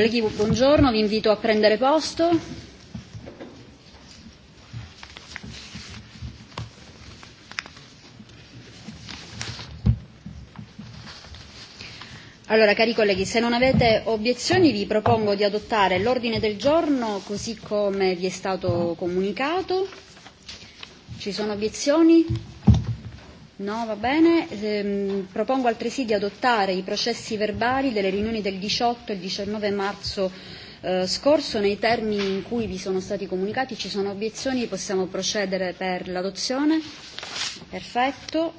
Colleghi, buongiorno, vi invito a prendere posto. Allora, cari colleghi, se non avete obiezioni vi propongo di adottare l'ordine del giorno così come vi è stato comunicato. Ci sono obiezioni? No, va bene. Ehm, propongo altresì di adottare i processi verbali delle riunioni del 18 e il 19 marzo eh, scorso nei termini in cui vi sono stati comunicati. Ci sono obiezioni? Possiamo procedere per l'adozione? Perfetto.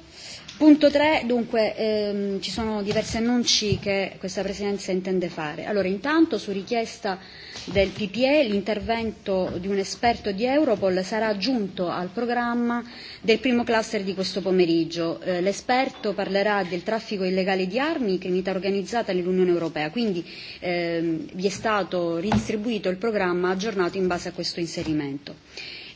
Punto 3, dunque ehm, ci sono diversi annunci che questa Presidenza intende fare. Allora, intanto su richiesta del PPE l'intervento di un esperto di Europol sarà aggiunto al programma del primo cluster di questo pomeriggio. Eh, l'esperto parlerà del traffico illegale di armi, criminalità organizzata nell'Unione Europea, quindi ehm, vi è stato ridistribuito il programma aggiornato in base a questo inserimento.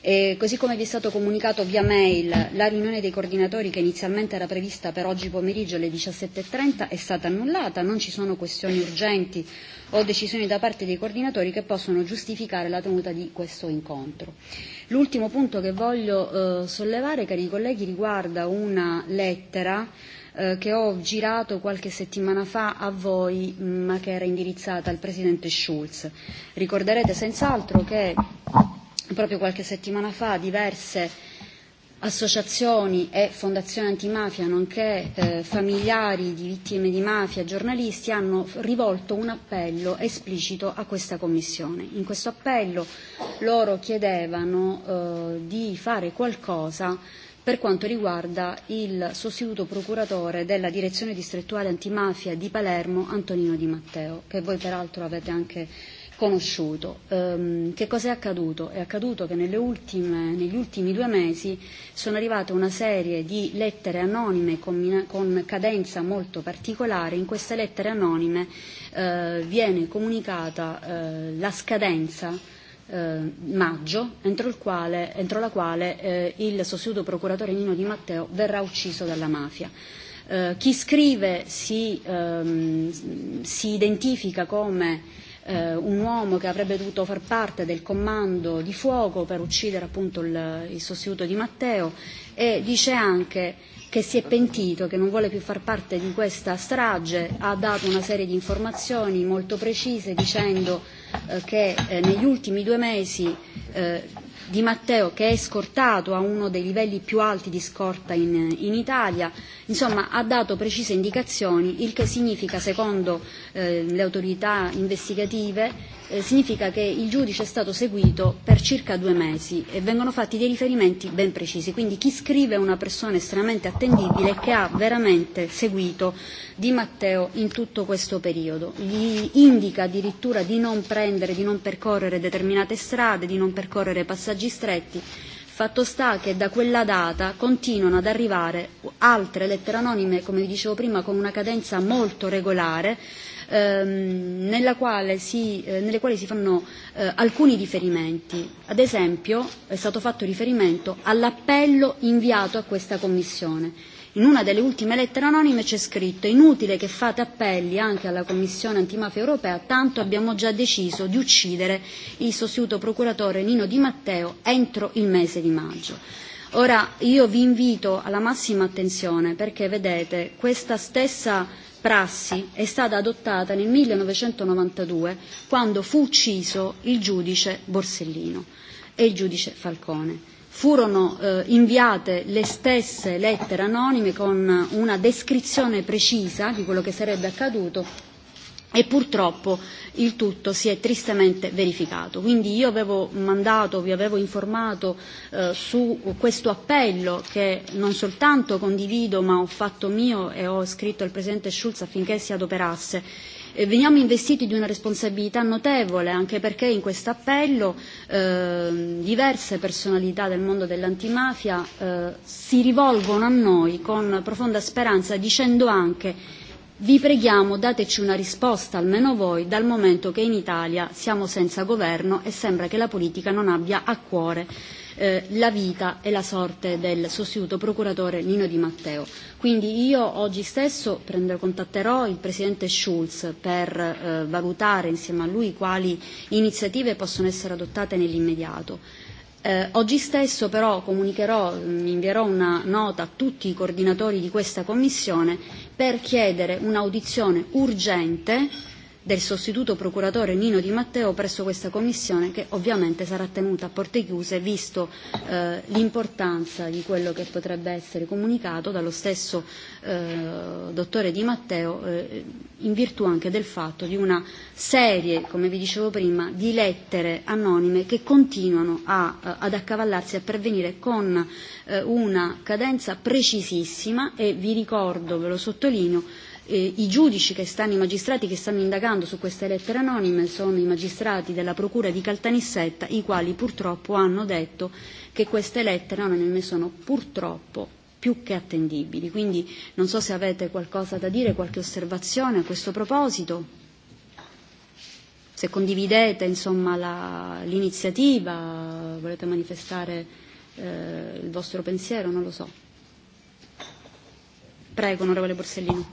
E così come vi è stato comunicato via mail, la riunione dei coordinatori che inizialmente era prevista per oggi pomeriggio alle 17.30 e è stata annullata, non ci sono questioni urgenti o decisioni da parte dei coordinatori che possono giustificare la tenuta di questo incontro. L'ultimo punto che voglio eh, sollevare, cari colleghi, riguarda una lettera eh, che ho girato qualche settimana fa a voi, mm, ma che era indirizzata al Presidente Schulz. Ricorderete senz'altro che proprio qualche settimana fa diverse associazioni e fondazioni antimafia, nonché eh, familiari di vittime di mafia, giornalisti, hanno rivolto un appello esplicito a questa Commissione. In questo appello loro chiedevano eh, di fare qualcosa per quanto riguarda il sostituto procuratore della direzione distrettuale antimafia di Palermo, Antonino Di Matteo, che voi peraltro avete anche conosciuto. Um, che cosa è accaduto? È accaduto che nelle ultime, negli ultimi due mesi sono arrivate una serie di lettere anonime con, con cadenza molto particolare. In queste lettere anonime uh, viene comunicata uh, la scadenza uh, maggio, entro, il quale, entro la quale uh, il sostituto procuratore Nino Di Matteo verrà ucciso dalla mafia. Uh, chi scrive si, um, si identifica come eh, un uomo che avrebbe dovuto far parte del comando di fuoco per uccidere appunto il, il sostituto di Matteo e dice anche che si è pentito, che non vuole più far parte di questa strage, ha dato una serie di informazioni molto precise dicendo eh, che eh, negli ultimi due mesi eh, Di Matteo che è scortato a uno dei livelli più alti di scorta in, in Italia, insomma ha dato precise indicazioni, il che significa, secondo eh, le autorità investigative, eh, significa che il giudice è stato seguito per circa due mesi e vengono fatti dei riferimenti ben precisi. Quindi chi scrive è una persona estremamente attendibile che ha veramente seguito Di Matteo in tutto questo periodo. Gli indica addirittura di non prendere, di non percorrere determinate strade, di non percorrere passaggi passaggi stretti, fatto sta che da quella data continuano ad arrivare altre lettere anonime, come vi dicevo prima, con una cadenza molto regolare, ehm, nella quale si, eh, nelle quali si fanno eh, alcuni riferimenti. Ad esempio è stato fatto riferimento all'appello inviato a questa Commissione In una delle ultime lettere anonime c'è scritto inutile che fate appelli anche alla Commissione antimafia europea, tanto abbiamo già deciso di uccidere il sostituto procuratore Nino Di Matteo entro il mese di maggio. Ora io vi invito alla massima attenzione perché vedete questa stessa prassi è stata adottata nel 1992 quando fu ucciso il giudice Borsellino e il giudice Falcone furono eh, inviate le stesse lettere anonime con una descrizione precisa di quello che sarebbe accaduto e purtroppo il tutto si è tristemente verificato. Quindi io avevo mandato, vi avevo informato eh, su questo appello che non soltanto condivido ma ho fatto mio e ho scritto al Presidente Schulz affinché si adoperasse E veniamo investiti di una responsabilità notevole, anche perché in questo appello eh, diverse personalità del mondo dell'antimafia eh, si rivolgono a noi con profonda speranza dicendo anche Vi preghiamo dateci una risposta, almeno voi, dal momento che in Italia siamo senza governo e sembra che la politica non abbia a cuore eh, la vita e la sorte del sostituto procuratore Nino Di Matteo. Quindi io oggi stesso prendo, contatterò il Presidente Schulz per eh, valutare insieme a lui quali iniziative possono essere adottate nell'immediato Eh, oggi stesso però comunicherò, mm, invierò una nota a tutti i coordinatori di questa Commissione per chiedere un'audizione urgente del sostituto procuratore Nino Di Matteo presso questa commissione che ovviamente sarà tenuta a porte chiuse visto eh, l'importanza di quello che potrebbe essere comunicato dallo stesso eh, dottore Di Matteo eh, in virtù anche del fatto di una serie, come vi dicevo prima, di lettere anonime che continuano a, eh, ad accavallarsi a pervenire con eh, una cadenza precisissima e vi ricordo, ve lo sottolineo, eh, i giudici che stanno, i magistrati che stanno indagando su queste lettere anonime sono i magistrati della Procura di Caltanissetta, i quali purtroppo hanno detto che queste lettere anonime sono purtroppo più che attendibili. Quindi non so se avete qualcosa da dire, qualche osservazione a questo proposito, se condividete insomma, la, l'iniziativa, volete manifestare eh, il vostro pensiero, non lo so. Prego, onorevole Borsellino.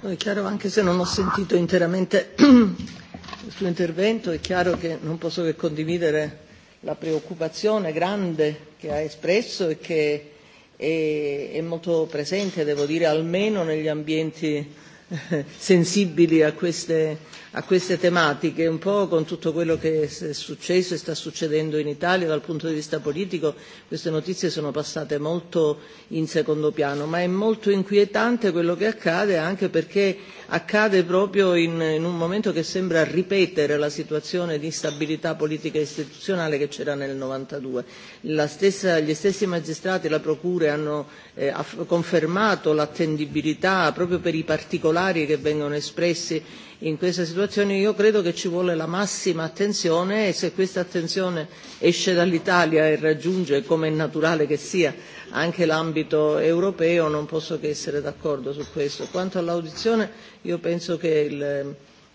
È chiaro, anche se non ho sentito interamente il suo intervento, è chiaro che non posso che condividere la preoccupazione grande che ha espresso e che è, è molto presente, devo dire, almeno negli ambienti sensibili a queste, a queste tematiche, un po' con tutto quello che è successo e sta succedendo in Italia dal punto di vista politico, queste notizie sono passate molto in secondo piano, ma è molto inquietante quello che accade anche perché accade proprio in, in un momento che sembra ripetere la situazione di stabilità politica e istituzionale che c'era nel 92. La stessa, gli stessi magistrati e la Procura hanno eh, confermato l'attendibilità proprio per i particolari particolari che vengono espressi in questa situazione, io credo che ci vuole la massima attenzione e se questa attenzione esce dall'Italia e raggiunge, come è naturale che sia, anche l'ambito europeo, non posso che essere d'accordo su questo. Quanto all'audizione, io penso che il,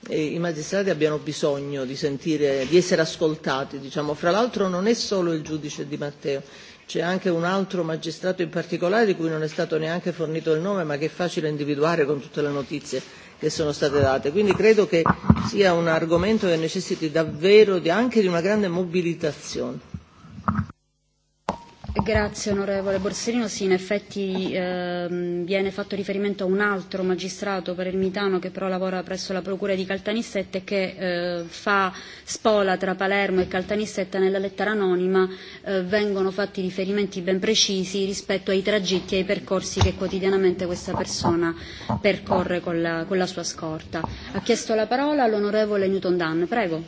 eh, i magistrati abbiano bisogno di, sentire, di essere ascoltati. Diciamo. Fra l'altro non è solo il giudice Di Matteo, C'è anche un altro magistrato in particolare di cui non è stato neanche fornito il nome, ma che è facile individuare con tutte le notizie che sono state date. Quindi credo che sia un argomento che necessiti davvero di, anche di una grande mobilitazione. Grazie onorevole Borsellino, sì in effetti ehm, viene fatto riferimento a un altro magistrato palermitano che però lavora presso la procura di Caltanissetta e che eh, fa spola tra Palermo e Caltanissetta nella lettera anonima eh, vengono fatti riferimenti ben precisi rispetto ai tragitti e ai percorsi che quotidianamente questa persona percorre con la, con la sua scorta. Ha chiesto la parola l'onorevole Newton Dunn, prego.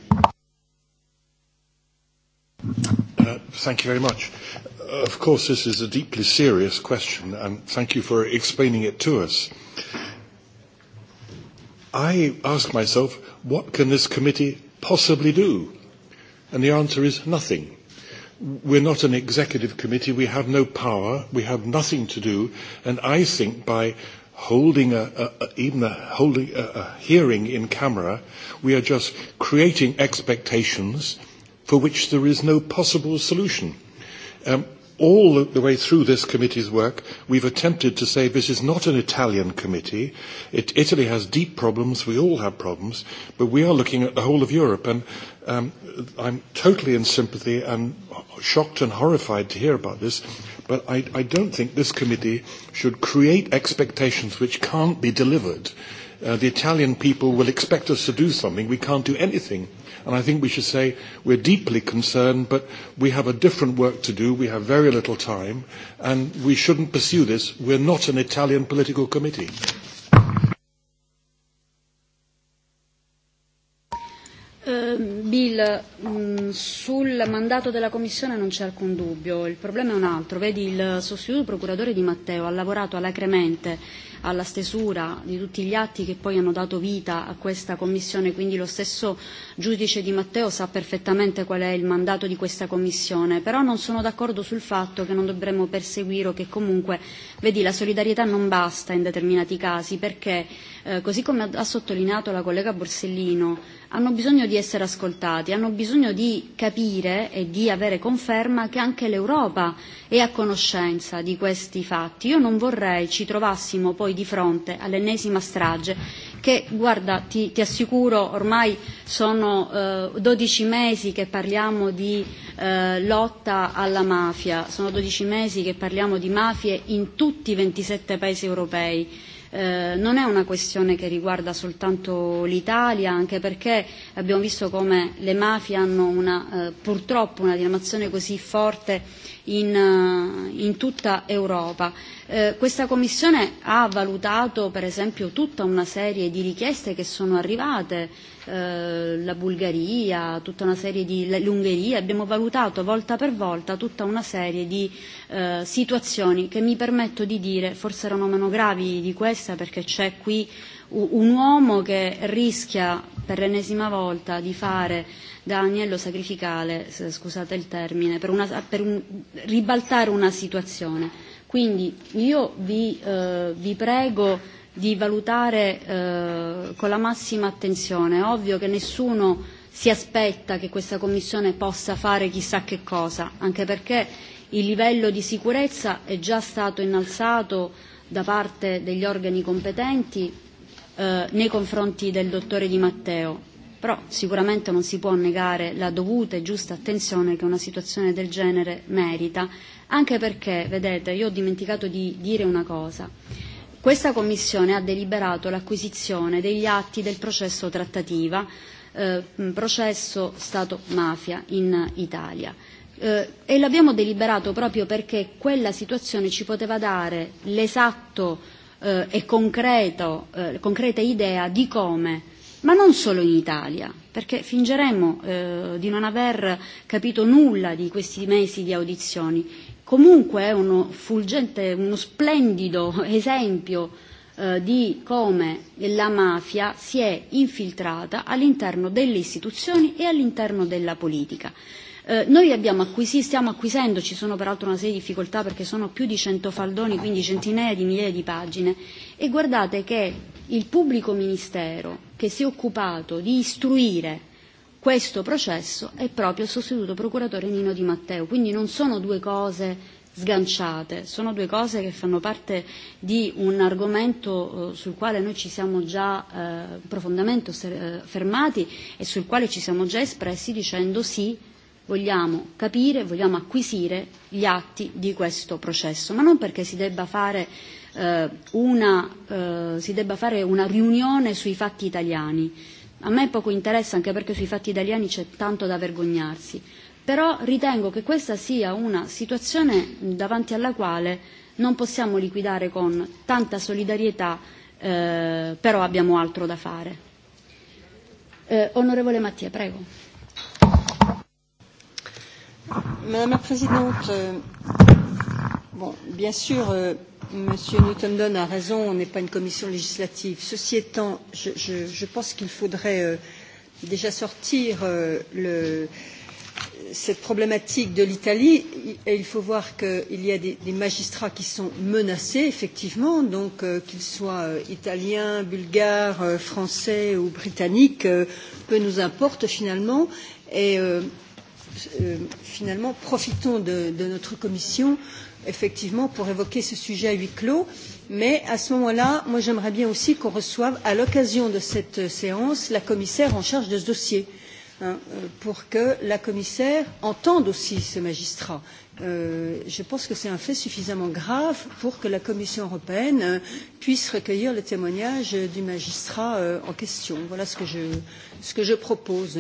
Uh, thank you very much of course, this is a deeply serious question, and thank you for explaining it to us. I ask myself, what can this committee possibly do? And the answer is nothing. We're not an executive committee. We have no power. We have nothing to do. And I think by holding a, a, a even a, holding a, a hearing in camera, we are just creating expectations for which there is no possible solution. Um, all the way through this committee's work, we've attempted to say this is not an Italian committee. It, Italy has deep problems. We all have problems. But we are looking at the whole of Europe. And um, I'm totally in sympathy and shocked and horrified to hear about this. But I, I don't think this committee should create expectations which can't be delivered. Uh, the Italian people will expect us to do something. We can't do anything And I think we should say we're deeply concerned, but we have a different work to do. We have very little time, and we shouldn't pursue this. We're not an Italian political committee. Ehm, Bill, mm, sul mandato della Commissione non c'è alcun dubbio, il problema è un altro. Vedi, il sostituto procuratore di Matteo ha lavorato alacremente alla stesura di tutti gli atti che poi hanno dato vita a questa Commissione, quindi lo stesso giudice Di Matteo sa perfettamente qual è il mandato di questa Commissione, però non sono d'accordo sul fatto che non dovremmo perseguire o che comunque, vedi, la solidarietà non basta in determinati casi, perché, eh, così come ha sottolineato la collega Borsellino, hanno bisogno di essere ascoltati, hanno bisogno di capire e di avere conferma che anche l'Europa è a conoscenza di questi fatti. Io non vorrei ci trovassimo poi di fronte all'ennesima strage che guarda, ti, ti assicuro, ormai sono eh, 12 mesi che parliamo di eh, lotta alla mafia, sono 12 mesi che parliamo di mafie in tutti i 27 paesi europei. Eh, non è una questione che riguarda soltanto l'Italia, anche perché abbiamo visto come le mafie hanno una, eh, purtroppo una dinamazione così forte in, eh, in tutta Europa. Eh, questa Commissione ha valutato per esempio tutta una serie di richieste che sono arrivate, eh, la Bulgaria, tutta una serie di l'Ungheria, abbiamo valutato volta per volta tutta una serie di eh, situazioni che mi permetto di dire forse erano meno gravi di questa perché c'è qui un uomo che rischia per l'ennesima volta di fare da agnello sacrificale, scusate il termine, per, una, per un, ribaltare una situazione. Quindi io vi, eh, vi prego di valutare eh, con la massima attenzione. È ovvio che nessuno si aspetta che questa Commissione possa fare chissà che cosa, anche perché il livello di sicurezza è già stato innalzato da parte degli organi competenti eh, nei confronti del dottore Di Matteo, però sicuramente non si può negare la dovuta e giusta attenzione che una situazione del genere merita, anche perché, vedete, io ho dimenticato di dire una cosa. Questa Commissione ha deliberato l'acquisizione degli atti del processo trattativa, eh, processo Stato-mafia in Italia. Eh, e l'abbiamo deliberato proprio perché quella situazione ci poteva dare l'esatto eh, e concreto, eh, concreta idea di come, ma non solo in Italia, perché fingeremmo eh, di non aver capito nulla di questi mesi di audizioni, comunque è uno fulgente, uno splendido esempio eh, di come la mafia si è infiltrata all'interno delle istituzioni e all'interno della politica. Eh, noi abbiamo acquisito, stiamo acquisendo, ci sono peraltro una serie di difficoltà perché sono più di 100 faldoni, quindi centinaia di migliaia di pagine, e guardate che il pubblico ministero che si è occupato di istruire questo processo è proprio il sostituto procuratore Nino Di Matteo, quindi non sono due cose sganciate, sono due cose che fanno parte di un argomento eh, sul quale noi ci siamo già eh, profondamente eh, fermati e sul quale ci siamo già espressi dicendo sì vogliamo capire, vogliamo acquisire gli atti di questo processo, ma non perché si debba fare eh, una, eh, si debba fare una riunione sui fatti italiani. A me poco interessa, anche perché sui fatti italiani c'è tanto da vergognarsi, però ritengo che questa sia una situazione davanti alla quale non possiamo liquidare con tanta solidarietà, eh, però abbiamo altro da fare. Eh, onorevole Mattia, prego. Madame la Présidente, euh, bien sûr, m. Euh, Monsieur newton a raison, on n'est pas une commission législative. Ceci étant, je, pense qu'il faudrait euh, déjà sortir cette problématique de l'Italie. Et il faut voir qu'il y a des, magistrats qui sont menacés, effectivement, donc qu'ils soient italiens, bulgares, français ou britanniques, peu nous importe finalement. Et Euh, finalement, profitons de, de notre commission effectivement pour évoquer ce sujet à huis clos. Mais à ce moment-là, moi j'aimerais bien aussi qu'on reçoive à l'occasion de cette euh, séance la commissaire en charge de ce dossier hein, euh, pour que la commissaire entende aussi ce magistrat. Euh, je pense que c'est un fait suffisamment grave pour que la Commission européenne puisse recueillir le témoignage du magistrat euh, en question. Voilà ce que je, ce que je propose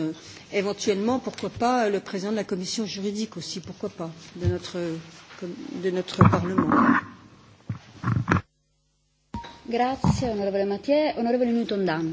éventuellement, pourquoi pas, euh, le président de la commission juridique aussi, pourquoi pas, de notre, de notre Parlement. Grazie, onorevole Mathieu. Onorevole newton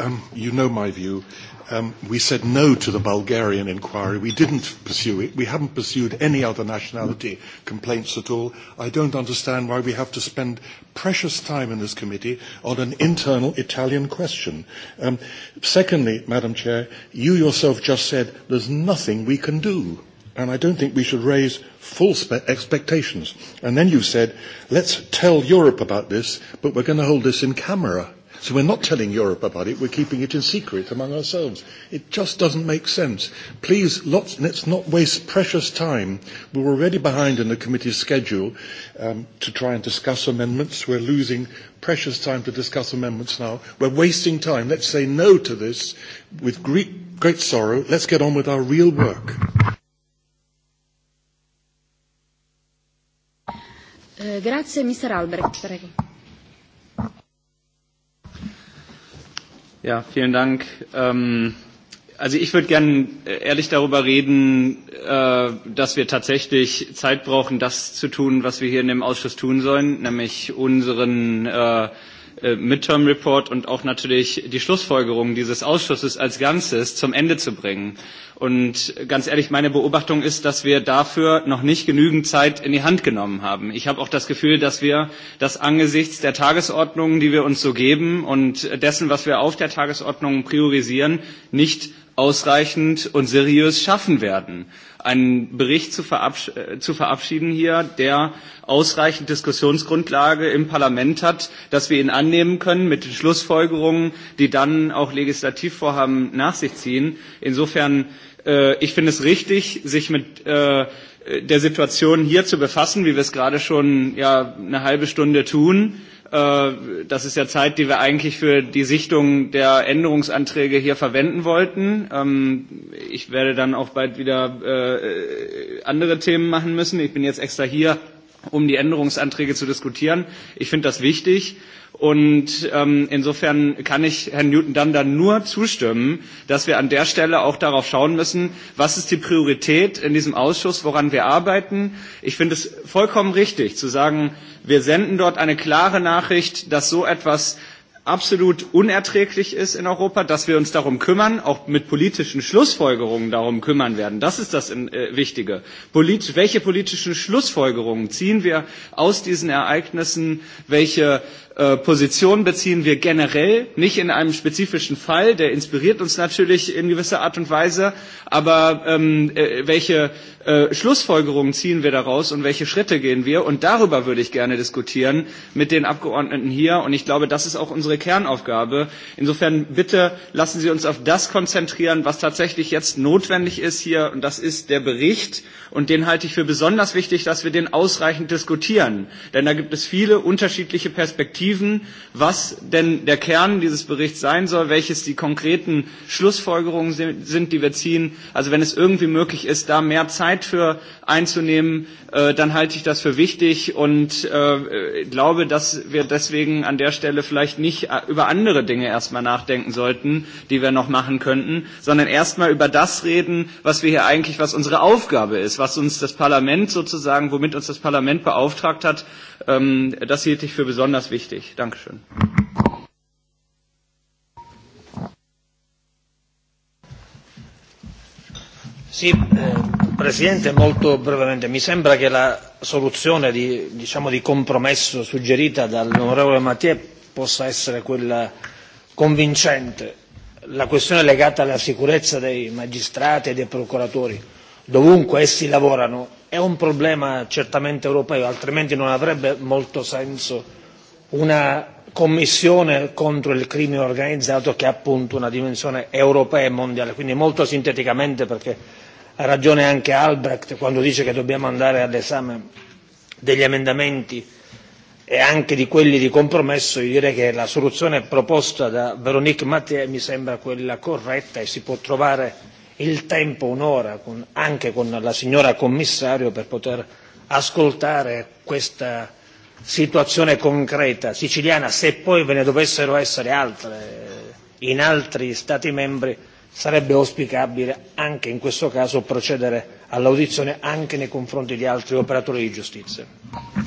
Um, you know my view. Um, we said no to the Bulgarian inquiry. We didn't pursue it. We haven't pursued any other nationality complaints at all. I don't understand why we have to spend precious time in this committee on an internal Italian question. Um, secondly, Madam Chair, you yourself just said there's nothing we can do. And I don't think we should raise false expectations. And then you said, let's tell Europe about this, but we're going to hold this in camera. So we're not telling Europe about it, we're keeping it in secret among ourselves. It just doesn't make sense. Please, lots, let's not waste precious time. We're already behind in the committee's schedule um, to try and discuss amendments. We're losing precious time to discuss amendments now. We're wasting time. Let's say no to this with great, great sorrow. Let's get on with our real work. Uh, grazie, Mr. Albrecht. Prego. Ja, vielen Dank. Ähm, also ich würde gerne äh, ehrlich darüber reden, äh, dass wir tatsächlich Zeit brauchen, das zu tun, was wir hier in dem Ausschuss tun sollen, nämlich unseren äh, Äh, Midterm Report und auch natürlich die Schlussfolgerungen dieses Ausschusses als Ganzes zum Ende zu bringen. Und ganz ehrlich, meine Beobachtung ist, dass wir dafür noch nicht genügend Zeit in die Hand genommen haben. Ich habe auch das Gefühl, dass wir das angesichts der Tagesordnungen, die wir uns so geben und dessen, was wir auf der Tagesordnung priorisieren, nicht ausreichend und seriös schaffen werden einen Bericht zu, verabsch äh, zu verabschieden hier, der ausreichend Diskussionsgrundlage im Parlament hat, dass wir ihn annehmen können mit den Schlussfolgerungen, die dann auch Legislativvorhaben nach sich ziehen. Insofern, äh, ich finde es richtig, sich mit äh, der Situation hier zu befassen, wie wir es gerade schon ja, eine halbe Stunde tun Äh, das ist ja Zeit, die wir eigentlich für die Sichtung der Änderungsanträge hier verwenden wollten. Ähm, ich werde dann auch bald wieder äh, äh, andere Themen machen müssen. Ich bin jetzt extra hier, um die Änderungsanträge zu diskutieren. Ich finde das wichtig. Und ähm, insofern kann ich Herrn Newton dann dann nur zustimmen, dass wir an der Stelle auch darauf schauen müssen, was ist die Priorität in diesem Ausschuss, woran wir arbeiten. Ich finde es vollkommen richtig zu sagen, wir senden dort eine klare Nachricht, dass so etwas absolut unerträglich ist in Europa, dass wir uns darum kümmern, auch mit politischen Schlussfolgerungen darum kümmern werden. Das ist das äh, Wichtige. Polit welche politischen Schlussfolgerungen ziehen wir aus diesen Ereignissen? Welche Äh, Position beziehen wir generell, nicht in einem spezifischen Fall, der inspiriert uns natürlich in gewisser Art und Weise, aber ähm, äh, welche äh, Schlussfolgerungen ziehen wir daraus und welche Schritte gehen wir? Und darüber würde ich gerne diskutieren mit den Abgeordneten hier. Und ich glaube, das ist auch unsere Kernaufgabe. Insofern bitte lassen Sie uns auf das konzentrieren, was tatsächlich jetzt notwendig ist hier. Und das ist der Bericht. Und den halte ich für besonders wichtig, dass wir den ausreichend diskutieren. Denn da gibt es viele unterschiedliche Perspektiven Perspektiven, was denn der Kern dieses Berichts sein soll, welches die konkreten Schlussfolgerungen sind, die wir ziehen. Also wenn es irgendwie möglich ist, da mehr Zeit für einzunehmen, äh, dann halte ich das für wichtig und äh, glaube, dass wir deswegen an der Stelle vielleicht nicht äh, über andere Dinge erstmal nachdenken sollten, die wir noch machen könnten, sondern erstmal über das reden, was wir hier eigentlich, was unsere Aufgabe ist, was uns das Parlament sozusagen, womit uns das Parlament beauftragt hat, ähm, das hielt ich für besonders wichtig wichtig. Dankeschön. Sì, eh, Presidente, molto brevemente. Mi sembra che la soluzione di, diciamo, di compromesso suggerita dall'onorevole Mattie possa essere quella convincente. La questione legata alla sicurezza dei magistrati e dei procuratori, dovunque essi lavorano, è un problema certamente europeo, altrimenti non avrebbe molto senso una commissione contro il crimine organizzato che ha appunto una dimensione europea e mondiale. Quindi molto sinteticamente perché ha ragione anche Albrecht quando dice che dobbiamo andare all'esame degli emendamenti e anche di quelli di compromesso, io direi che la soluzione proposta da Veronique Mattei mi sembra quella corretta e si può trovare il tempo, un'ora, anche con la signora commissario per poter ascoltare questa situazione concreta siciliana, se poi ve ne dovessero essere altre in altri Stati membri, sarebbe auspicabile anche in questo caso procedere all'audizione anche nei confronti di altri operatori di giustizia.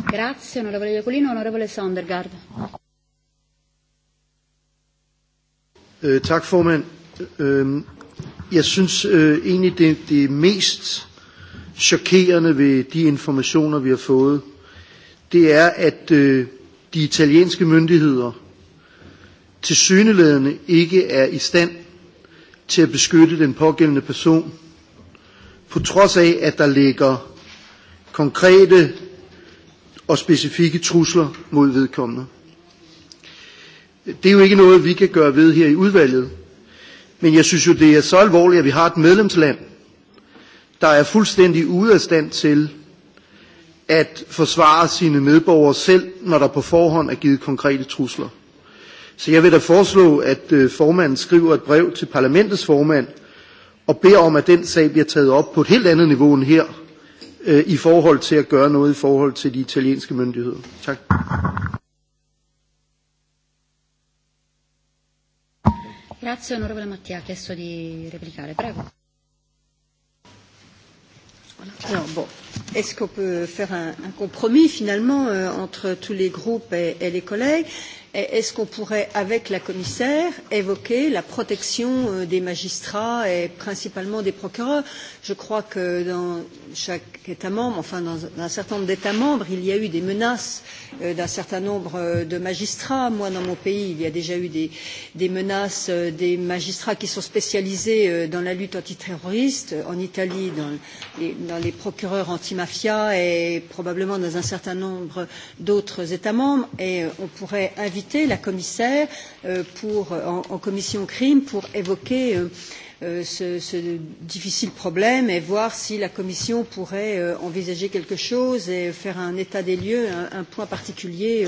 Grazie onorevole Iacolino, onorevole Sondergaard. Øh, tak formand. Øh, jeg synes øh, egentlig det, det mest chokerende ved de informationer, vi har fået, det er, at øh, de italienske myndigheder til syneladende ikke er i stand til at beskytte den pågældende person, på trods af, at der ligger konkrete og specifikke trusler mod vedkommende. Det er jo ikke noget, vi kan gøre ved her i udvalget, men jeg synes jo, det er så alvorligt, at vi har et medlemsland, der er fuldstændig ude af stand til at forsvare sine medborgere selv, når der på forhånd er givet konkrete trusler. Så jeg vil da foreslå, at øh, formanden skriver et brev til parlamentets formand og beder om, at den sag bliver taget op på et helt andet niveau end her, øh, i forhold til at gøre noget i forhold til de italienske myndigheder. Tak. Grazie onorevole Mattia, ha chiesto di replicare, prego. Alors bon, est-ce qu'on peut faire un, un compromis finalement euh, entre tous les groupes et, et les collègues Est-ce qu'on pourrait, avec la commissaire, évoquer la protection euh, des magistrats et principalement des procureurs Je crois que dans chaque État membre, enfin dans un certain nombre d'États membres, il y a eu des menaces euh, d'un certain nombre euh, de magistrats. Moi, dans mon pays, il y a déjà eu des, des menaces des magistrats qui sont spécialisés dans la lutte antiterroriste, en Italie, dans les, dans les procureurs antimafia et probablement dans un certain nombre d'autres États membres. Et on pourrait inviter invité la commissaire euh, pour, en, en commission crime pour évoquer euh, euh, ce, ce difficile problème et voir si la Commission pourrait envisager quelque chose et faire un état des lieux, un, un point particulier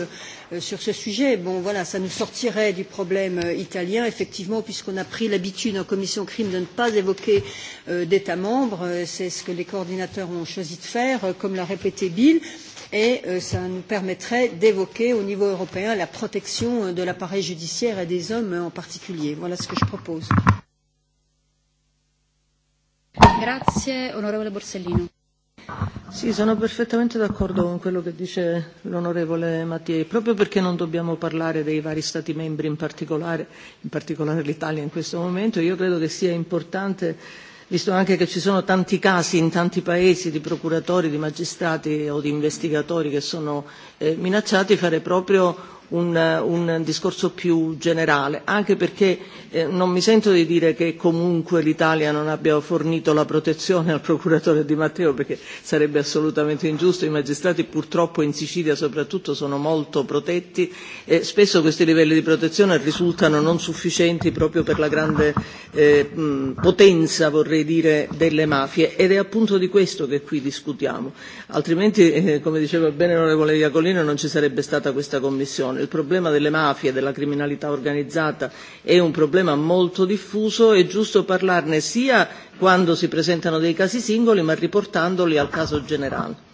sur ce sujet. Bon, voilà, ça nous sortirait du problème italien, effectivement, puisqu'on a pris l'habitude en commission crime de ne pas évoquer d'États membres. C'est ce que les coordinateurs ont choisi de faire, comme l'a répété Bill et cela euh, nous permettrait d'évoquer au niveau européen la protection euh, de l'appareil judiciaire et des hommes euh, en particulier. Voilà ce que je propose. Grazie, onorevole Borsellino. Sì, sono perfettamente d'accordo con quello che dice l'onorevole Mattiei, proprio perché non dobbiamo parlare dei vari Stati membri in particolare, in particolare l'Italia in questo momento, io credo che sia importante visto anche che ci sono tanti casi in tanti paesi di procuratori, di magistrati o di investigatori che sono eh, minacciati, fare proprio un, un discorso più generale, anche perché eh, non mi sento di dire che comunque l'Italia non abbia fornito la protezione al procuratore Di Matteo, perché sarebbe assolutamente ingiusto. I magistrati purtroppo in Sicilia soprattutto sono molto protetti e spesso questi livelli di protezione risultano non sufficienti proprio per la grande eh, mh, potenza, vorrei dire, delle mafie ed è appunto di questo che qui discutiamo. Altrimenti, eh, come diceva bene l'onorevole Iacolino, non ci sarebbe stata questa commissione discussione. Il problema delle mafie, e della criminalità organizzata è un problema molto diffuso, è giusto parlarne sia quando si presentano dei casi singoli ma riportandoli al caso generale.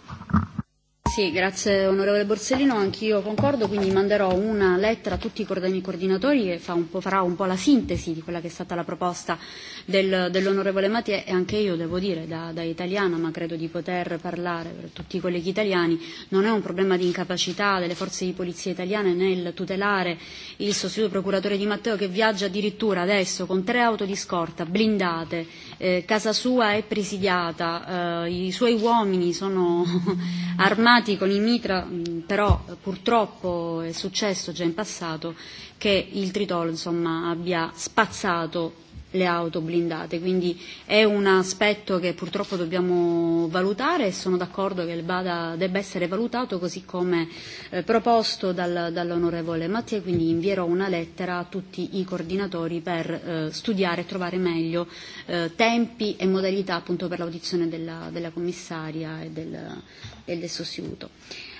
Sì, grazie onorevole Borsellino, anch'io concordo, quindi manderò una lettera a tutti i coordinatori che fa un po', farà un po' la sintesi di quella che è stata la proposta del, dell'onorevole Mattia e anche io devo dire da, da italiana, ma credo di poter parlare per tutti i colleghi italiani, non è un problema di incapacità delle forze di polizia italiane nel tutelare il sostituto procuratore di Matteo che viaggia addirittura adesso con tre auto di scorta blindate Eh, casa sua è presidiata, eh, i suoi uomini sono armati con i mitra, mm, però purtroppo è successo già in passato che il tritolo insomma, abbia spazzato le auto blindate, quindi è un aspetto che purtroppo dobbiamo valutare e sono d'accordo che il BADA debba essere valutato così come eh, proposto dal, dall'onorevole Mattia, quindi invierò una lettera a tutti i coordinatori per eh, studiare e trovare meglio eh, tempi e modalità appunto per l'audizione della, della commissaria e del, e del sostituto.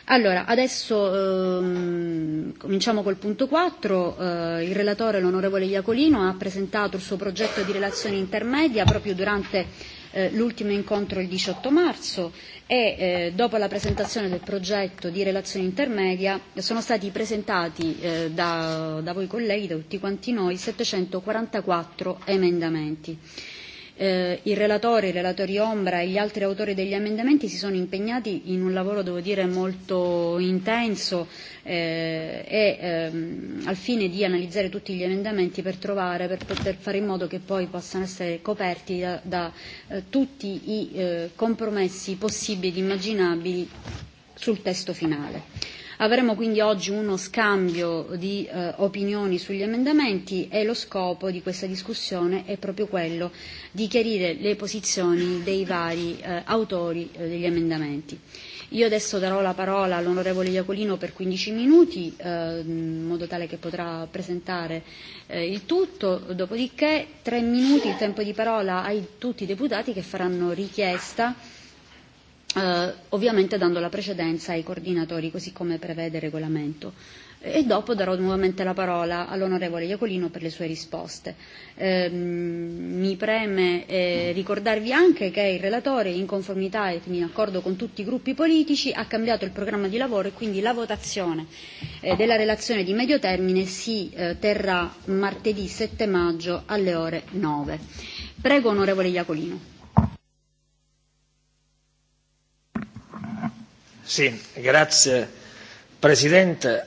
Allora, adesso ehm, cominciamo col punto 4. Eh, il relatore, l'onorevole Iacolino, ha presentato il suo progetto di relazione intermedia proprio durante eh, l'ultimo incontro il 18 marzo e eh, dopo la presentazione del progetto di relazione intermedia sono stati presentati eh, da, da voi colleghi, da tutti quanti noi, 744 emendamenti eh, i relatori, i relatori ombra e gli altri autori degli emendamenti si sono impegnati in un lavoro, devo dire, molto intenso eh, e ehm, al fine di analizzare tutti gli emendamenti per trovare, per poter fare in modo che poi possano essere coperti da, da eh, tutti i eh, compromessi possibili ed immaginabili sul testo finale. Avremo quindi oggi uno scambio di eh, opinioni sugli emendamenti e lo scopo di questa discussione è proprio quello di chiarire le posizioni dei vari eh, autori eh, degli emendamenti. Io adesso darò la parola all'onorevole Iacolino per 15 minuti, eh, in modo tale che potrà presentare eh, il tutto, dopodiché 3 minuti il tempo di parola ai tutti i deputati che faranno richiesta eh, ovviamente dando la precedenza ai coordinatori, così come prevede il regolamento. E dopo darò nuovamente la parola all'onorevole Iacolino per le sue risposte. Eh, mi preme eh, ricordarvi anche che il relatore, in conformità e in accordo con tutti i gruppi politici, ha cambiato il programma di lavoro e quindi la votazione eh, della relazione di medio termine si eh, terrà martedì 7 maggio alle ore 9. Prego, onorevole Iacolino. Sì, grazie Presidente.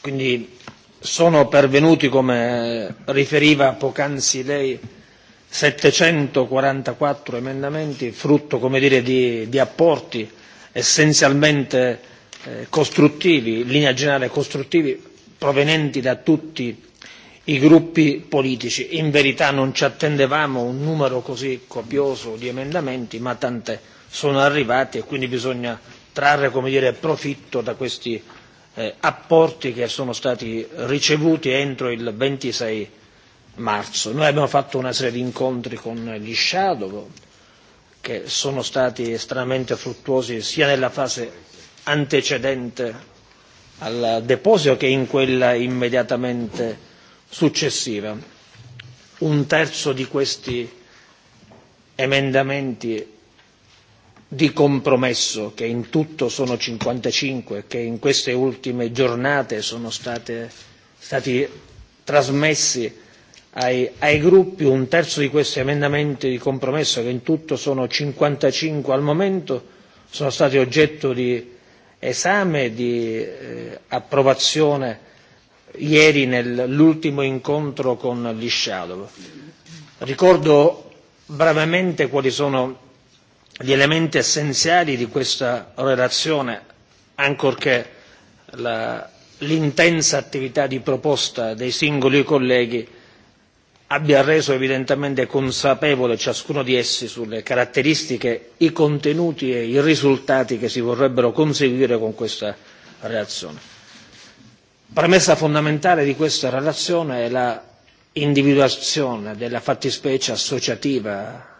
Quindi sono pervenuti, come riferiva poc'anzi lei, 744 emendamenti, frutto come dire, di, di apporti essenzialmente eh, costruttivi, in linea generale costruttivi, provenienti da tutti i gruppi politici. In verità non ci attendevamo un numero così copioso di emendamenti, ma tant'è, sono arrivati e quindi bisogna trarre come dire, profitto da questi eh, apporti che sono stati ricevuti entro il 26 marzo. Noi abbiamo fatto una serie di incontri con gli shadow che sono stati estremamente fruttuosi sia nella fase antecedente al deposito che in quella immediatamente successiva. Un terzo di questi emendamenti di compromesso, che in tutto sono 55, che in queste ultime giornate sono state, stati trasmessi ai, ai gruppi un terzo di questi emendamenti di compromesso, che in tutto sono 55 al momento, sono stati oggetto di esame e di eh, approvazione ieri nell'ultimo incontro con gli shadow. Ricordo brevemente quali sono gli elementi essenziali di questa relazione, ancorché l'intensa attività di proposta dei singoli colleghi abbia reso evidentemente consapevole ciascuno di essi sulle caratteristiche, i contenuti e i risultati che si vorrebbero conseguire con questa relazione. Premessa fondamentale di questa relazione è la individuazione della fattispecie associativa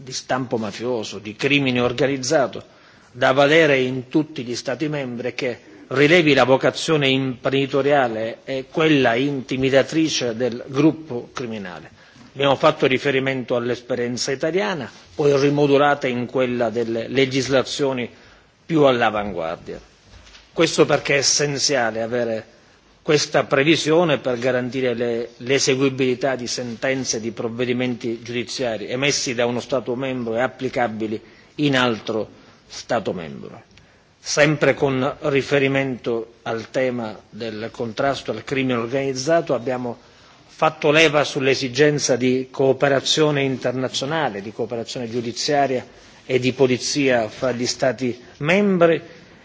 di stampo mafioso, di crimine organizzato, da valere in tutti gli Stati membri che rilevi la vocazione imprenditoriale e quella intimidatrice del gruppo criminale. Abbiamo fatto riferimento all'esperienza italiana, poi rimodulata in quella delle legislazioni più all'avanguardia. Questo perché è essenziale avere questa previsione per garantire l'eseguibilità di sentenze di provvedimenti giudiziari emessi da uno Stato membro e applicabili in altro Stato membro. Sempre con riferimento al tema del contrasto al crimine organizzato abbiamo fatto leva sull'esigenza di cooperazione internazionale, di cooperazione giudiziaria e di polizia fra gli Stati membri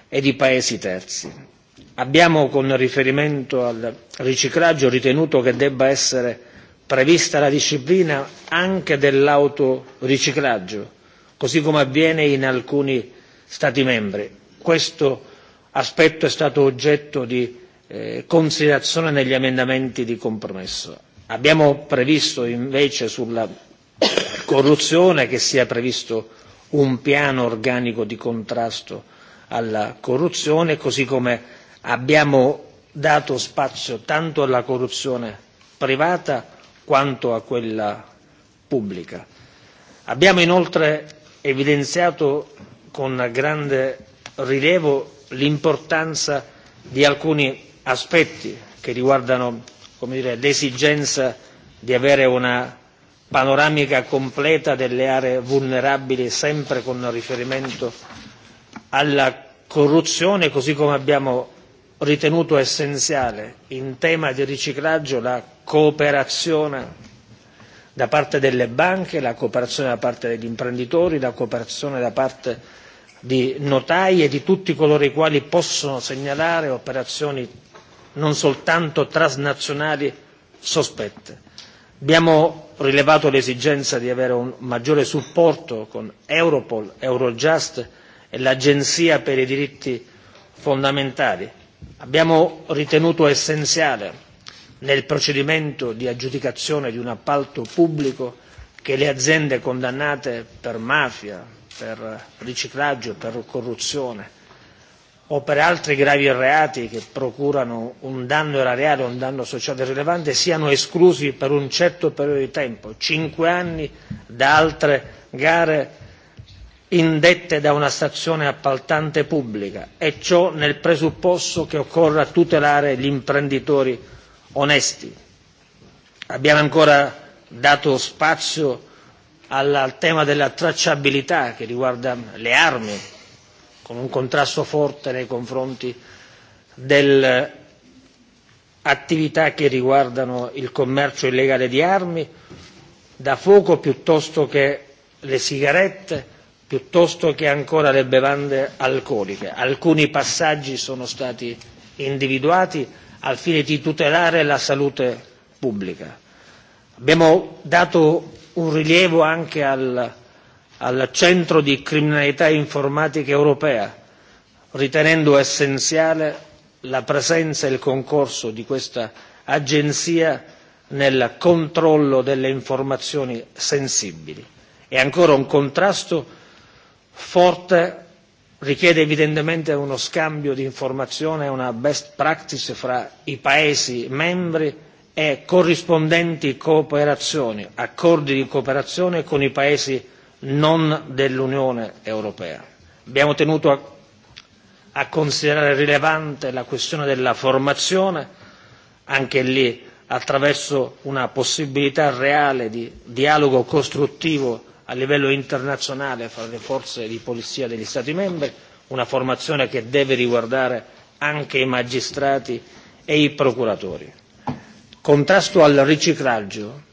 e i Paesi terzi Abbiamo con riferimento al riciclaggio ritenuto che debba essere prevista la disciplina anche dell'autoriciclaggio, così come avviene in alcuni Stati membri. Questo aspetto è stato oggetto di eh, considerazione negli emendamenti di compromesso. Abbiamo previsto invece sulla corruzione che sia previsto un piano organico di contrasto alla corruzione, così come Abbiamo dato spazio tanto alla corruzione privata quanto a quella pubblica. Abbiamo inoltre evidenziato con grande rilievo l'importanza di alcuni aspetti che riguardano come dire, l'esigenza di avere una panoramica completa delle aree vulnerabili sempre con riferimento alla corruzione così come abbiamo ritenuto essenziale in tema di riciclaggio la cooperazione da parte delle banche, la cooperazione da parte degli imprenditori, la cooperazione da parte di notai e di tutti coloro i quali possono segnalare operazioni non soltanto transnazionali sospette. Abbiamo rilevato l'esigenza di avere un maggiore supporto con Europol, Eurojust e l'Agenzia per i diritti fondamentali abbiamo ritenuto essenziale nel procedimento di aggiudicazione di un appalto pubblico che le aziende condannate per mafia, per riciclaggio, per corruzione o per altri gravi reati che procurano un danno erariale o un danno sociale rilevante siano esclusi per un certo periodo di tempo, cinque anni, da altre gare indette da una stazione appaltante pubblica e ciò nel presupposto che occorra tutelare gli imprenditori onesti. Abbiamo ancora dato spazio al tema della tracciabilità che riguarda le armi, con un contrasto forte nei confronti delle eh, attività che riguardano il commercio illegale di armi da fuoco piuttosto che le sigarette piuttosto che ancora le bevande alcoliche. Alcuni passaggi sono stati individuati al fine di tutelare la salute pubblica. Abbiamo dato un rilievo anche al, al Centro di Criminalità Informatica Europea, ritenendo essenziale la presenza e il concorso di questa agenzia nel controllo delle informazioni sensibili e ancora un contrasto forte richiede evidentemente uno scambio di informazione e una best practice fra i Paesi membri e corrispondenti cooperazioni, accordi di cooperazione con i Paesi non dell'Unione Europea. Abbiamo tenuto a, a considerare rilevante la questione della formazione, anche lì attraverso una possibilità reale di dialogo costruttivo a livello internazionale fra le forze di polizia degli Stati membri, una formazione che deve riguardare anche i magistrati e i procuratori. Contrasto al riciclaggio.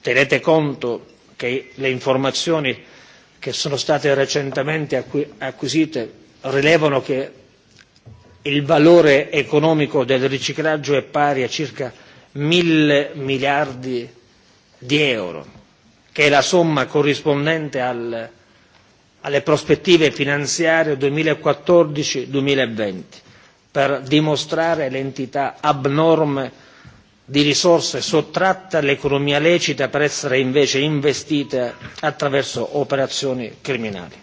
Tenete conto che le informazioni che sono state recentemente acquisite rilevano che il valore economico del riciclaggio è pari a circa mille miliardi di euro che è la somma corrispondente al, alle prospettive finanziarie 2014-2020, per dimostrare l'entità abnorme di risorse sottratte all'economia lecita per essere invece investite attraverso operazioni criminali.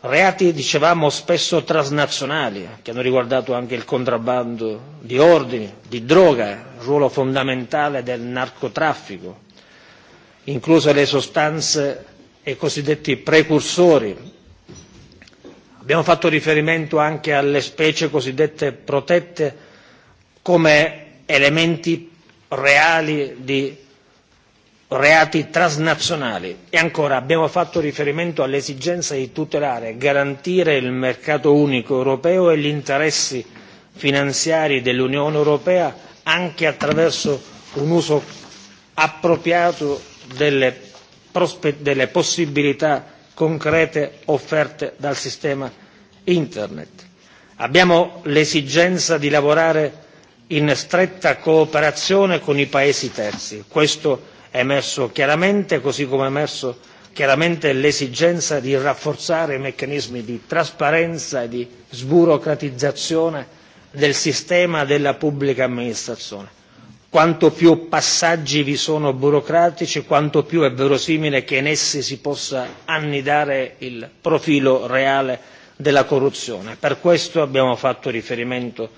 Reati, dicevamo, spesso transnazionali, che hanno riguardato anche il contrabbando di ordini, di droga, ruolo fondamentale del narcotraffico, incluse le sostanze e i cosiddetti precursori. Abbiamo fatto riferimento anche alle specie cosiddette protette come elementi reali di reati transnazionali e ancora abbiamo fatto riferimento all'esigenza di tutelare e garantire il mercato unico europeo e gli interessi finanziari dell'Unione europea anche attraverso un uso appropriato delle, delle possibilità concrete offerte dal sistema internet. Abbiamo l'esigenza di lavorare in stretta cooperazione con i paesi terzi. Questo è emerso chiaramente, così come è emerso chiaramente l'esigenza di rafforzare i meccanismi di trasparenza e di sburocratizzazione del sistema della pubblica amministrazione quanto più passaggi vi sono burocratici, quanto più è verosimile che in essi si possa annidare il profilo reale della corruzione. Per questo abbiamo fatto riferimento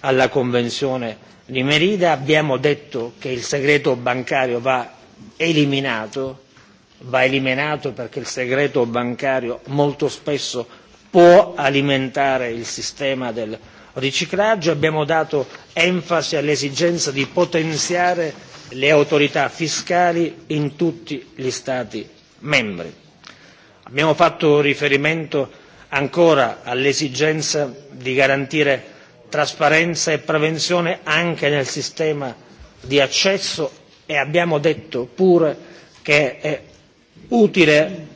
alla Convenzione di Merida, abbiamo detto che il segreto bancario va eliminato, va eliminato perché il segreto bancario molto spesso può alimentare il sistema del riciclaggio abbiamo dato enfasi all'esigenza di potenziare le autorità fiscali in tutti gli stati membri. abbiamo fatto riferimento ancora all'esigenza di garantire trasparenza e prevenzione anche nel sistema di accesso e abbiamo detto pure che è utile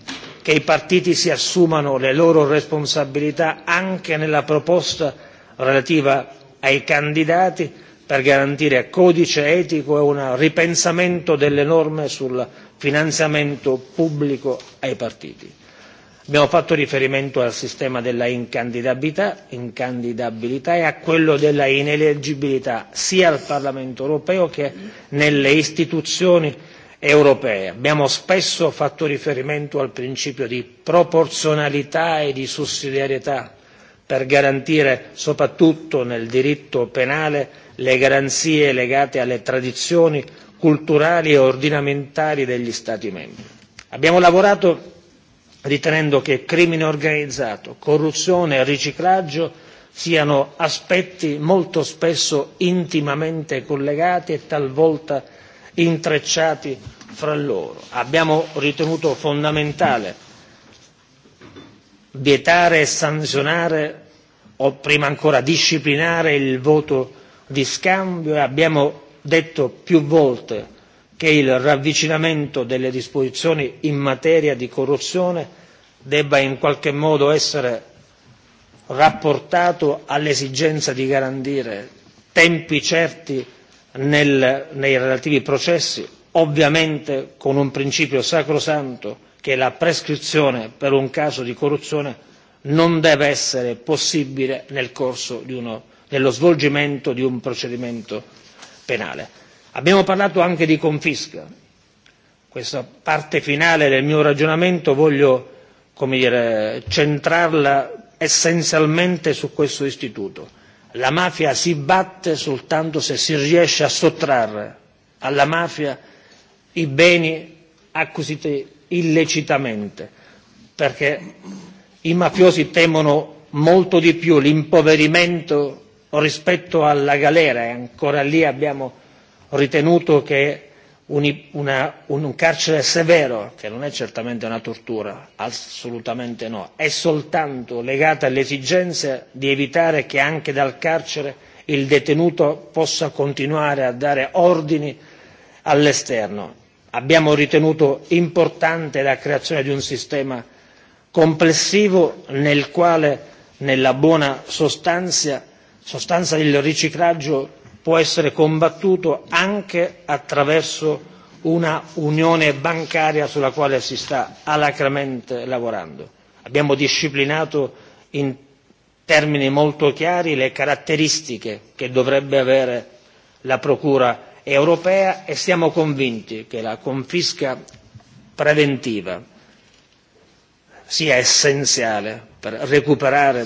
che i partiti si assumano le loro responsabilità anche nella proposta relativa ai candidati per garantire codice etico e un ripensamento delle norme sul finanziamento pubblico ai partiti. Abbiamo fatto riferimento al sistema della incandidabilità, incandidabilità e a quello della ineleggibilità sia al Parlamento europeo che nelle istituzioni europee. Abbiamo spesso fatto riferimento al principio di proporzionalità e di sussidiarietà per garantire soprattutto nel diritto penale le garanzie legate alle tradizioni culturali e ordinamentali degli Stati membri. Abbiamo lavorato ritenendo che crimine organizzato, corruzione e riciclaggio siano aspetti molto spesso intimamente collegati e talvolta intrecciati fra loro. Abbiamo ritenuto fondamentale vietare e sanzionare o prima ancora disciplinare il voto di scambio e abbiamo detto più volte che il ravvicinamento delle disposizioni in materia di corruzione debba in qualche modo essere rapportato all'esigenza di garantire tempi certi nel, nei relativi processi, ovviamente con un principio sacrosanto che la prescrizione per un caso di corruzione non deve essere possibile nel corso di uno, dello svolgimento di un procedimento penale. Abbiamo parlato anche di confisca. Questa parte finale del mio ragionamento voglio come dire, centrarla essenzialmente su questo istituto. La mafia si batte soltanto se si riesce a sottrarre alla mafia i beni acquisiti illecitamente, perché i mafiosi temono molto di più l'impoverimento rispetto alla galera e ancora lì abbiamo ritenuto che un, una, un un carcere severo, che non è certamente una tortura, assolutamente no, è soltanto legata all'esigenza di evitare che anche dal carcere il detenuto possa continuare a dare ordini all'esterno abbiamo ritenuto importante la creazione di un sistema complessivo nel quale nella buona sostanza, sostanza il riciclaggio può essere combattuto anche attraverso una unione bancaria sulla quale si sta alacremente lavorando. Abbiamo disciplinato in termini molto chiari le caratteristiche che dovrebbe avere la procura europea e siamo convinti che la confisca preventiva sia essenziale per recuperare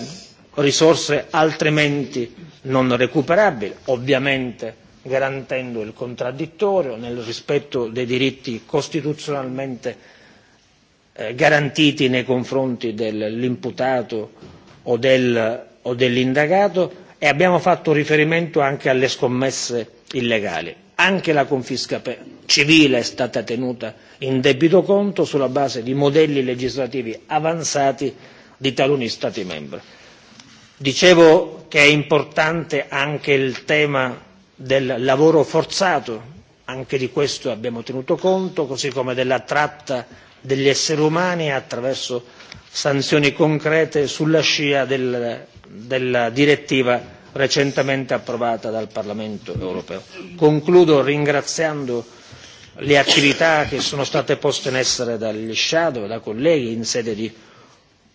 risorse altrimenti non recuperabili, ovviamente garantendo il contraddittorio nel rispetto dei diritti costituzionalmente eh, garantiti nei confronti dell'imputato o, del, o dell'indagato e abbiamo fatto riferimento anche alle scommesse illegali anche la confisca civile è stata tenuta in debito conto sulla base di modelli legislativi avanzati di taluni Stati membri. Dicevo che è importante anche il tema del lavoro forzato, anche di questo abbiamo tenuto conto, così come della tratta degli esseri umani attraverso sanzioni concrete sulla scia del, della direttiva recentemente approvata dal Parlamento europeo. Concludo ringraziando le attività che sono state poste in essere dagli shadow, da colleghi in sede di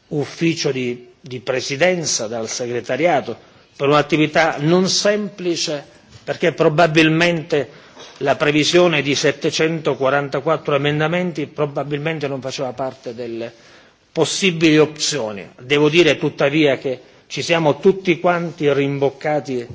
ufficio di, di presidenza, dal segretariato, per un'attività non semplice perché probabilmente la previsione di 744 emendamenti probabilmente non faceva parte delle possibili opzioni. Devo dire tuttavia che ci siamo tutti quanti rimboccati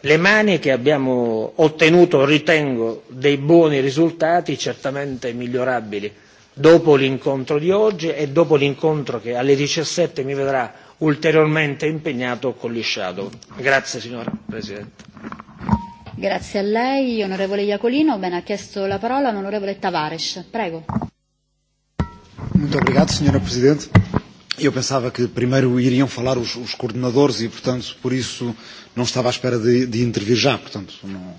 le maniche, abbiamo ottenuto, ritengo, dei buoni risultati, certamente migliorabili dopo l'incontro di oggi e dopo l'incontro che alle 17 mi vedrà ulteriormente impegnato con gli shadow. Grazie signora Presidente. Grazie a lei, onorevole Iacolino. Bene, ha chiesto la parola l'onorevole Tavares. Prego. Molto obrigado, signora Presidente. Eu pensava que primeiro iriam falar os, os coordenadores e, portanto, por isso não estava à espera de, de intervir já, portanto, não,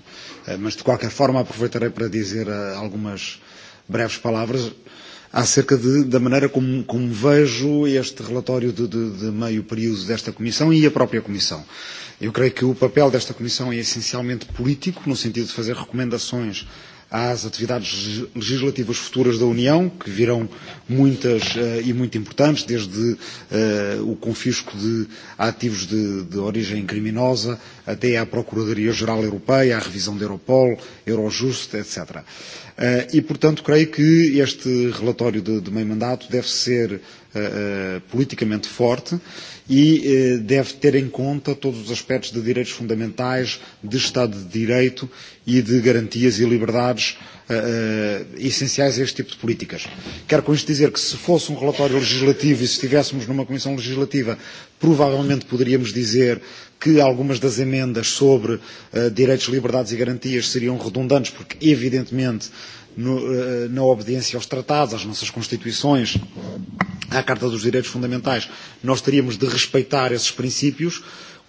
eh, mas de qualquer forma aproveitarei para dizer eh, algumas breves palavras acerca de, da maneira como, como vejo este relatório de, de, de meio período desta Comissão e a própria Comissão. Eu creio que o papel desta Comissão é essencialmente político, no sentido de fazer recomendações às atividades legislativas futuras da União, que virão muitas uh, e muito importantes, desde uh, o confisco de ativos de, de origem criminosa até à Procuradoria-Geral Europeia, à revisão da Europol, Eurojust, etc. Uh, eh, e, portanto, creio que este relatório de, de meio mandato deve ser uh, uh, politicamente forte e eh, deve ter em conta todos os aspectos de direitos fundamentais, de Estado de Direito e de garantias e liberdades eh, eh, essenciais a este tipo de políticas. Quero com isto dizer que se fosse um relatório legislativo e se estivéssemos numa comissão legislativa, provavelmente poderíamos dizer que algumas das emendas sobre uh, direitos, liberdades e garantias seriam redundantes, porque evidentemente no, uh, na obediência aos tratados, às nossas constituições, à Carta dos Direitos Fundamentais. Nós teríamos de respeitar esses princípios.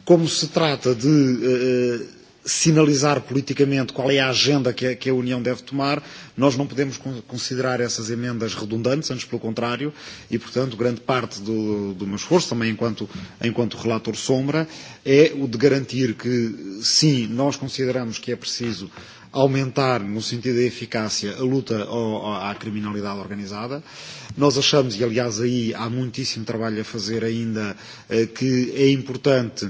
Como se trata de uh, sinalizar politicamente qual é a agenda que a, que a União deve tomar, nós não podemos considerar essas emendas redundantes, antes pelo contrário, e, portanto, grande parte do, do meu esforço, também enquanto, enquanto relator sombra, é o de garantir que, sim, nós consideramos que é preciso uh, aumentar, no sentido da eficácia, a luta ao, à criminalidade organizada. Nós achamos, e aliás aí há muitíssimo trabalho a fazer ainda, eh, que é importante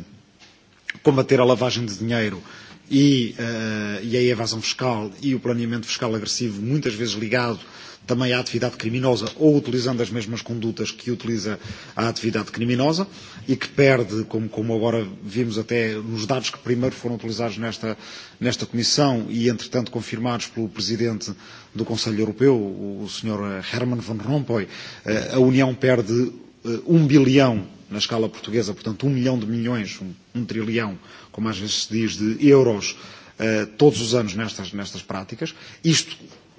combater a lavagem de dinheiro e, uh, e a evasão fiscal e o planeamento fiscal agressivo, muitas vezes ligado também à atividade criminosa ou utilizando as mesmas condutas que utiliza a atividade criminosa e que perde, como, como agora vimos até nos dados que primeiro foram utilizados nesta, nesta Comissão e, entretanto, confirmados pelo Presidente do Conselho Europeu, o, Sr. Herman Van Rompuy, eh, a União perde eh, um bilhão na escala portuguesa, portanto, um milhão de milhões, um, um trilhão, como às vezes se diz, de euros eh, todos os anos nestas, nestas práticas. Isto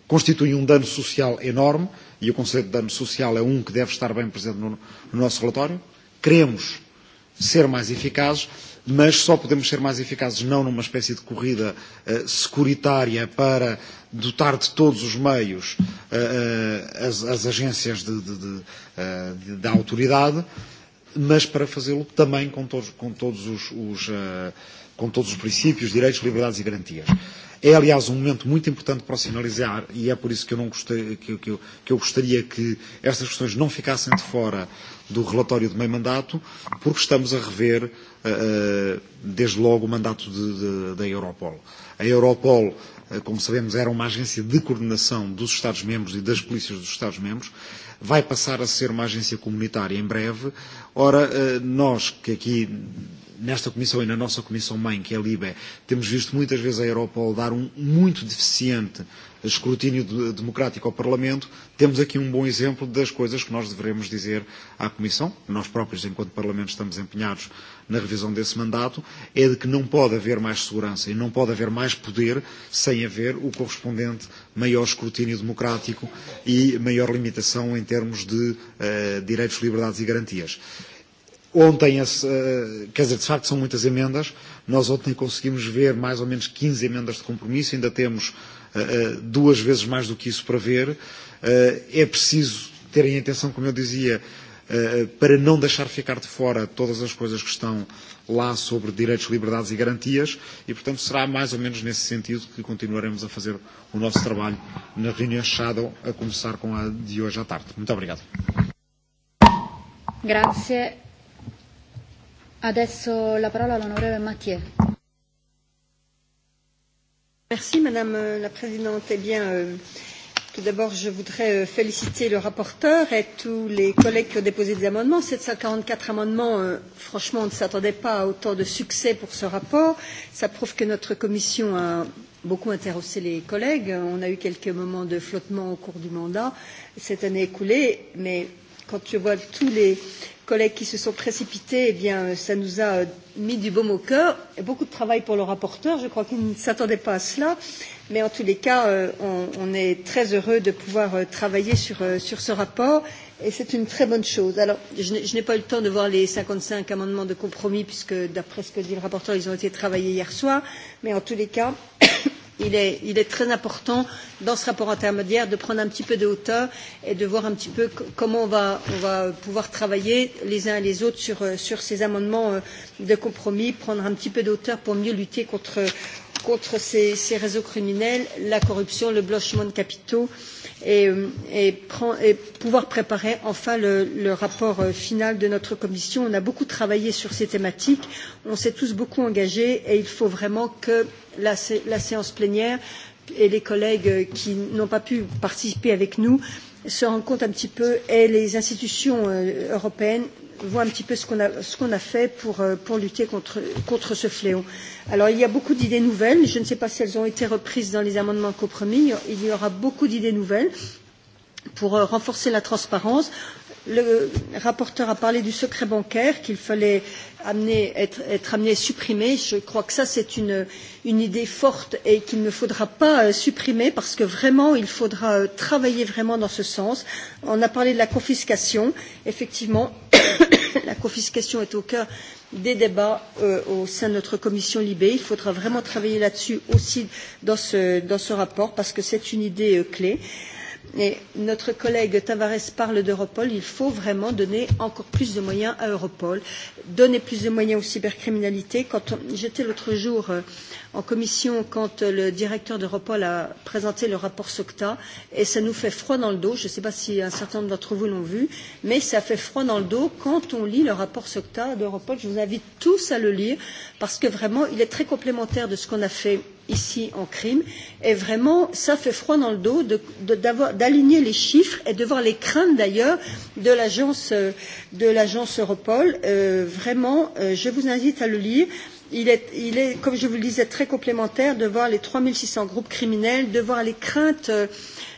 constituem um dano social enorme, e o conceito de dano social é um que deve estar bem presente no, no nosso relatório. Queremos ser mais eficazes, mas só podemos ser mais eficazes não numa espécie de corrida uh, securitária para dotar de todos os meios uh, uh, as, as agências de, de, de, uh, de, da autoridade, mas para fazê-lo também com todos, com todos os, os uh, com todos os princípios, direitos, liberdades e garantias. Uh, É, aliás, um momento muito importante para o sinalizar e é por isso que eu, não gostei, que, que, eu, que eu gostaria que estas questões não ficassem de fora do relatório de meio mandato, porque estamos a rever, uh, desde logo, o mandato de, de, da Europol. A Europol, uh, como sabemos, era uma agência de coordenação dos Estados-membros e das polícias dos Estados-membros vai passar a ser uma agência comunitária em breve. Ora, uh, nós que aqui nesta Comissão e na nossa Comissão-mãe, que é a LIBE, temos visto muitas vezes a Europol dar um muito deficiente escrutínio de, democrático ao Parlamento, temos aqui um bom exemplo das coisas que nós devemos dizer à Comissão, nós próprios, enquanto Parlamento, estamos empenhados na revisão desse mandato, é de que não pode haver mais segurança e não pode haver mais poder sem haver o correspondente maior escrutínio democrático e maior limitação em termos de uh, direitos, liberdades e garantias. Ontem, esse, eh, quer dizer, de facto são muitas emendas, nós ontem conseguimos ver mais ou menos 15 emendas de compromisso, ainda temos eh, eh, duas vezes mais do que isso para ver. É preciso terem atenção, como eu dizia, para não deixar ficar de fora todas as coisas que estão lá sobre direitos, liberdades e garantias, e portanto será mais ou menos nesse sentido que continuaremos a fazer o nosso trabalho na reunião Shadow, a começar com a de hoje à tarde. Muito obrigado. Grazie. Adesso la parola all'onorevole Mathieu. Merci Madame la Présidente. Eh bien, euh, tout d'abord, je voudrais euh, féliciter le rapporteur et tous les collègues qui ont déposé des amendements. 744 amendements, euh, franchement, on ne s'attendait pas à autant de succès pour ce rapport. Ça prouve que notre commission a beaucoup intéressé les collègues. On a eu quelques moments de flottement au cours du mandat cette année écoulée, mais quand je vois tous les collègues qui se sont précipités, eh bien, ça nous a euh, mis du baume au cœur. Et beaucoup de travail pour le rapporteur. Je crois qu'il ne s'attendait pas à cela. Mais en tous les cas, euh, on, on est très heureux de pouvoir euh, travailler sur, sur ce rapport. Et c'est une très bonne chose. Alors, je n'ai pas eu le temps de voir les 55 amendements de compromis, puisque d'après ce que dit le rapporteur, ils ont été travaillés hier soir. Mais en tous les cas, il est, il est très important dans ce rapport intermédiaire de prendre un petit peu de hauteur et de voir un petit peu comment on va, on va pouvoir travailler les uns et les autres sur, euh, sur ces amendements euh, de compromis, prendre un petit peu de hauteur pour mieux lutter contre, contre ces, ces réseaux criminels, la corruption, le blanchiment de capitaux et, euh, et, prend, et pouvoir préparer enfin le, le rapport euh, final de notre commission. On a beaucoup travaillé sur ces thématiques, on s'est tous beaucoup engagés et il faut vraiment que la, la séance plénière et les collègues euh, qui n'ont pas pu participer avec nous se rendent compte un petit peu et les institutions européennes voit un petit peu ce qu'on a, qu a fait pour, euh, pour lutter contre, contre ce fléau. Alors, il y a beaucoup d'idées nouvelles. Je ne sais pas si elles ont été reprises dans les amendements compromis. Il y aura beaucoup d'idées nouvelles pour euh, renforcer la transparence, le rapporteur a parlé du secret bancaire qu'il fallait amener, être, être amené à supprimer. Je crois que ça, c'est une, une idée forte et qu'il ne faudra pas euh, supprimer parce que vraiment, il faudra euh, travailler vraiment dans ce sens. On a parlé de la confiscation. Effectivement, la confiscation est au cœur des débats euh, au sein de notre commission Libé. Il faudra vraiment travailler là-dessus aussi dans ce, dans ce rapport parce que c'est une idée euh, clé. Et notre collègue Tavares parle d'Europol. Il faut vraiment donner encore plus de moyens à Europol, donner plus de moyens aux cybercriminalités. Quand j'étais l'autre jour euh, en commission, quand le directeur d'Europol a présenté le rapport SOCTA, et ça nous fait froid dans le dos. Je ne sais pas si un certain nombre d'entre vous l'ont vu, mais ça fait froid dans le dos quand on lit le rapport SOCTA d'Europol. Je vous invite tous à le lire parce que vraiment, il est très complémentaire de ce qu'on a fait ici en crime. Et vraiment, ça fait froid dans le dos d'aligner les chiffres et de voir les craintes d'ailleurs euh, de l'agence Europol. Euh, vraiment, euh, je vous invite à le lire. Il est, il est, comme je vous le disais, très complémentaire de voir les 3600 groupes criminels, de voir les craintes. Euh,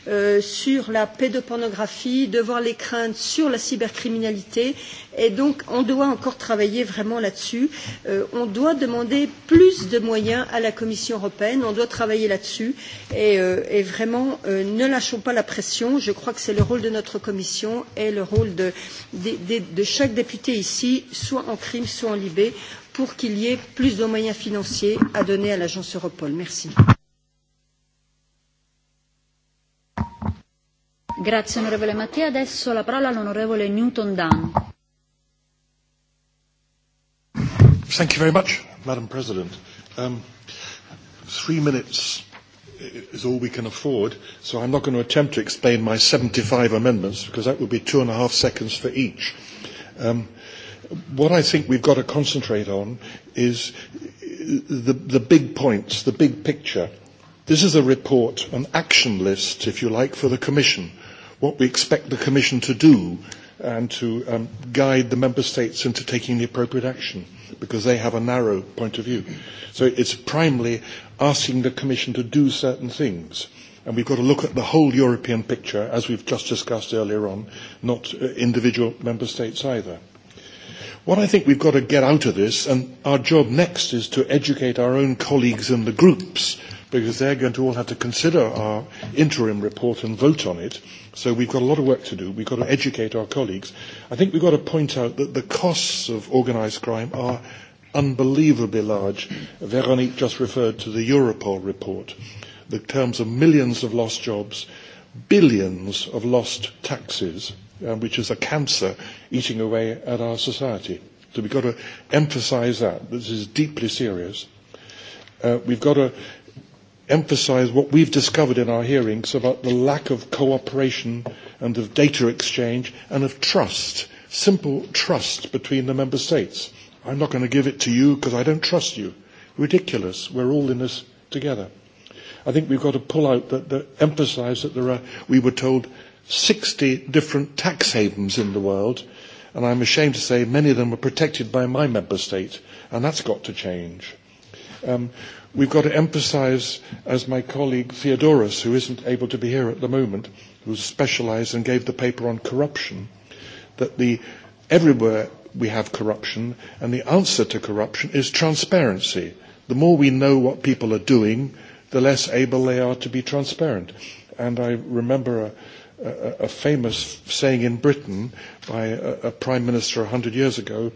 Euh, sur la pédopornographie, de voir les craintes sur la cybercriminalité. Et donc, on doit encore travailler vraiment là-dessus. Euh, on doit demander plus de moyens à la Commission européenne. On doit travailler là-dessus. Et, euh, et vraiment, euh, ne lâchons pas la pression. Je crois que c'est le rôle de notre Commission et le rôle de, de, de, de chaque député ici, soit en crime, soit en libé, pour qu'il y ait plus de moyens financiers à donner à l'agence Europol. Merci. Grazie onorevole Mattia. Adesso la parola all'onorevole Newton Dunn. Thank you very much, Madam President. Um, three minutes is all we can afford, so I'm not going to attempt to explain my 75 amendments because that would be two and a half seconds for each. Um, what I think we've got to concentrate on is the, the big points, the big picture. This is a report, an action list, if you like, for the Commission what we expect the Commission to do and to um, guide the member states into taking the appropriate action because they have a narrow point of view. So it's primarily asking the Commission to do certain things. And we've got to look at the whole European picture, as we've just discussed earlier on, not uh, individual member states either. What I think we've got to get out of this, and our job next is to educate our own colleagues in the groups because they're going to all have to consider our interim report and vote on it. So we've got a lot of work to do. We've got to educate our colleagues. I think we've got to point out that the costs of organised crime are unbelievably large. Veronique just referred to the Europol report. The terms of millions of lost jobs, billions of lost taxes, um, which is a cancer eating away at our society. So we've got to emphasise that. This is deeply serious. Uh, we've got to emphasise what we've discovered in our hearings about the lack of cooperation and of data exchange and of trust, simple trust between the member states. I'm not going to give it to you because I don't trust you. Ridiculous. We're all in this together. I think we've got to pull out that, that emphasise that there are, we were told, 60 different tax havens in the world, and I'm ashamed to say many of them are protected by my member state, and that's got to change. Um, We've got to emphasise, as my colleague Theodorus, who isn't able to be here at the moment, who specialised and gave the paper on corruption, that the, everywhere we have corruption, and the answer to corruption is transparency. The more we know what people are doing, the less able they are to be transparent. And I remember a, a, a famous saying in Britain by a, a prime minister 100 years ago,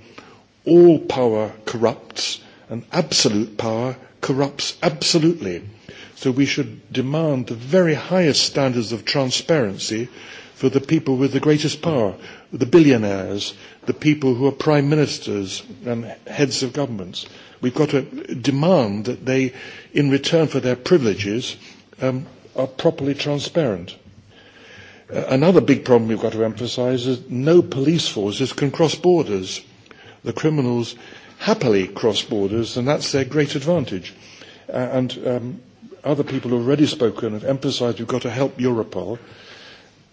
all power corrupts, and absolute power corrupts absolutely. So we should demand the very highest standards of transparency for the people with the greatest power, the billionaires, the people who are prime ministers and heads of governments. We've got to demand that they, in return for their privileges, um, are properly transparent. Uh, another big problem we've got to emphasise is no police forces can cross borders. The criminals happily cross borders, and that's their great advantage. Uh, and um, other people have already spoken have emphasised we've got to help Europol.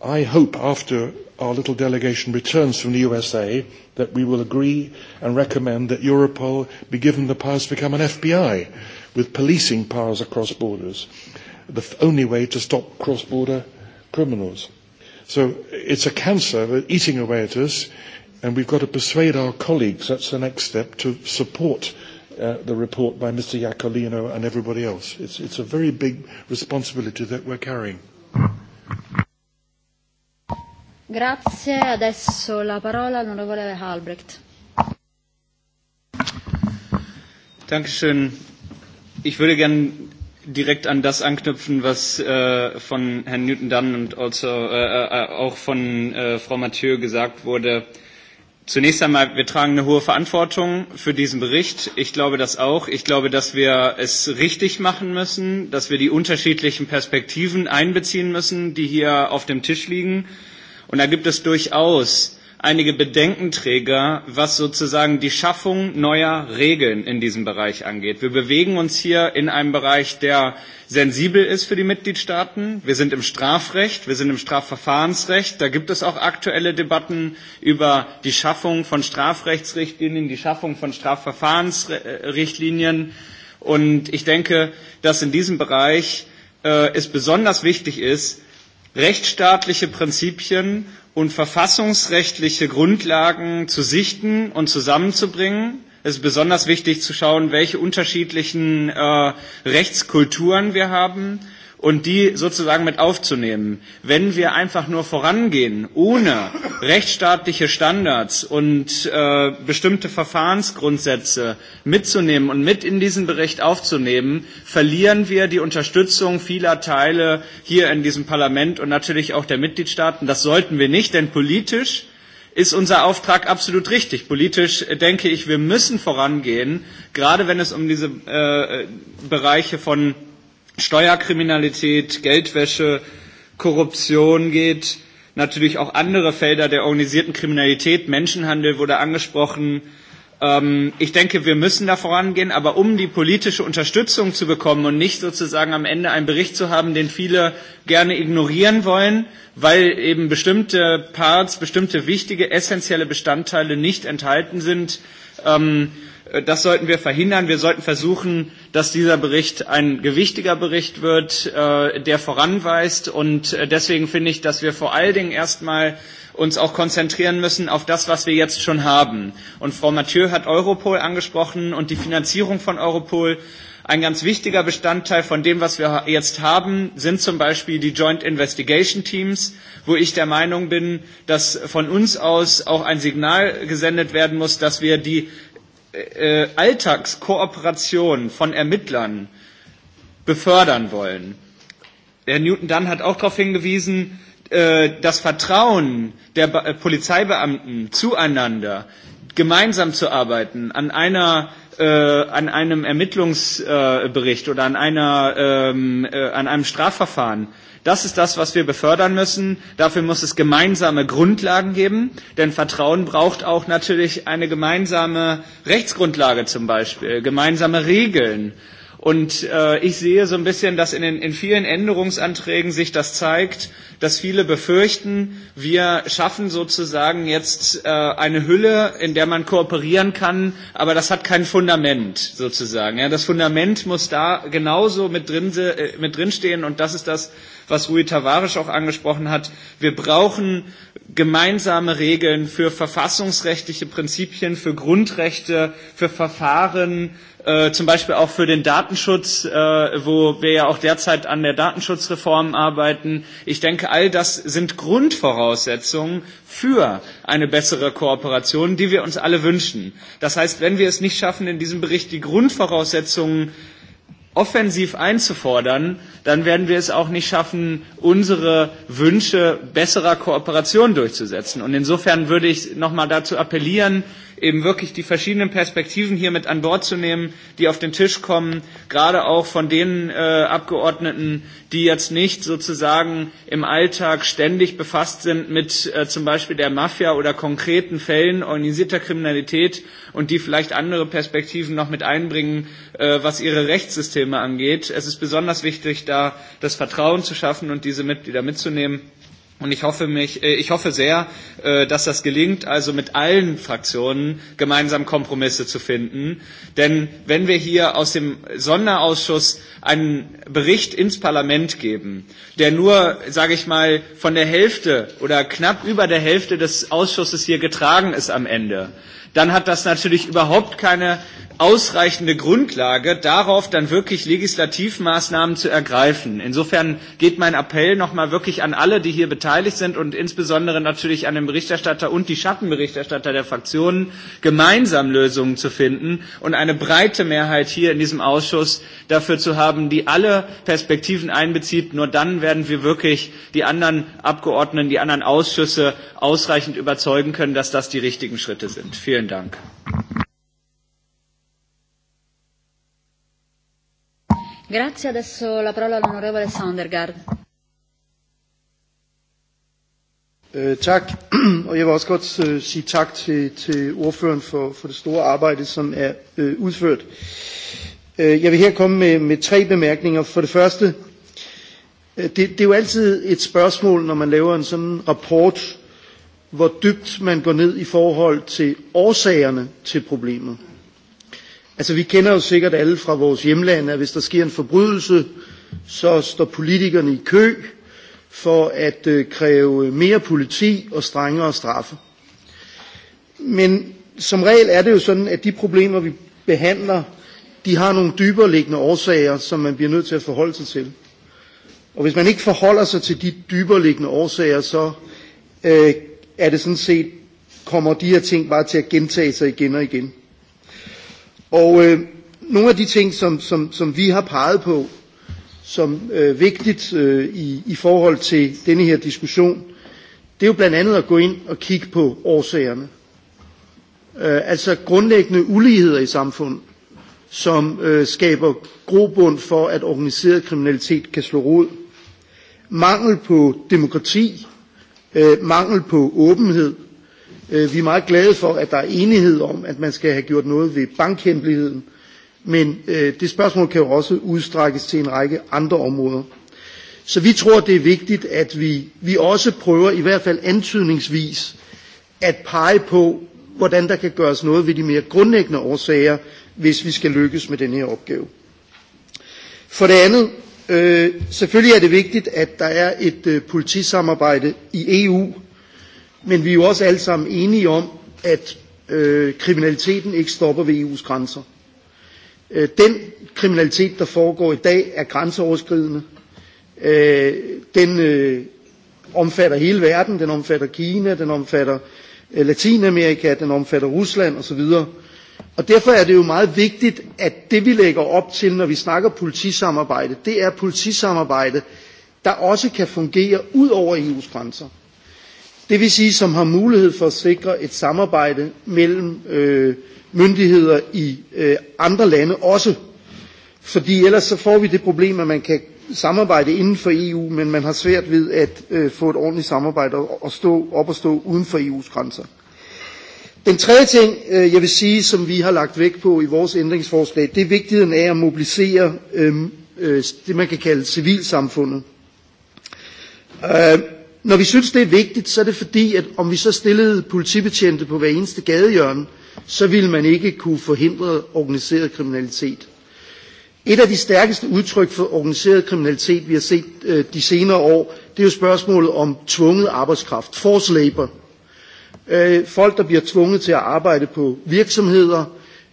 I hope after our little delegation returns from the USA that we will agree and recommend that Europol be given the powers to become an FBI with policing powers across borders, the only way to stop cross-border criminals. So it's a cancer eating away at us. And we've got to persuade our colleagues, that's the next step, to support uh, the report by Mr. Iacolino and everybody else. It's, it's a very big responsibility that we're carrying. Grazie, adesso la parola all'onorevole Halbrecht. Dankeschön. Ich würde gerne direkt an das anknüpfen, was äh, von Herrn Newton Dunn und also, äh, äh, auch von äh, Frau Mathieu gesagt wurde. Äh, Zunächst einmal, wir tragen eine hohe Verantwortung für diesen Bericht. Ich glaube das auch. Ich glaube, dass wir es richtig machen müssen, dass wir die unterschiedlichen Perspektiven einbeziehen müssen, die hier auf dem Tisch liegen. Und da gibt es durchaus einige Bedenkenträger, was sozusagen die Schaffung neuer Regeln in diesem Bereich angeht. Wir bewegen uns hier in einem Bereich, der sensibel ist für die Mitgliedstaaten. Wir sind im Strafrecht, wir sind im Strafverfahrensrecht. Da gibt es auch aktuelle Debatten über die Schaffung von Strafrechtsrichtlinien, die Schaffung von Strafverfahrensrichtlinien. Und ich denke, dass in diesem Bereich äh, es besonders wichtig ist, rechtsstaatliche Prinzipien und verfassungsrechtliche Grundlagen zu sichten und zusammenzubringen. Es ist besonders wichtig zu schauen, welche unterschiedlichen äh, Rechtskulturen wir haben und die sozusagen mit aufzunehmen. Wenn wir einfach nur vorangehen, ohne rechtsstaatliche Standards und äh, bestimmte Verfahrensgrundsätze mitzunehmen und mit in diesen Bericht aufzunehmen, verlieren wir die Unterstützung vieler Teile hier in diesem Parlament und natürlich auch der Mitgliedstaaten. Das sollten wir nicht, denn politisch ist unser Auftrag absolut richtig. Politisch äh, denke ich, wir müssen vorangehen, gerade wenn es um diese äh, Bereiche von Steuerkriminalität, Geldwäsche, Korruption geht, natürlich auch andere Felder der organisierten Kriminalität, Menschenhandel wurde angesprochen. Ähm, ich denke, wir müssen da vorangehen, aber um die politische Unterstützung zu bekommen und nicht sozusagen am Ende einen Bericht zu haben, den viele gerne ignorieren wollen, weil eben bestimmte Parts, bestimmte wichtige, essentielle Bestandteile nicht enthalten sind, ähm, Äh, das sollten wir verhindern. Wir sollten versuchen, dass dieser Bericht ein gewichtiger Bericht wird, äh, der voranweist. Und äh, deswegen finde ich, dass wir vor allen Dingen erstmal uns auch konzentrieren müssen auf das, was wir jetzt schon haben. Und Frau Mathieu hat Europol angesprochen und die Finanzierung von Europol. Ein ganz wichtiger Bestandteil von dem, was wir jetzt haben, sind zum Beispiel die Joint Investigation Teams, wo ich der Meinung bin, dass von uns aus auch ein Signal gesendet werden muss, dass wir die äh, Alltagskooperation von Ermittlern befördern wollen. Herr Newton Dunn hat auch darauf hingewiesen, äh, das Vertrauen der ba äh, Polizeibeamten zueinander, gemeinsam zu arbeiten, an einer äh, an einem Ermittlungsbericht äh, oder an, einer, ähm, äh, an einem Strafverfahren äh, Das ist das, was wir befördern müssen. Dafür muss es gemeinsame Grundlagen geben, denn Vertrauen braucht auch natürlich eine gemeinsame Rechtsgrundlage zum Beispiel, gemeinsame Regeln. Und äh, ich sehe so ein bisschen, dass in, den, in vielen Änderungsanträgen sich das zeigt, dass viele befürchten, wir schaffen sozusagen jetzt äh, eine Hülle, in der man kooperieren kann, aber das hat kein Fundament sozusagen. Ja, das Fundament muss da genauso mit drin, äh, mit drinstehen und das ist das, was Rui Tavares auch angesprochen hat. Wir brauchen gemeinsame Regeln für verfassungsrechtliche Prinzipien, für Grundrechte, für Verfahren, äh, zum Beispiel auch für den Datenschutz, äh, wo wir ja auch derzeit an der Datenschutzreform arbeiten. Ich denke, all das sind Grundvoraussetzungen für eine bessere Kooperation, die wir uns alle wünschen. Das heißt, wenn wir es nicht schaffen, in diesem Bericht die Grundvoraussetzungen äh, offensiv einzufordern, dann werden wir es auch nicht schaffen, unsere Wünsche besserer Kooperation durchzusetzen. Und insofern würde ich nochmal dazu appellieren, eben wirklich die verschiedenen Perspektiven hier mit an Bord zu nehmen, die auf den Tisch kommen, gerade auch von den äh, Abgeordneten, die jetzt nicht sozusagen im Alltag ständig befasst sind mit äh, zum Beispiel der Mafia oder konkreten Fällen organisierter Kriminalität und die vielleicht andere Perspektiven noch mit einbringen, äh, was ihre Rechtssysteme angeht. Es ist besonders wichtig, da das Vertrauen zu schaffen und diese Mitglieder mitzunehmen. Und ich hoffe, mich, äh, ich hoffe sehr, äh, dass das gelingt, also mit allen Fraktionen gemeinsam Kompromisse zu finden. Denn wenn wir hier aus dem Sonderausschuss einen Bericht ins Parlament geben, der nur, sage ich mal, von der Hälfte oder knapp über der Hälfte des Ausschusses hier getragen ist am Ende, dann hat das natürlich überhaupt keine ausreichende Grundlage, darauf dann wirklich Legislativmaßnahmen zu ergreifen. Insofern geht mein Appell nochmal wirklich an alle, die hier beteiligt sind und insbesondere natürlich an den Berichterstatter und die Schattenberichterstatter der Fraktionen, gemeinsam Lösungen zu finden und eine breite Mehrheit hier in diesem Ausschuss dafür zu haben, die alle Perspektiven einbezieht. Nur dann werden wir wirklich die anderen Abgeordneten, die anderen Ausschüsse ausreichend überzeugen können, dass das die richtigen Schritte sind. Vielen Vielen Dank. Grazie, adesso la parola all'onorevole Sondergaard. Øh, tak, og jeg vil også godt øh, sige tak til, til ordføreren for, for det store arbejde, som er øh, udført. Øh, jeg vil her komme med, med tre bemærkninger. For det første, øh, det, det er jo altid et spørgsmål, når man laver en sådan rapport, hvor dybt man går ned i forhold til årsagerne til problemet. Altså vi kender jo sikkert alle fra vores hjemland, at hvis der sker en forbrydelse, så står politikerne i kø for at øh, kræve mere politi og strengere straffe. Men som regel er det jo sådan, at de problemer, vi behandler, de har nogle dybere liggende årsager, som man bliver nødt til at forholde sig til. Og hvis man ikke forholder sig til de dybere liggende årsager, så øh, er det sådan set kommer de her ting bare til at gentage sig igen og igen. Og øh, nogle af de ting, som, som, som vi har peget på som øh, vigtigt øh, i, i forhold til denne her diskussion, det er jo blandt andet at gå ind og kigge på årsagerne. Øh, altså grundlæggende uligheder i samfundet, som øh, skaber grobund for, at organiseret kriminalitet kan slå rod. Mangel på demokrati Øh, mangel på åbenhed. Øh, vi er meget glade for, at der er enighed om, at man skal have gjort noget ved bankhemmeligheden, men øh, det spørgsmål kan jo også udstrækkes til en række andre områder. Så vi tror, det er vigtigt, at vi, vi også prøver, i hvert fald antydningsvis, at pege på, hvordan der kan gøres noget ved de mere grundlæggende årsager, hvis vi skal lykkes med den her opgave. For det andet Øh, selvfølgelig er det vigtigt, at der er et øh, politisamarbejde i EU, men vi er jo også alle sammen enige om, at øh, kriminaliteten ikke stopper ved EU's grænser. Øh, den kriminalitet, der foregår i dag, er grænseoverskridende. Øh, den øh, omfatter hele verden, den omfatter Kina, den omfatter øh, Latinamerika, den omfatter Rusland osv. Og derfor er det jo meget vigtigt, at det vi lægger op til, når vi snakker politisamarbejde, det er politisamarbejde, der også kan fungere ud over EU's grænser. Det vil sige, som har mulighed for at sikre et samarbejde mellem øh, myndigheder i øh, andre lande også. Fordi ellers så får vi det problem, at man kan samarbejde inden for EU, men man har svært ved at øh, få et ordentligt samarbejde og stå op og stå uden for EU's grænser. Den tredje ting, øh, jeg vil sige, som vi har lagt vægt på i vores ændringsforslag, det er vigtigheden af at mobilisere øh, det, man kan kalde civilsamfundet. Øh, når vi synes, det er vigtigt, så er det fordi, at om vi så stillede politibetjente på hver eneste gadehjørne, så ville man ikke kunne forhindre organiseret kriminalitet. Et af de stærkeste udtryk for organiseret kriminalitet, vi har set de senere år, det er jo spørgsmålet om tvunget arbejdskraft, forced labor øh, folk, der bliver tvunget til at arbejde på virksomheder,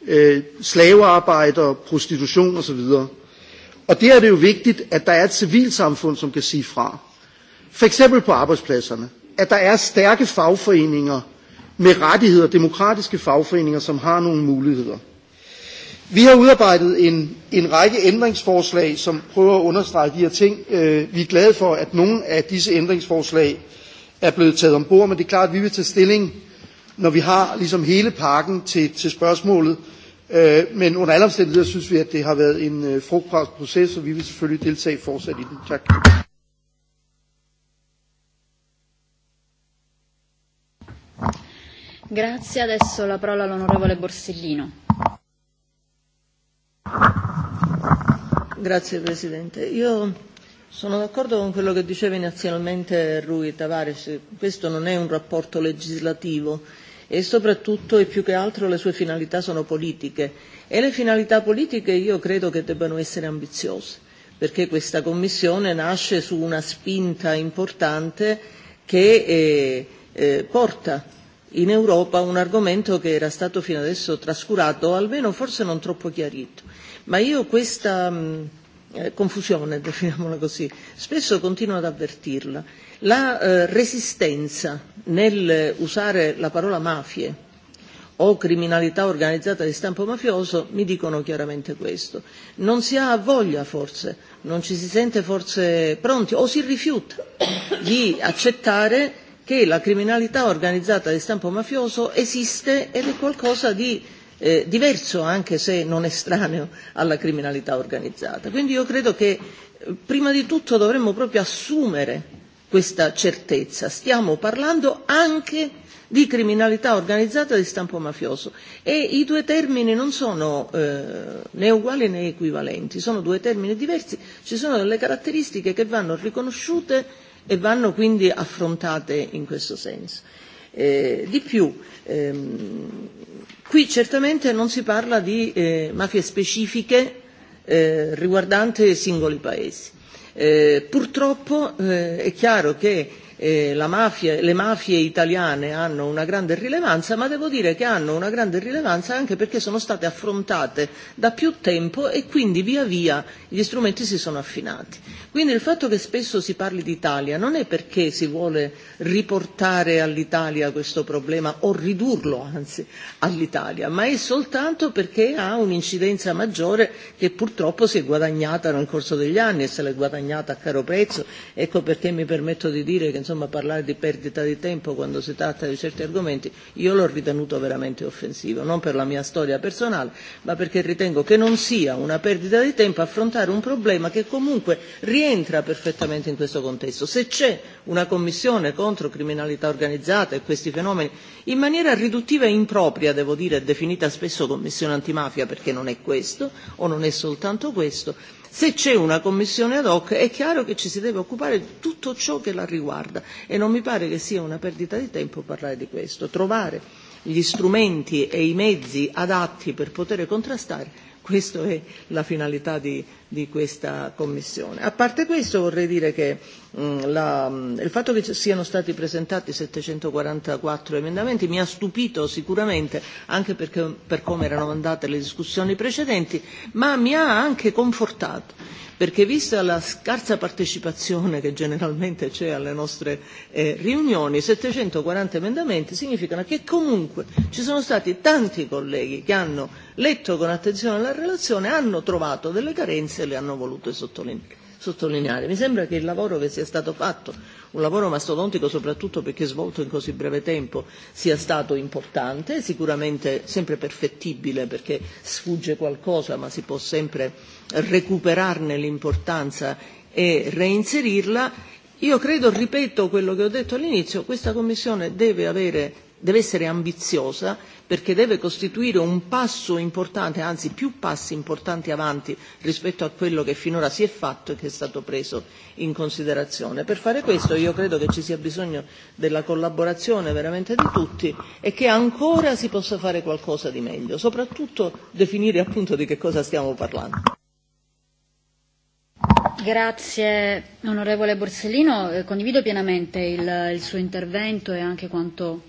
øh, slavearbejdere, prostitution osv. Og der er det jo vigtigt, at der er et civilsamfund, som kan sige fra. For eksempel på arbejdspladserne. At der er stærke fagforeninger med rettigheder, demokratiske fagforeninger, som har nogle muligheder. Vi har udarbejdet en, en række ændringsforslag, som prøver at understrege de her ting. Øh, vi er glade for, at nogle af disse ændringsforslag er blevet taget ombord, men det er klart, at vi vil tage stilling, når vi har ligesom hele pakken til, til spørgsmålet. Øh, men under alle omstændigheder synes vi, at det har været en øh, frugtbar proces, og vi vil selvfølgelig deltage fortsat i den. Tak. Grazie, adesso la parola all'onorevole Borsellino. Grazie Presidente. Io Sono d'accordo con quello che diceva inizialmente Rui Tavares, questo non è un rapporto legislativo e soprattutto e più che altro le sue finalità sono politiche e le finalità politiche io credo che debbano essere ambiziose perché questa Commissione nasce su una spinta importante che eh, eh, porta in Europa un argomento che era stato fino adesso trascurato o almeno forse non troppo chiarito. Ma io questa... Mh, eh, confusione, definiamola così, spesso continuo ad avvertirla, la eh, resistenza nel usare la parola mafie o criminalità organizzata di stampo mafioso mi dicono chiaramente questo. Non si ha voglia forse, non ci si sente forse pronti o si rifiuta di accettare che la criminalità organizzata di stampo mafioso esiste ed è qualcosa di eh, diverso anche se non estraneo alla criminalità organizzata. Quindi io credo che eh, prima di tutto dovremmo proprio assumere questa certezza. Stiamo parlando anche di criminalità organizzata e di stampo mafioso e i due termini non sono eh, né uguali né equivalenti, sono due termini diversi, ci sono delle caratteristiche che vanno riconosciute e vanno quindi affrontate in questo senso. Eh, di più, ehm, Qui certamente non si parla di eh, mafie specifiche eh, riguardante singoli paesi. Eh, purtroppo eh, è chiaro che eh, eh, la mafia, le mafie italiane hanno una grande rilevanza, ma devo dire che hanno una grande rilevanza anche perché sono state affrontate da più tempo e quindi via via gli strumenti si sono affinati. Quindi il fatto che spesso si parli d'Italia non è perché si vuole riportare all'Italia questo problema o ridurlo anzi all'Italia, ma è soltanto perché ha un'incidenza maggiore che purtroppo si è guadagnata nel corso degli anni e se l'è guadagnata a caro prezzo. Ecco perché mi permetto di dire che insomma, parlare di perdita di tempo quando si tratta di certi argomenti, io l'ho ritenuto veramente offensivo, non per la mia storia personale, ma perché ritengo che non sia una perdita di tempo affrontare un problema che comunque rientra perfettamente in questo contesto. Se c'è una commissione contro criminalità organizzata e questi fenomeni, in maniera riduttiva e impropria, devo dire, definita spesso commissione antimafia perché non è questo o non è soltanto questo, Se c'è una commissione ad hoc è chiaro che ci si deve occupare di tutto ciò che la riguarda e non mi pare che sia una perdita di tempo parlare di questo. Trovare gli strumenti e i mezzi adatti per poter contrastare Questa è la finalità di, di questa Commissione. A parte questo vorrei dire che mh, mm, la, mm, il fatto che siano stati presentati 744 emendamenti mi ha stupito sicuramente anche perché, per come erano andate le discussioni precedenti, ma mi ha anche confortato perché vista la scarsa partecipazione che generalmente c'è alle nostre eh, riunioni, 740 emendamenti significano che comunque ci sono stati tanti colleghi che hanno letto con attenzione la relazione, hanno trovato delle carenze e le hanno volute sottolineare sottolineare. Mi sembra che il lavoro che sia stato fatto, un lavoro mastodontico soprattutto perché svolto in così breve tempo, sia stato importante, sicuramente sempre perfettibile perché sfugge qualcosa ma si può sempre recuperarne l'importanza e reinserirla. Io credo, ripeto quello che ho detto all'inizio, questa Commissione deve, avere, deve essere ambiziosa perché deve costituire un passo importante, anzi più passi importanti avanti rispetto a quello che finora si è fatto e che è stato preso in considerazione. Per fare questo io credo che ci sia bisogno della collaborazione veramente di tutti e che ancora si possa fare qualcosa di meglio, soprattutto definire appunto di che cosa stiamo parlando. Grazie onorevole Borsellino, eh, condivido pienamente il, il suo intervento e anche quanto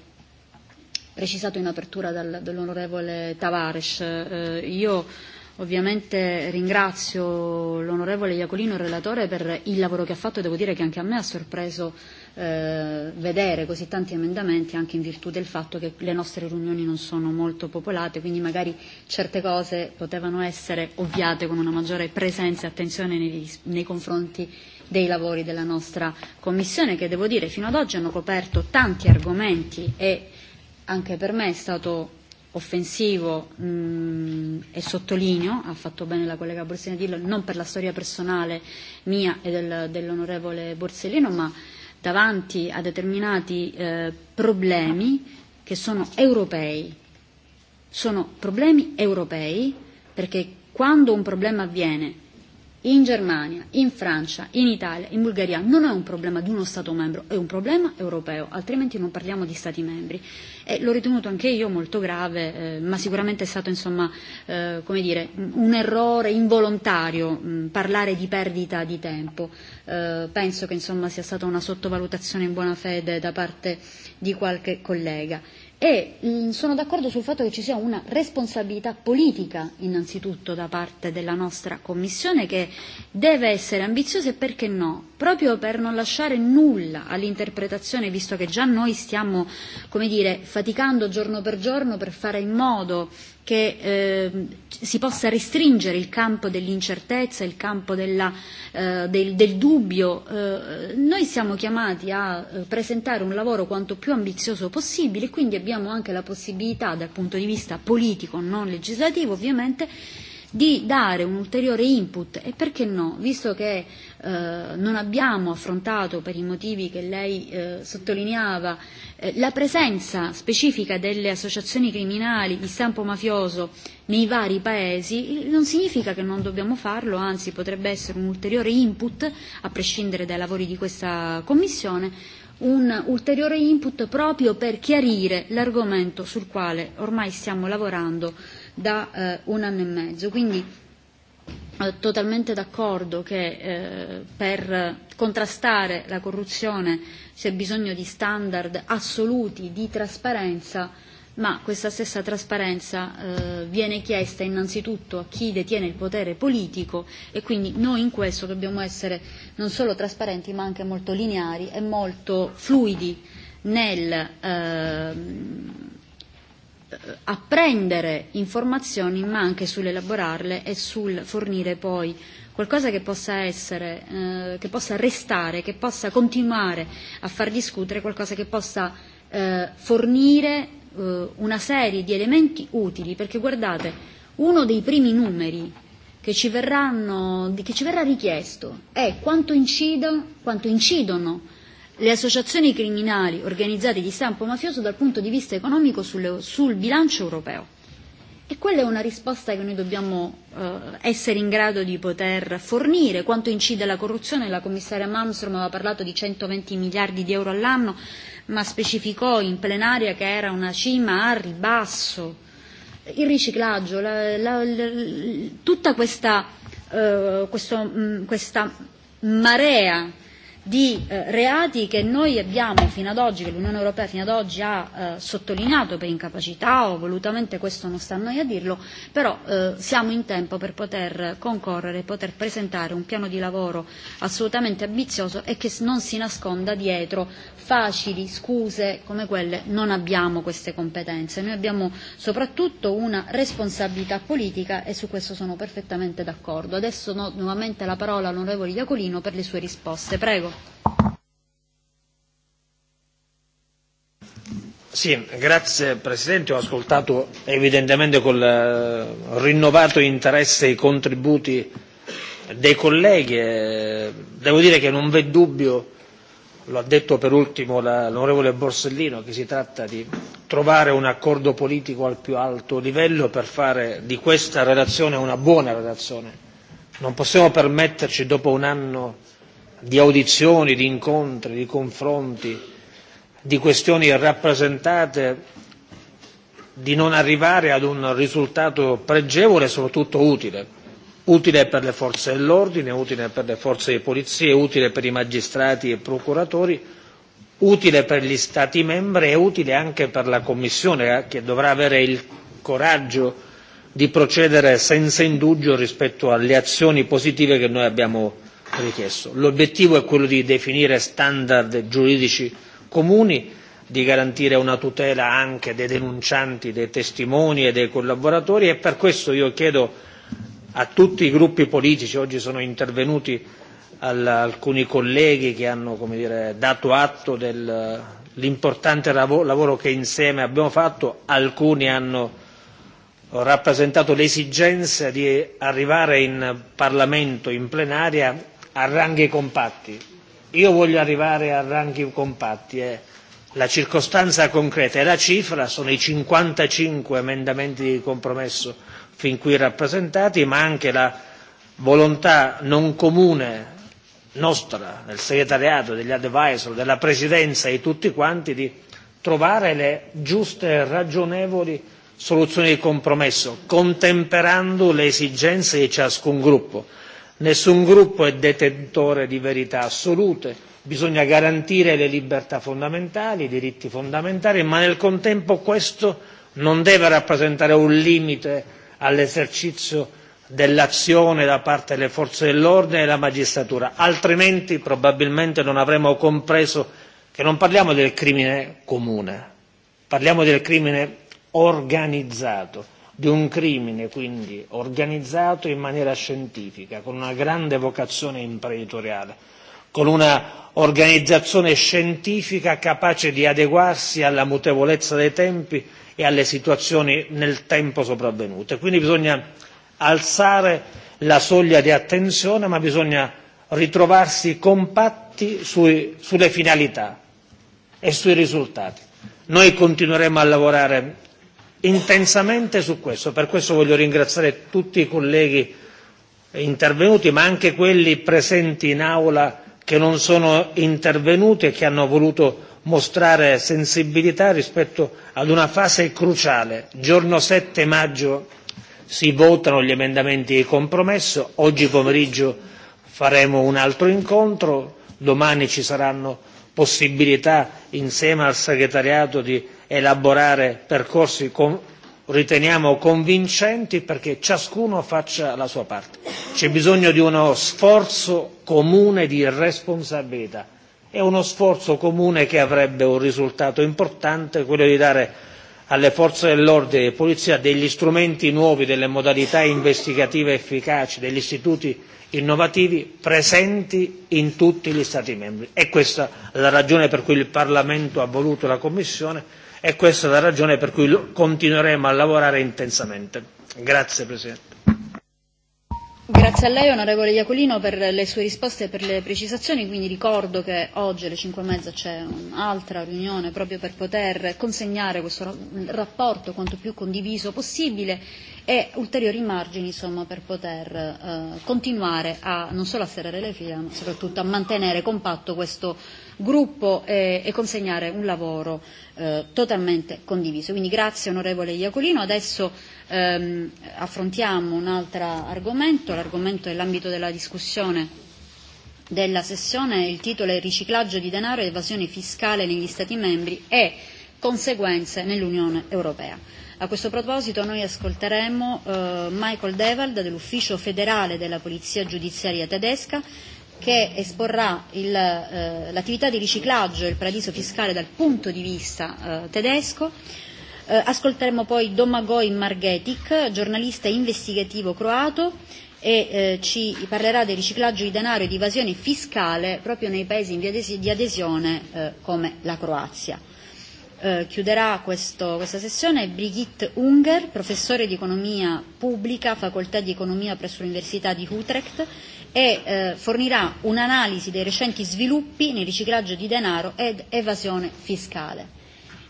precisato in apertura dal, dall'onorevole Tavares. Eh, io Ovviamente ringrazio l'onorevole Iacolino, il relatore, per il lavoro che ha fatto e devo dire che anche a me ha sorpreso eh, vedere così tanti emendamenti anche in virtù del fatto che le nostre riunioni non sono molto popolate, quindi magari certe cose potevano essere ovviate con una maggiore presenza e attenzione nei, nei confronti dei lavori della nostra Commissione che devo dire fino ad oggi hanno coperto tanti argomenti e anche per me è stato offensivo mh, e sottolineo, ha fatto bene la collega Borsellino a dirlo, non per la storia personale mia e del, dell'onorevole Borsellino, ma davanti a determinati eh, problemi che sono europei. Sono problemi europei perché quando un problema avviene in Germania, in Francia, in Italia, in Bulgaria non è un problema di uno Stato membro, è un problema europeo, altrimenti non parliamo di Stati membri. E l'ho ritenuto anche io molto grave, eh, ma sicuramente è stato insomma, eh, come dire, un errore involontario mh, mm, parlare di perdita di tempo. Eh, penso che insomma, sia stata una sottovalutazione in buona fede da parte di qualche collega e mh, mm, sono d'accordo sul fatto che ci sia una responsabilità politica innanzitutto da parte della nostra Commissione che deve essere ambiziosa e perché no, proprio per non lasciare nulla all'interpretazione, visto che già noi stiamo come dire, faticando giorno per giorno per fare in modo che eh, si possa restringere il campo dell'incertezza, il campo della, eh, del, del dubbio. Eh, noi siamo chiamati a eh, presentare un lavoro quanto più ambizioso possibile, quindi abbiamo anche la possibilità dal punto di vista politico, non legislativo ovviamente, di dare un ulteriore input e perché no, visto che Eh, non abbiamo affrontato per i motivi che lei eh, sottolineava eh, la presenza specifica delle associazioni criminali di stampo mafioso nei vari paesi non significa che non dobbiamo farlo, anzi potrebbe essere un ulteriore input, a prescindere dai lavori di questa Commissione, un ulteriore input proprio per chiarire l'argomento sul quale ormai stiamo lavorando da eh, un anno e mezzo. Quindi Eh, totalmente d'accordo che eh, per contrastare la corruzione c'è bisogno di standard assoluti di trasparenza, ma questa stessa trasparenza eh, viene chiesta innanzitutto a chi detiene il potere politico e quindi noi in questo dobbiamo essere non solo trasparenti ma anche molto lineari e molto fluidi nel eh, apprendere informazioni ma anche sull'elaborarle e sul fornire poi qualcosa che possa essere, eh, che possa restare, che possa continuare a far discutere, qualcosa che possa eh, fornire eh, una serie di elementi utili, perché guardate, uno dei primi numeri che ci, verranno, che ci verrà richiesto è quanto, incido, quanto incidono le associazioni criminali organizzate di stampo mafioso dal punto di vista economico sul, sul bilancio europeo. E quella è una risposta che noi dobbiamo eh, essere in grado di poter fornire. Quanto incide la corruzione? La commissaria Malmström aveva parlato di 120 miliardi di euro all'anno, ma specificò in plenaria che era una cima a ribasso. Il riciclaggio, la, la, la, tutta questa, eh, questo, mh, mm, questa marea di eh, reati che noi abbiamo fino ad oggi, che l'Unione Europea fino ad oggi ha eh, sottolineato per incapacità o volutamente questo non sta a noi a dirlo, però eh, siamo in tempo per poter concorrere e poter presentare un piano di lavoro assolutamente ambizioso e che non si nasconda dietro facili scuse come quelle non abbiamo queste competenze, noi abbiamo soprattutto una responsabilità politica e su questo sono perfettamente d'accordo. Adesso no, nuovamente la parola all'onorevole Iacolino per le sue risposte. Prego. Sì, grazie Presidente, ho ascoltato evidentemente col eh, rinnovato interesse i contributi dei colleghi e devo dire che non v'è dubbio lo ha detto per ultimo l'onorevole Borsellino, che si tratta di trovare un accordo politico al più alto livello per fare di questa relazione una buona relazione. Non possiamo permetterci, dopo un anno di audizioni, di incontri, di confronti, di questioni rappresentate, di non arrivare ad un risultato pregevole e soprattutto utile utile per le forze dell'ordine, utile per le forze di polizia, utile per i magistrati e procuratori, utile per gli Stati membri e utile anche per la Commissione eh, che dovrà avere il coraggio di procedere senza indugio rispetto alle azioni positive che noi abbiamo richiesto. L'obiettivo è quello di definire standard giuridici comuni, di garantire una tutela anche dei denuncianti, dei testimoni e dei collaboratori e per questo io chiedo a tutti i gruppi politici, oggi sono intervenuti alcuni colleghi che hanno come dire, dato atto dell'importante lavoro che insieme abbiamo fatto, alcuni hanno rappresentato l'esigenza di arrivare in Parlamento, in plenaria, a ranghi compatti. Io voglio arrivare a ranghi compatti. Eh. La circostanza concreta e la cifra sono i 55 emendamenti di compromesso fin qui rappresentati, ma anche la volontà non comune nostra, del segretariato, degli advisor, della Presidenza e di tutti quanti di trovare le giuste e ragionevoli soluzioni di compromesso, contemperando le esigenze di ciascun gruppo. Nessun gruppo è detentore di verità assolute, bisogna garantire le libertà fondamentali, i diritti fondamentali, ma nel contempo questo non deve rappresentare un limite all'esercizio dell'azione da parte delle forze dell'ordine e della magistratura altrimenti probabilmente non avremmo compreso che non parliamo del crimine comune parliamo del crimine organizzato di un crimine quindi organizzato in maniera scientifica con una grande vocazione imprenditoriale con una organizzazione scientifica capace di adeguarsi alla mutevolezza dei tempi e alle situazioni nel tempo sopravvenute. Quindi bisogna alzare la soglia di attenzione, ma bisogna ritrovarsi compatti sui, sulle finalità e sui risultati. Noi continueremo a lavorare intensamente su questo, per questo voglio ringraziare tutti i colleghi intervenuti, ma anche quelli presenti in aula che non sono intervenuti e che hanno voluto mostrare sensibilità rispetto ad una fase cruciale. Giorno 7 maggio si votano gli emendamenti di compromesso, oggi pomeriggio faremo un altro incontro, domani ci saranno possibilità insieme al segretariato di elaborare percorsi con, riteniamo convincenti perché ciascuno faccia la sua parte. C'è bisogno di uno sforzo comune di responsabilità. È uno sforzo comune che avrebbe un risultato importante, quello di dare alle forze dell'ordine e di polizia degli strumenti nuovi, delle modalità investigative efficaci, degli istituti innovativi presenti in tutti gli Stati membri. È questa la ragione per cui il Parlamento ha voluto la Commissione e questa è la ragione per cui continueremo a lavorare intensamente. Grazie Presidente. Grazie a lei onorevole Iacolino per le sue risposte e per le precisazioni, quindi ricordo che oggi alle e mezza c'è un'altra riunione proprio per poter consegnare questo rapporto quanto più condiviso possibile e ulteriori margini insomma, per poter eh, continuare a non solo a serrare le file ma soprattutto a mantenere compatto questo gruppo e, e consegnare un lavoro eh, totalmente condiviso. Quindi grazie onorevole Iacolino. Adesso ehm, affrontiamo un altro argomento, l'argomento è l'ambito della discussione della sessione, il titolo è Riciclaggio di denaro e evasione fiscale negli Stati membri e conseguenze nell'Unione Europea. A questo proposito noi ascolteremo eh, Michael Devald dell'Ufficio federale della Polizia Giudiziaria tedesca che esporrà il, eh, l'attività di riciclaggio e il paradiso fiscale dal punto di vista eh, tedesco. Eh, ascolteremo poi Domagoj Margetic, giornalista investigativo croato, e eh, ci parlerà del riciclaggio di denaro e di evasione fiscale proprio nei paesi in via di adesione eh, come la Croazia. Eh, chiuderà questo, questa sessione Brigitte Unger, professore di economia pubblica, facoltà di economia presso l'Università di Utrecht e eh, fornirà un'analisi dei recenti sviluppi nel riciclaggio di denaro ed evasione fiscale.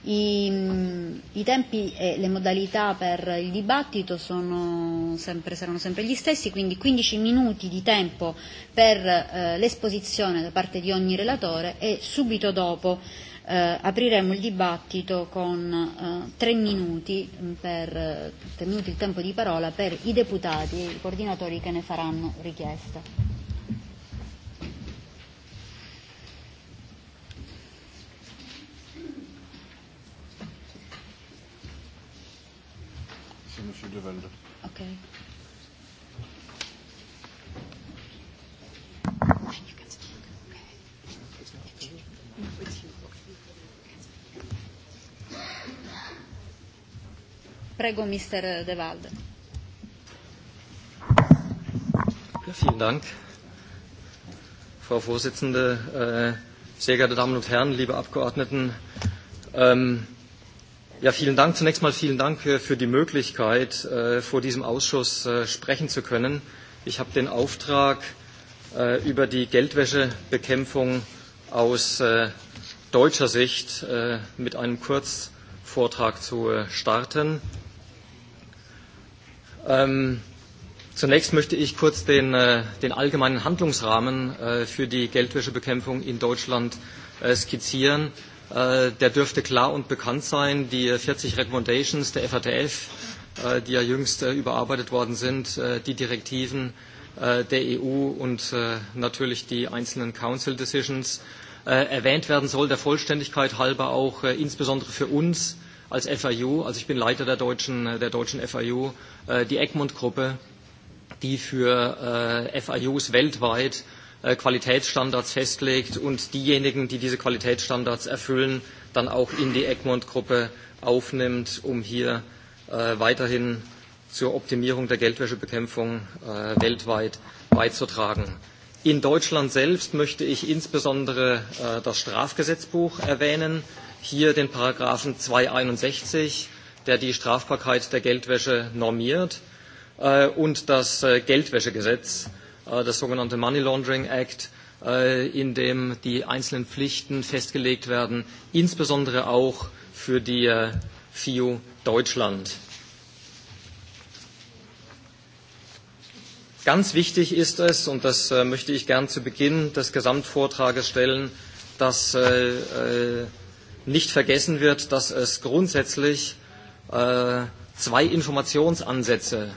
I, mm, I tempi e le modalità per il dibattito sono sempre, saranno sempre gli stessi, quindi 15 minuti di tempo per eh, l'esposizione da parte di ogni relatore e subito dopo eh, apriremo il dibattito con eh, tre, minuti mm, per, eh, tre minuti il tempo di parola per i deputati e i coordinatori che ne faranno richiesta. Okay. Prego, Mr. De Valde. vielen Dank, Frau Vorsitzende, äh, sehr geehrte Damen und Herren, liebe Abgeordneten. Ähm, ja, vielen Dank. Zunächst mal vielen Dank äh, für die Möglichkeit, äh, vor diesem Ausschuss sprechen zu können. Ich habe den Auftrag, über die Geldwäschebekämpfung aus deutscher Sicht mit einem Kurzvortrag zu starten. Ähm, zunächst möchte ich kurz den, äh, den allgemeinen Handlungsrahmen äh, für die Geldwäschebekämpfung in Deutschland äh, skizzieren. Äh, der dürfte klar und bekannt sein. Die 40 Recommendations der FATF, äh, die ja jüngst äh, überarbeitet worden sind, äh, die Direktiven äh, der EU und äh, natürlich die einzelnen Council Decisions. Äh, erwähnt werden soll der Vollständigkeit halber auch äh, insbesondere für uns äh, als FIU, also ich bin Leiter der deutschen, der deutschen FIU, äh, die Egmont-Gruppe, die für äh, FIUs weltweit äh, Qualitätsstandards festlegt und diejenigen, die diese Qualitätsstandards erfüllen, dann auch in die Egmont-Gruppe aufnimmt, um hier äh, weiterhin zur Optimierung der Geldwäschebekämpfung äh, weltweit beizutragen. In Deutschland selbst möchte ich insbesondere äh, das Strafgesetzbuch erwähnen hier den Paragraphen 261, der die Strafbarkeit der Geldwäsche normiert, äh, und das äh, Geldwäschegesetz, äh, das sogenannte Money Laundering Act, in dem die einzelnen Pflichten festgelegt werden, insbesondere auch für die FIU Deutschland. Ganz wichtig ist es, und das möchte ich gern zu Beginn des Gesamtvortrages stellen, dass äh, nicht vergessen wird, dass es grundsätzlich äh, zwei Informationsansätze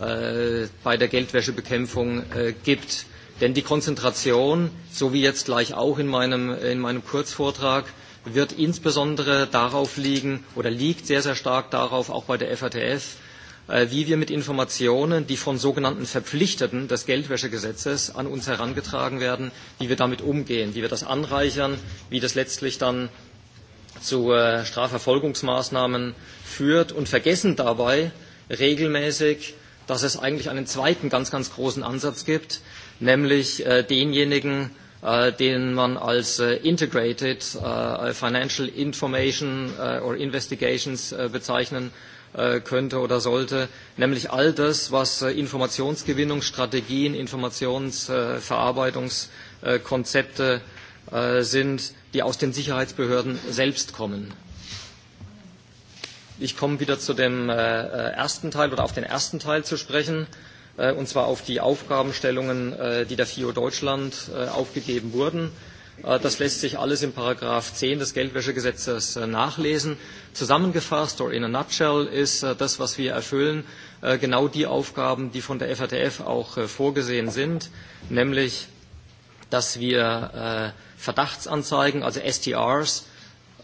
äh, bei der Geldwäschebekämpfung äh, gibt. Denn die Konzentration, so wie jetzt gleich auch in meinem, in meinem Kurzvortrag, wird insbesondere darauf liegen oder liegt sehr, sehr stark darauf, auch bei der FATF, äh, wie wir mit Informationen, die von sogenannten Verpflichteten des Geldwäschegesetzes an uns herangetragen werden, wie wir damit umgehen, wie wir das anreichern, wie das letztlich dann zu äh, Strafverfolgungsmaßnahmen führt und vergessen dabei regelmäßig, dass es eigentlich einen zweiten ganz, ganz großen Ansatz gibt, nämlich äh, denjenigen, äh, den man als Integrated Financial Information or Investigations bezeichnen könnte oder sollte, nämlich all das, was Informationsgewinnungsstrategien, Informationsverarbeitungskonzepte sind, die aus den Sicherheitsbehörden selbst kommen. Ich komme wieder zu dem äh, äh, ersten Teil oder auf den ersten Teil zu sprechen, äh, und zwar auf die Aufgabenstellungen, die der FIO Deutschland aufgegeben wurden. das lässt sich alles im Paragraph 10 des Geldwäschegesetzes nachlesen. Zusammengefasst oder in a nutshell ist das, was wir erfüllen, genau die Aufgaben, die von der FATF auch vorgesehen sind, nämlich dass wir äh, Verdachtsanzeigen, also STRs,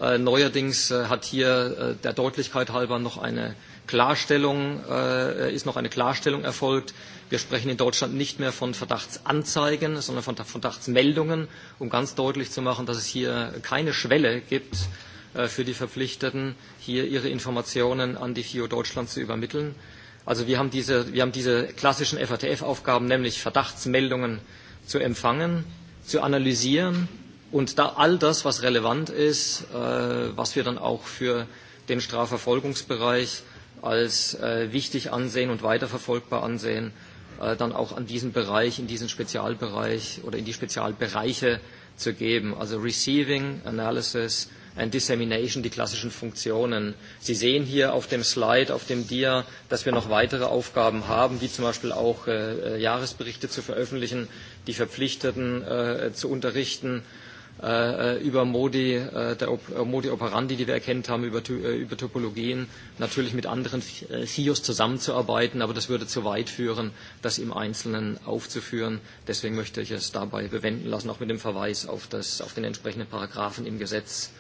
äh, neuerdings äh, hat hier äh, der Deutlichkeit halber noch eine Klarstellung, äh, ist noch eine Klarstellung erfolgt. Wir sprechen in Deutschland nicht mehr von Verdachtsanzeigen, sondern von Verdachtsmeldungen, um ganz deutlich zu machen, dass es hier keine Schwelle gibt äh, für die Verpflichteten, hier ihre Informationen an die FIO Deutschland zu übermitteln. Also wir haben diese, wir haben diese klassischen FATF-Aufgaben, nämlich Verdachtsmeldungen zu empfangen, zu analysieren und da all das, was relevant ist, äh, was wir dann auch für den Strafverfolgungsbereich als äh, wichtig ansehen und weiterverfolgbar ansehen, äh, dann auch an diesen Bereich, in diesen Spezialbereich oder in die Spezialbereiche zu geben. Also Receiving, Analysis, äh, and Dissemination, die klassischen Funktionen. Sie sehen hier auf dem Slide, auf dem Dia, dass wir noch weitere Aufgaben haben, wie zum Beispiel auch äh, äh Jahresberichte zu veröffentlichen, die Verpflichteten äh, zu unterrichten, äh, äh über Modi, äh, der Op äh, Modi operandi, die wir erkennt haben, über, äh, über Topologien, natürlich mit anderen CIOs zusammenzuarbeiten, aber das würde zu weit führen, das im Einzelnen aufzuführen. Deswegen möchte ich es dabei bewenden lassen, auch mit dem Verweis auf, das, auf den entsprechenden Paragraphen im Gesetz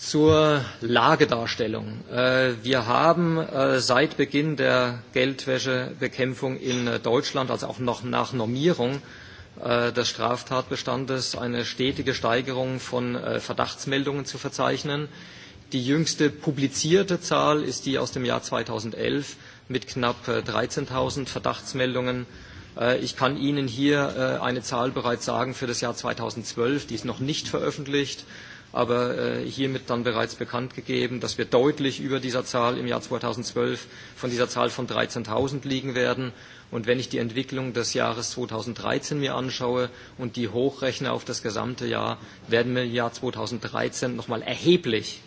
zur Lagedarstellung. Äh, wir haben äh, seit Beginn der Geldwäschebekämpfung in Deutschland, also auch noch nach Normierung äh, des Straftatbestandes, eine stetige Steigerung von Verdachtsmeldungen zu verzeichnen. Die jüngste publizierte Zahl ist die aus dem Jahr 2011 mit knapp 13.000 Verdachtsmeldungen. Ich kann Ihnen hier eine Zahl bereits sagen für das Jahr 2012, die ist noch nicht veröffentlicht aber äh, hiermit dann bereits bekannt gegeben, dass wir deutlich über dieser Zahl im Jahr 2012 von dieser Zahl von 13.000 liegen werden. Und wenn ich die Entwicklung des Jahres 2013 mir anschaue und die hochrechne auf das gesamte Jahr, werden wir im Jahr 2013 nochmal erheblich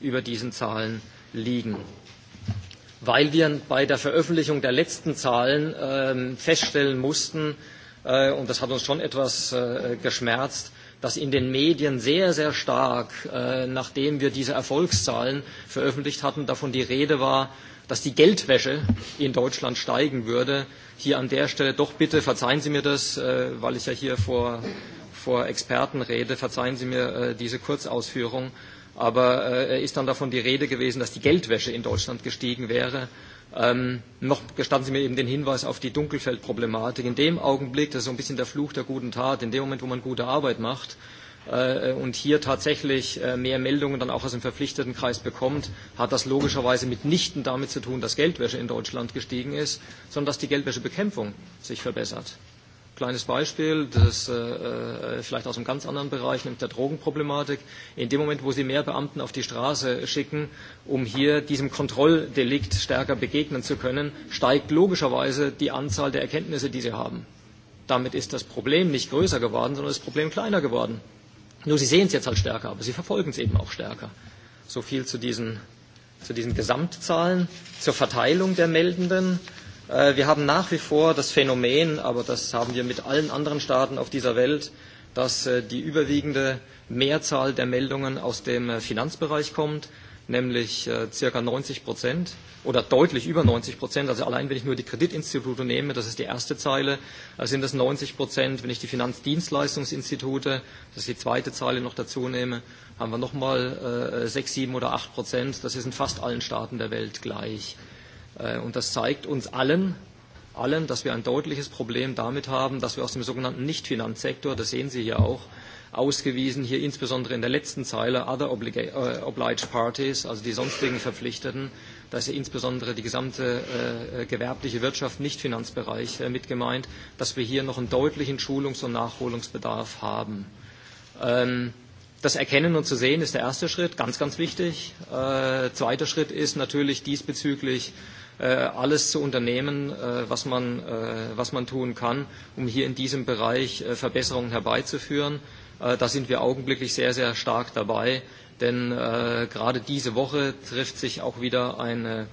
über diesen Zahlen liegen. Weil wir bei der Veröffentlichung der letzten Zahlen ähm, feststellen mussten, äh, und das hat uns schon etwas äh, geschmerzt, dass in den Medien sehr, sehr stark, äh, nachdem wir diese Erfolgszahlen veröffentlicht hatten, davon die Rede war, dass die Geldwäsche in Deutschland steigen würde. Hier an der Stelle doch bitte, verzeihen Sie mir das, äh, weil ich ja hier vor, vor Experten rede, verzeihen Sie mir äh, diese Kurzausführung. Aber äh, er ist dann davon die Rede gewesen, dass die Geldwäsche in Deutschland gestiegen wäre. Ähm, noch gestatten Sie mir eben den Hinweis auf die Dunkelfeldproblematik. In dem Augenblick, das ist so ein bisschen der Fluch der guten Tat, in dem Moment, wo man gute Arbeit macht äh, und hier tatsächlich äh, mehr Meldungen dann auch aus dem verpflichteten Kreis bekommt, hat das logischerweise mitnichten damit zu tun, dass Geldwäsche in Deutschland gestiegen ist, sondern dass die Geldwäschebekämpfung sich verbessert. Kleines Beispiel, das äh, äh, vielleicht aus einem ganz anderen Bereich, nämlich der Drogenproblematik. In dem Moment, wo Sie mehr Beamten auf die Straße schicken, um hier diesem Kontrolldelikt stärker begegnen zu können, steigt logischerweise die Anzahl der Erkenntnisse, die Sie haben. Damit ist das Problem nicht größer geworden, sondern das Problem kleiner geworden. Nur Sie sehen es jetzt halt stärker, aber Sie verfolgen es eben auch stärker. So viel zu diesen, zu diesen Gesamtzahlen, zur Verteilung der Meldenden. Äh, wir haben nach wie vor das Phänomen, aber das haben wir mit allen anderen Staaten auf dieser Welt, dass äh, die überwiegende Mehrzahl der Meldungen aus dem äh, Finanzbereich kommt, nämlich circa 90 Prozent oder deutlich über 90 Prozent. Also allein wenn ich nur die Kreditinstitute nehme, das ist die erste Zeile, sind das 90 Prozent. Wenn ich die Finanzdienstleistungsinstitute, das ist die zweite Zeile, noch dazu nehme, haben wir nochmal 6, 7 oder 8 Prozent. Das ist in fast allen Staaten der Welt gleich. Äh, und das zeigt uns allen, allen, dass wir ein deutliches Problem damit haben, dass wir aus dem sogenannten Nichtfinanzsektor, das sehen Sie hier auch, ausgewiesen, hier insbesondere in der letzten Zeile, other äh, obliged parties, also die sonstigen Verpflichteten, dass hier insbesondere die gesamte äh, gewerbliche Wirtschaft, Nichtfinanzbereich äh, mit gemeint, dass wir hier noch einen deutlichen Schulungs- und Nachholungsbedarf haben. Ähm, das Erkennen und zu sehen ist der erste Schritt, ganz, ganz wichtig. Äh, zweiter Schritt ist natürlich diesbezüglich Äh, alles zu unternehmen, äh, was man, äh, was man tun kann, um hier in diesem Bereich Verbesserungen herbeizuführen. Da sind wir augenblicklich sehr, sehr stark dabei, denn gerade diese Woche trifft sich auch wieder eine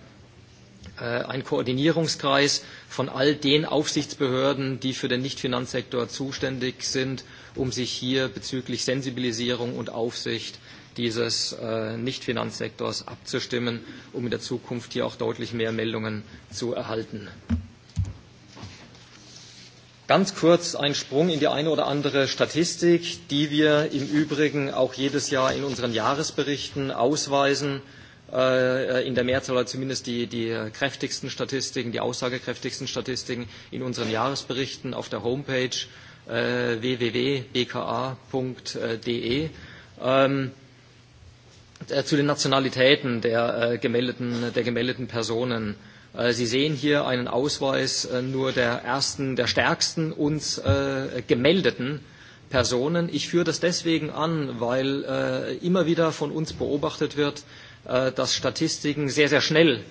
ein Koordinierungskreis von all den Aufsichtsbehörden, die für den Nichtfinanzsektor zuständig sind, um sich hier bezüglich Sensibilisierung und Aufsicht dieses äh, Nichtfinanzsektors abzustimmen, um in der Zukunft hier auch deutlich mehr Meldungen zu erhalten. Ganz kurz ein Sprung in die eine oder andere Statistik, die wir im Übrigen auch jedes Jahr in unseren Jahresberichten ausweisen. Äh, äh, in der Mehrzahl oder zumindest die, die kräftigsten Statistiken, die aussagekräftigsten Statistiken in unseren Jahresberichten auf der Homepage www.bka.de. Äh, zu den Nationalitäten der, äh, gemeldeten, der gemeldeten Personen. Äh, Sie sehen hier einen Ausweis äh, nur der ersten, der stärksten uns äh, gemeldeten Personen. Ich führe das deswegen an, weil äh, immer wieder von uns beobachtet wird, äh, dass Statistiken sehr, sehr schnell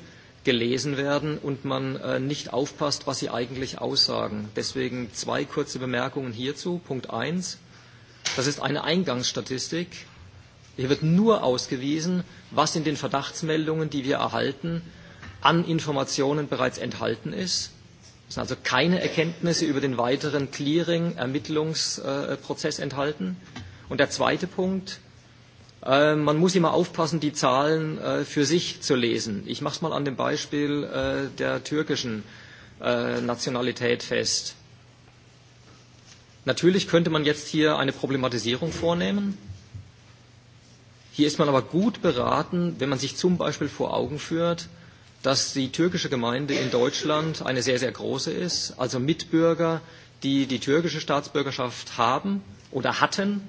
gelesen werden und man äh, nicht aufpasst, was sie eigentlich aussagen. Deswegen zwei kurze Bemerkungen hierzu. Punkt eins. Das ist eine Eingangsstatistik Hier wird nur ausgewiesen, was in den Verdachtsmeldungen, die wir erhalten, an Informationen bereits enthalten ist. Es sind also keine Erkenntnisse über den weiteren Clearing-Ermittlungsprozess enthalten. Und der zweite Punkt, äh, man muss immer aufpassen, die Zahlen äh, für sich zu lesen. Ich mache es mal an dem Beispiel äh, der türkischen Nationalität fest. Natürlich könnte man jetzt hier eine Problematisierung vornehmen Hier ist man aber gut beraten, wenn man sich zum Beispiel vor Augen führt, dass die türkische Gemeinde in Deutschland eine sehr, sehr große ist, also Mitbürger, die die türkische Staatsbürgerschaft haben oder hatten,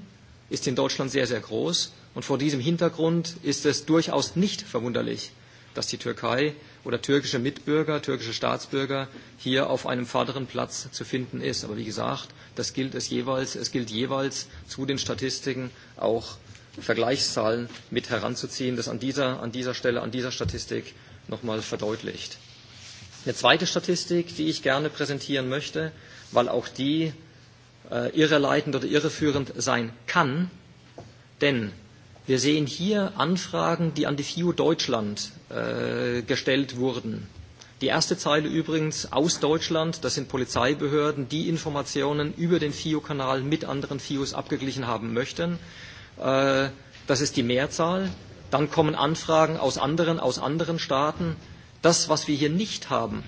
ist in Deutschland sehr, sehr groß. Und vor diesem Hintergrund ist es durchaus nicht verwunderlich, dass die Türkei oder türkische Mitbürger, türkische Staatsbürger hier auf einem vorderen Platz zu finden ist. Aber wie gesagt, das gilt es jeweils, es gilt jeweils zu den Statistiken auch Vergleichszahlen mit heranzuziehen, das an dieser, an dieser Stelle, an dieser Statistik nochmal verdeutlicht. Eine zweite Statistik, die ich gerne präsentieren möchte, weil auch die äh, irreleitend oder irreführend sein kann, denn wir sehen hier Anfragen, die an die FIU Deutschland äh, gestellt wurden. Die erste Zeile übrigens aus Deutschland, das sind Polizeibehörden, die Informationen über den FIU-Kanal mit anderen FIUs abgeglichen haben möchten. Äh, das ist die Mehrzahl. Dann kommen Anfragen aus anderen, aus anderen Staaten. Das, was wir hier nicht haben,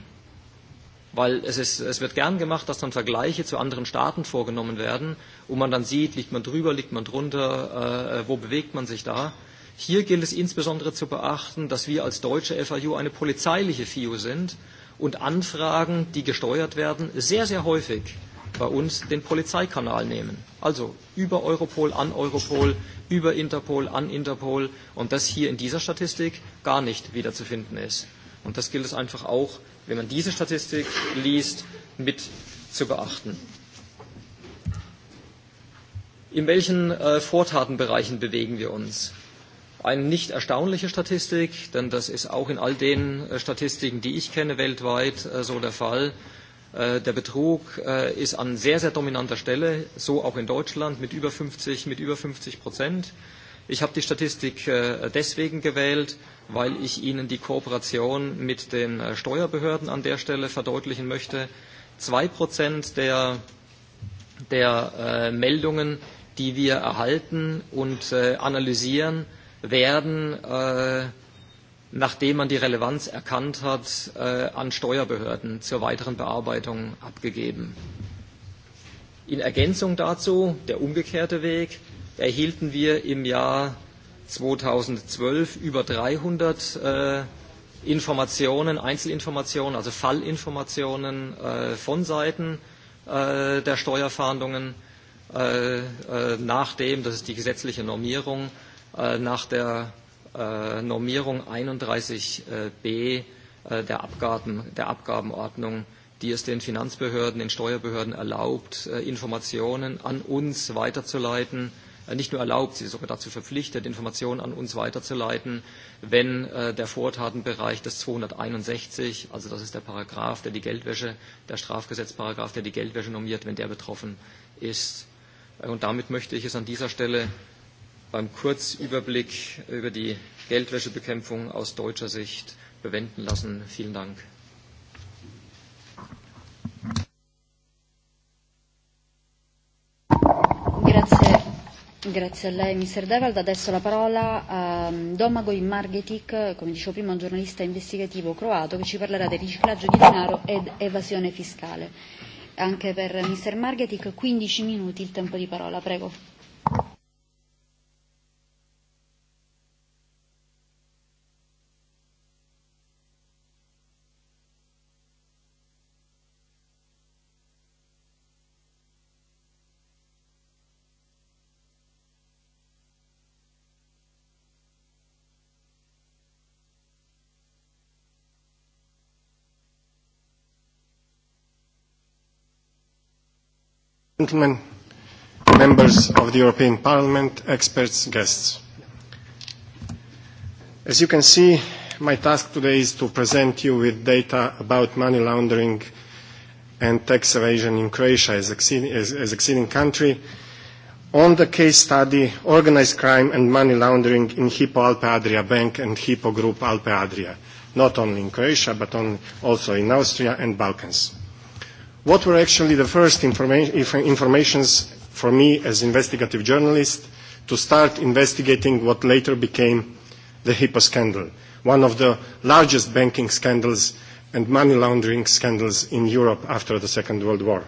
weil es, ist, es wird gern gemacht, dass dann Vergleiche zu anderen Staaten vorgenommen werden, wo man dann sieht, liegt man drüber, liegt man drunter, äh, wo bewegt man sich da. Hier gilt es insbesondere zu beachten, dass wir als deutsche FAU eine polizeiliche FIU sind und Anfragen, die gesteuert werden, sehr, sehr häufig bei uns den Polizeikanal nehmen. Also über Europol an Europol, über Interpol an Interpol und das hier in dieser Statistik gar nicht wiederzufinden ist. Und das gilt es einfach auch, wenn man diese Statistik liest, mit zu beachten. In welchen äh, Vortatenbereichen bewegen wir uns? Eine nicht erstaunliche Statistik, denn das ist auch in all den äh, Statistiken, die ich kenne, weltweit äh, so der Fall. Äh, der Betrug äh, ist an sehr, sehr dominanter Stelle, so auch in Deutschland mit über 50, mit über 50 Prozent. Ich habe die Statistik äh, deswegen gewählt, weil ich Ihnen die Kooperation mit den Steuerbehörden an der Stelle verdeutlichen möchte. Zwei Prozent der, der Meldungen, die wir erhalten und analysieren, werden äh, nachdem man die Relevanz erkannt hat, äh, an Steuerbehörden zur weiteren Bearbeitung abgegeben. In Ergänzung dazu der umgekehrte Weg erhielten wir im Jahr 2012 über 300 äh, Informationen, Einzelinformationen, also Fallinformationen äh, von Seiten der Steuerfahndungen, nachdem, das ist die gesetzliche Normierung, nach der äh, Normierung 31b äh, äh, der, Abgaben, der Abgabenordnung, die es den Finanzbehörden, den Steuerbehörden erlaubt, äh, Informationen an uns weiterzuleiten, äh, nicht nur erlaubt, sie ist sogar dazu verpflichtet, Informationen an uns weiterzuleiten, wenn äh, der Vortatenbereich des 261, also das ist der Paragraph, der die Geldwäsche, der Strafgesetzparagraf, der die Geldwäsche normiert, wenn der betroffen ist. Äh, und damit möchte ich es an dieser Stelle beim Kurzüberblick über die Geldwäschebekämpfung aus deutscher Sicht bewenden lassen. Vielen Dank. Grazie. Grazie a lei, Mr. Devald. Adesso la parola a mm, Domagoj Margetic, come dicevo prima, un giornalista investigativo croato che ci parlerà del riciclaggio di denaro ed evasione fiscale. Anche per Mr. Margetic 15 minuti il tempo di parola, prego. Gentlemen, members of the European Parliament, experts, guests. As you can see, my task today is to present you with data about money laundering and tax evasion in Croatia as exceeding, as, as exceeding country on the case study Organized Crime and Money Laundering in Hippo Alpe Adria Bank and Hippo Group Alpe Adria, not only in Croatia but on, also in Austria and Balkans what were actually the first informa informations for me as investigative journalist to start investigating what later became the HIPAA scandal, one of the largest banking scandals and money laundering scandals in Europe after the Second World War.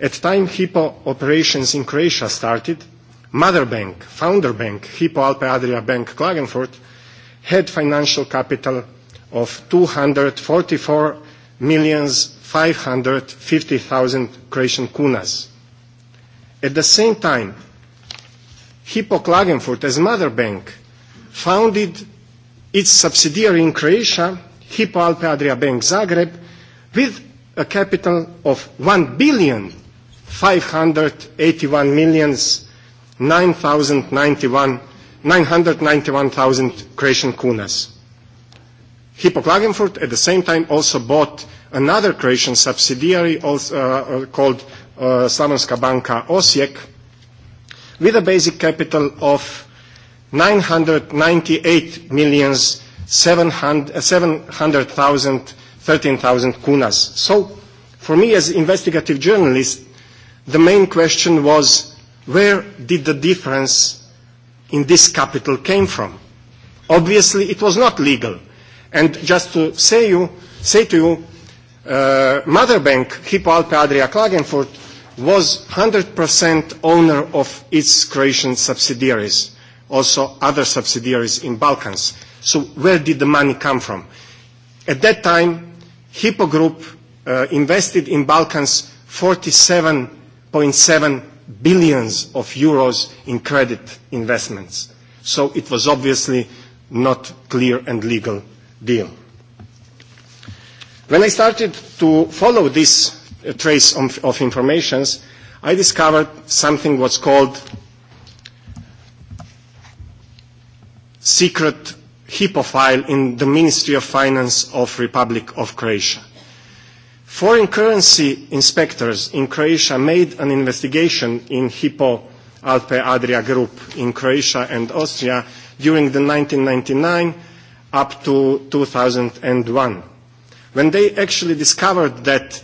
At the time HIPAA operations in Croatia started, Mother Bank, founder bank, HIPAA Alpe Adria Bank Klagenfurt, had financial capital of 244 millions 550,000 Croatian kunas. At the same time, Hippo Klagenfurt, as mother bank, founded its subsidiary in Croatia, Hippo Alpe Adria Bank Zagreb, with a capital of 1 billion 581 millions 991,000 991, Croatian kunas. Hippo Klagenfurt at the same time also bought another Croatian subsidiary also, uh, uh, called uh, Slavonska Banka Osijek with a basic capital of 998 million 700,000 13,000 uh, kunas. So for me as investigative journalist, the main question was where did the difference in this capital came from? Obviously it was not legal And just to say, you, say to you, uh, Mother Bank, Hippo Alpe Adria Klagenfurt, was 100% owner of its Croatian subsidiaries, also other subsidiaries in Balkans. So where did the money come from? At that time, Hippo Group uh, invested in Balkans 47.7 billions of euros in credit investments. So it was obviously not clear and legal deal. When I started to follow this uh, trace of, of information, I discovered something what's called secret HIPAA file in the Ministry of Finance of Republic of Croatia. Foreign currency inspectors in Croatia made an investigation in HIPAA Alpe Adria Group in Croatia and Austria during the 1999 up to 2001, when they actually discovered that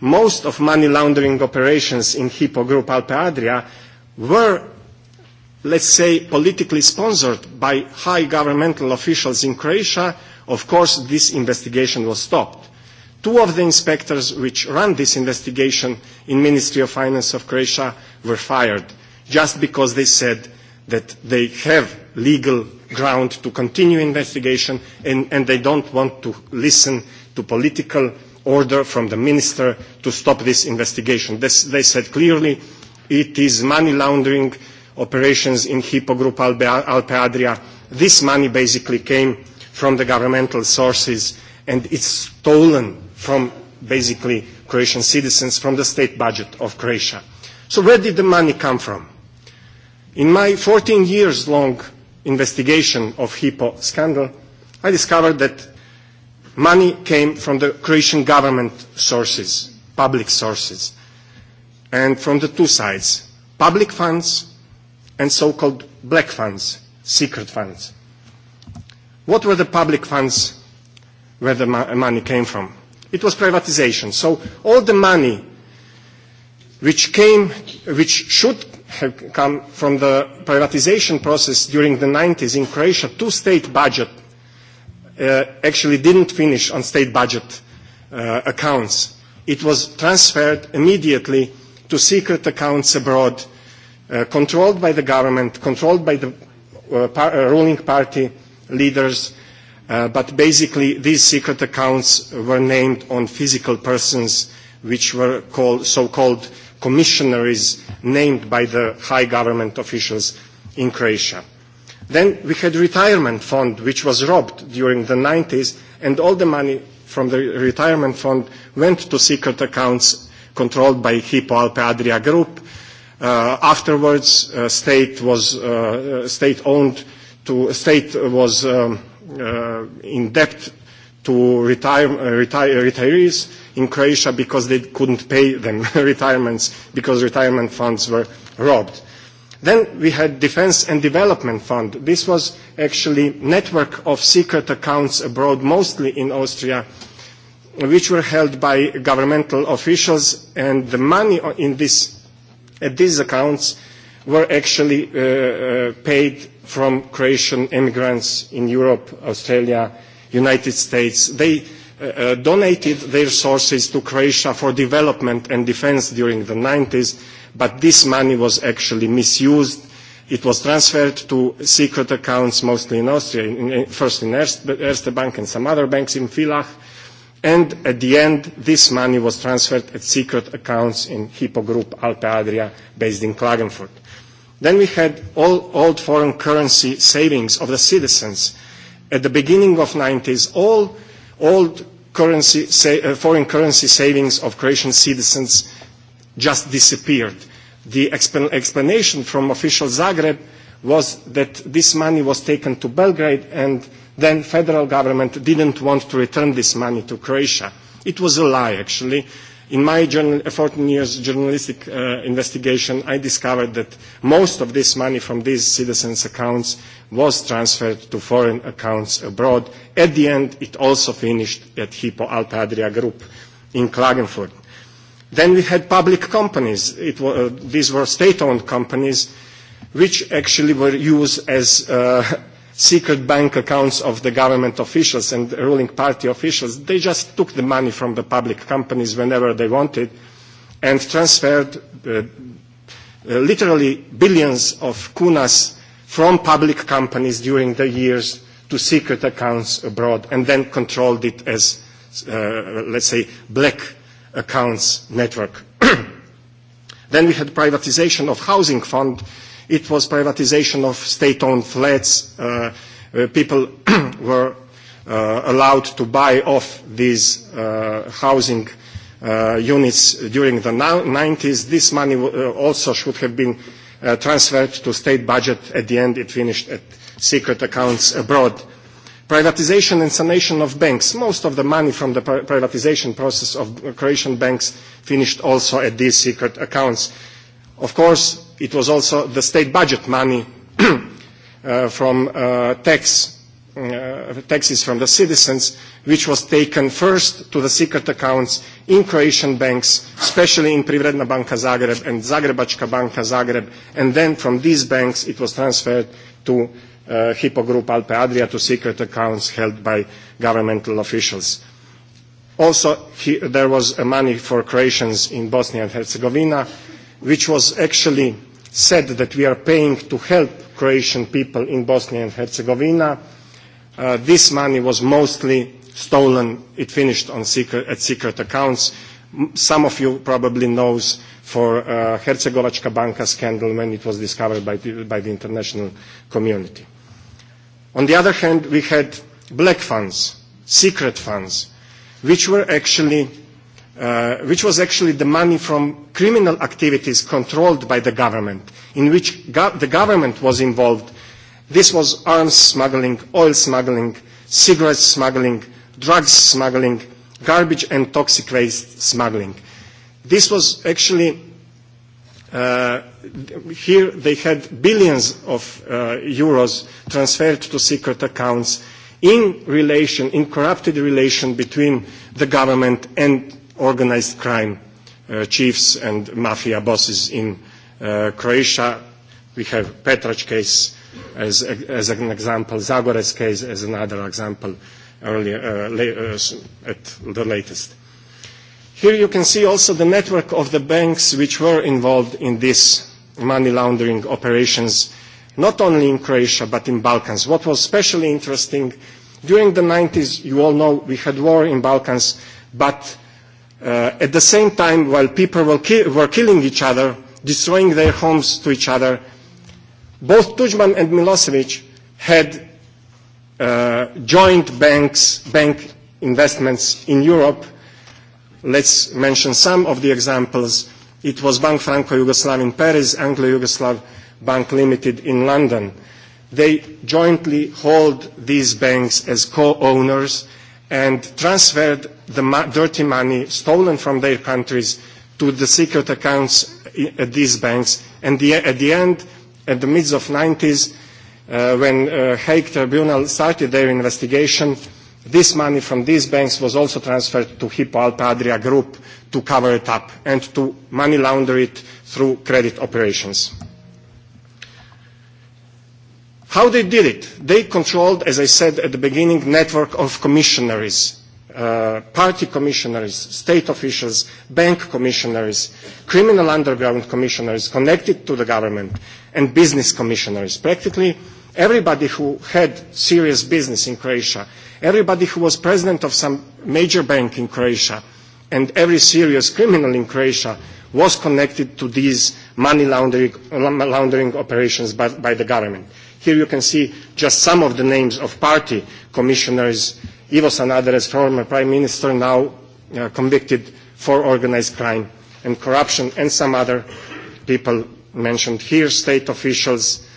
most of money laundering operations in Hippo Group Alpe Adria were, let's say, politically sponsored by high governmental officials in Croatia, of course, this investigation was stopped. Two of the inspectors which ran this investigation in Ministry of Finance of Croatia were fired just because they said that they have legal ground to continue investigation and, and they don't want to listen to political order from the minister to stop this investigation. This, they said clearly it is money laundering operations in Hippo Group Alpe, Alpe Adria. This money basically came from the governmental sources and it's stolen from basically Croatian citizens from the state budget of Croatia. So where did the money come from? In my 14 years long investigation of Hippo scandal, I discovered that money came from the Croatian government sources, public sources, and from the two sides, public funds and so-called black funds, secret funds. What were the public funds where the money came from? It was privatization. So all the money which came, which should have come from the privatization process during the 90s in Croatia to state budget uh, actually didn't finish on state budget uh, accounts. It was transferred immediately to secret accounts abroad, uh, controlled by the government, controlled by the uh, par uh, ruling party leaders, uh, but basically these secret accounts were named on physical persons which were called, so-called commissioners named by the high government officials in Croatia. Then we had retirement fund, which was robbed during the 90s, and all the money from the retirement fund went to secret accounts controlled by Hippo Alpe Adria Group. Uh, afterwards, uh, state was uh, uh state owned to state was um, uh, in debt to retire, uh, retire, retirees in Croatia because they couldn't pay them retirements because retirement funds were robbed. Then we had Defence and Development Fund. This was actually network of secret accounts abroad, mostly in Austria, which were held by governmental officials, and the money in this, at these accounts were actually uh, uh, paid from Croatian immigrants in Europe, Australia, United States. They Uh, donated their sources to Croatia for development and defense during the 90s, but this money was actually misused. It was transferred to secret accounts, mostly in Austria, in, in, first in Erste, Erste Bank and some other banks in Villach, and at the end, this money was transferred at secret accounts in Hippo Group Alpe Adria, based in Klagenfurt. Then we had all old foreign currency savings of the citizens. At the beginning of 90s, all old currency sa- uh, foreign currency savings of Croatian citizens just disappeared. The exp- explanation from official Zagreb was that this money was taken to Belgrade and then federal government didn't want to return this money to Croatia. It was a lie, actually. In my journal, 14 uh, years journalistic uh, investigation, I discovered that most of this money from these citizens' accounts was transferred to foreign accounts abroad. At the end, it also finished at Hippo Alta Adria Group in Klagenfurt. Then we had public companies. It, uh, these were state-owned companies which actually were used as uh, secret bank accounts of the government officials and ruling party officials. They just took the money from the public companies whenever they wanted and transferred uh, uh, literally billions of kunas from public companies during the years to secret accounts abroad and then controlled it as, uh, let's say, black accounts network. then we had privatization of housing fund It was privatization of state-owned flats. Uh, uh people were uh, allowed to buy off these uh, housing uh, units during the 90s. This money uh, also should have been uh, transferred to state budget. At the end, it finished at secret accounts abroad. Privatization and sanation of banks. Most of the money from the privatization process of Croatian banks finished also at these secret accounts. Of course, it was also the state budget money uh, from uh, tax, uh, taxes from the citizens, which was taken first to the secret accounts in Croatian banks, especially in Privredna Banka Zagreb and Zagrebačka Banka Zagreb, and then from these banks it was transferred to uh, Hippo Group Alpe Adria to secret accounts held by governmental officials. Also, he, there was uh, money for Croatians in Bosnia and Herzegovina, which was actually said that we are paying to help Croatian people in Bosnia and Herzegovina. Uh, this money was mostly stolen. It finished on secret, at secret accounts. Some of you probably knows for uh, Herzegovačka Banka scandal when it was discovered by the, by the international community. On the other hand, we had black funds, secret funds, which were actually uh, which was actually the money from criminal activities controlled by the government, in which go the government was involved. This was arms smuggling, oil smuggling, cigarette smuggling, drugs smuggling, garbage and toxic waste smuggling. This was actually, uh, here they had billions of uh, euros transferred to secret accounts in relation, in corrupted relation between the government and organized crime uh, chiefs and mafia bosses in uh, Croatia. We have Petrac case as, as an example, Zagorec case as another example earlier, uh, uh, at the latest. Here you can see also the network of the banks which were involved in these money laundering operations, not only in Croatia but in Balkans. What was especially interesting, during the 90s, you all know we had war in Balkans, but Uh, at the same time, while people were, ki were killing each other, destroying their homes to each other, both Tudjman and Milosevic had uh, joint banks, bank investments in Europe. Let's mention some of the examples. It was Bank Franco-Yugoslav in Paris, Anglo-Yugoslav Bank Limited in London. They jointly hold these banks as co-owners and transferred the ma dirty money stolen from their countries to the secret accounts at these banks. And the, at the end, at the mid of 90s, uh, when uh, Hague Tribunal started their investigation, this money from these banks was also transferred to Hippo Alpadria Group to cover it up and to money launder it through credit operations. How they did it? They controlled, as I said at the beginning, network of commissionaries, uh, party commissionaries, state officials, bank commissionaries, criminal underground commissionaries connected to the government, and business commissionaries. Practically everybody who had serious business in Croatia, everybody who was president of some major bank in Croatia, and every serious criminal in Croatia was connected to these money laundering, laundering operations by, by the government. Here you can see just some of the names of party commissioners, Ivo Sanader, as former prime minister, now uh, convicted for organized crime and corruption, and some other people mentioned here, state officials,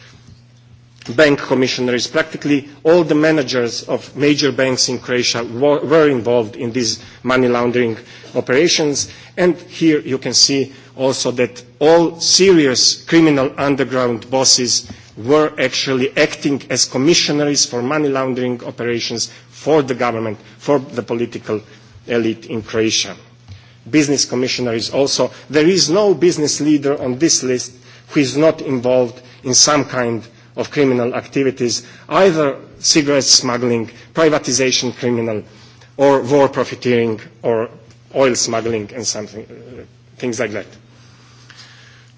bank commissioners, practically all the managers of major banks in Croatia were involved in these money laundering operations. And here you can see also that all serious criminal underground bosses were actually acting as commissionaries for money laundering operations for the government, for the political elite in Croatia. Business commissionaries also. There is no business leader on this list who is not involved in some kind of criminal activities, either cigarette smuggling, privatization criminal, or war profiteering, or oil smuggling, and something, uh, things like that.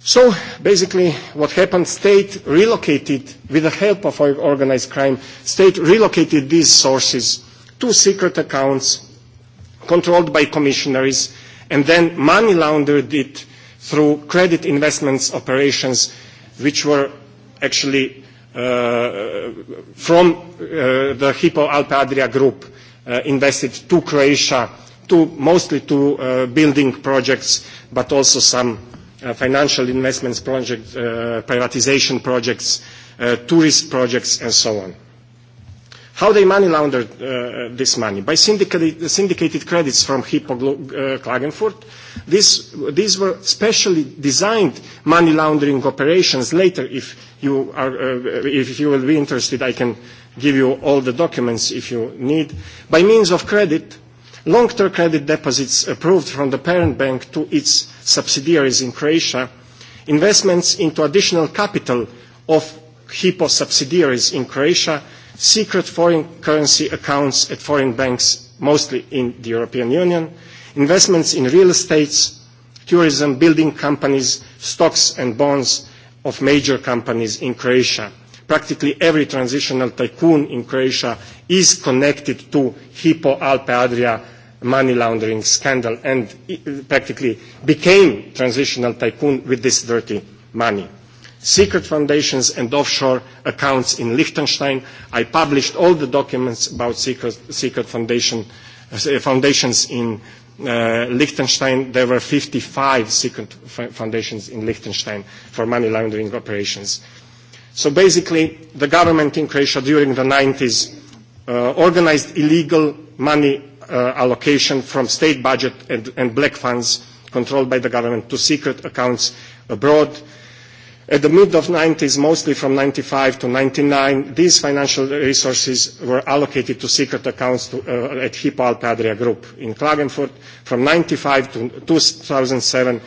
So basically what happened, state relocated, with the help of organized crime, state relocated these sources to secret accounts controlled by commissionaries and then money laundered it through credit investments operations which were actually uh, from uh, the Hippo Alpe Adria group uh, invested to Croatia, to mostly to uh, building projects, but also some Uh, financial investments projects, uh, privatization projects, uh, tourist projects, and so on. How they money laundered uh, this money? By syndicated, syndicated credits from Hippo uh, Klagenfurt. This, these were specially designed money laundering operations. Later, if you, are, uh, if you will be interested, I can give you all the documents if you need. By means of credit, long-term credit deposits approved from the parent bank to its subsidiaries in Croatia, investments into additional capital of Hypo subsidiaries in Croatia, secret foreign currency accounts at foreign banks, mostly in the European Union, investments in real estates, tourism, building companies, stocks and bonds of major companies in Croatia. Practically every transitional tycoon in Croatia is connected to Hippo Alpe Adria money laundering scandal and uh, practically became transitional tycoon with this dirty money. Secret foundations and offshore accounts in Liechtenstein. I published all the documents about secret, secret foundation, uh, foundations in uh, Liechtenstein. There were 55 secret foundations in Liechtenstein for money laundering operations. So basically, the government in Croatia during the 90s uh, organized illegal money uh, allocation from state budget and, and black funds controlled by the government to secret accounts abroad. At the mid of 90s, mostly from 95 to 99, these financial resources were allocated to secret accounts to, uh, at Hippo Alpe Adria Group in Klagenfurt. From 95 to 2007,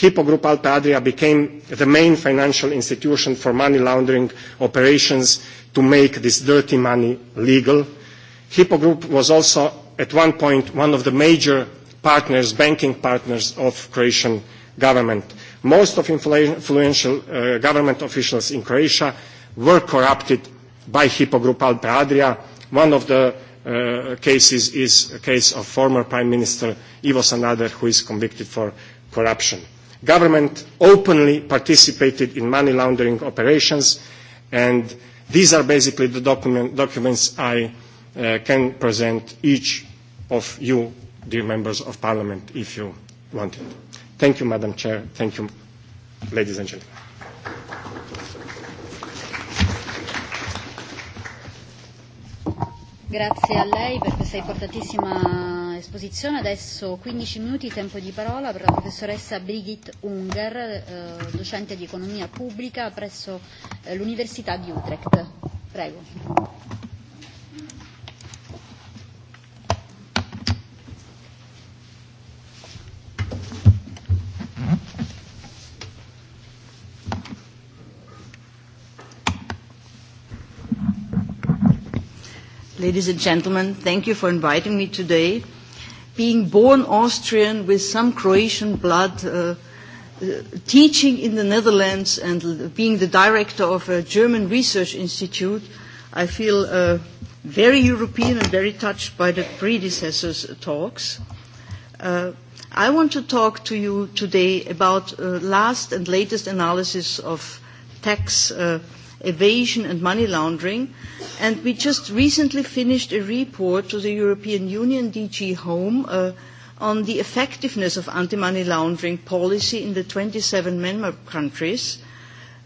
Hypo Group Alpe Adria became the main financial institution for money laundering operations to make this dirty money legal. Hypo Group was also at one point one of the major partners, banking partners of Croatian government. Most of influential uh, government officials in Croatia were corrupted by Hypo Group Alpe Adria. One of the uh, cases is a case of former Prime Minister Ivo Sanader, who is convicted for corruption government openly participated in money laundering operations, and these are basically the document, documents I uh, can present each of you, dear members of parliament, if you want it. Thank you, Madam Chair. Thank you, ladies and gentlemen. Grazie a lei per questa importantissima esposizione. Adesso 15 minuti tempo di parola per la professoressa Brigitte Unger, eh, docente di economia pubblica presso eh, l'Università di Utrecht. Prego. Ladies and gentlemen, thank you for inviting me today being born Austrian with some Croatian blood, uh, teaching in the Netherlands and being the director of a German research institute, I feel uh, very European and very touched by the predecessor's talks. Uh, I want to talk to you today about uh, last and latest analysis of tax uh, evasion and money laundering. And we just recently finished a report to the European Union DG Home uh, on the effectiveness of anti-money laundering policy in the 27 member countries.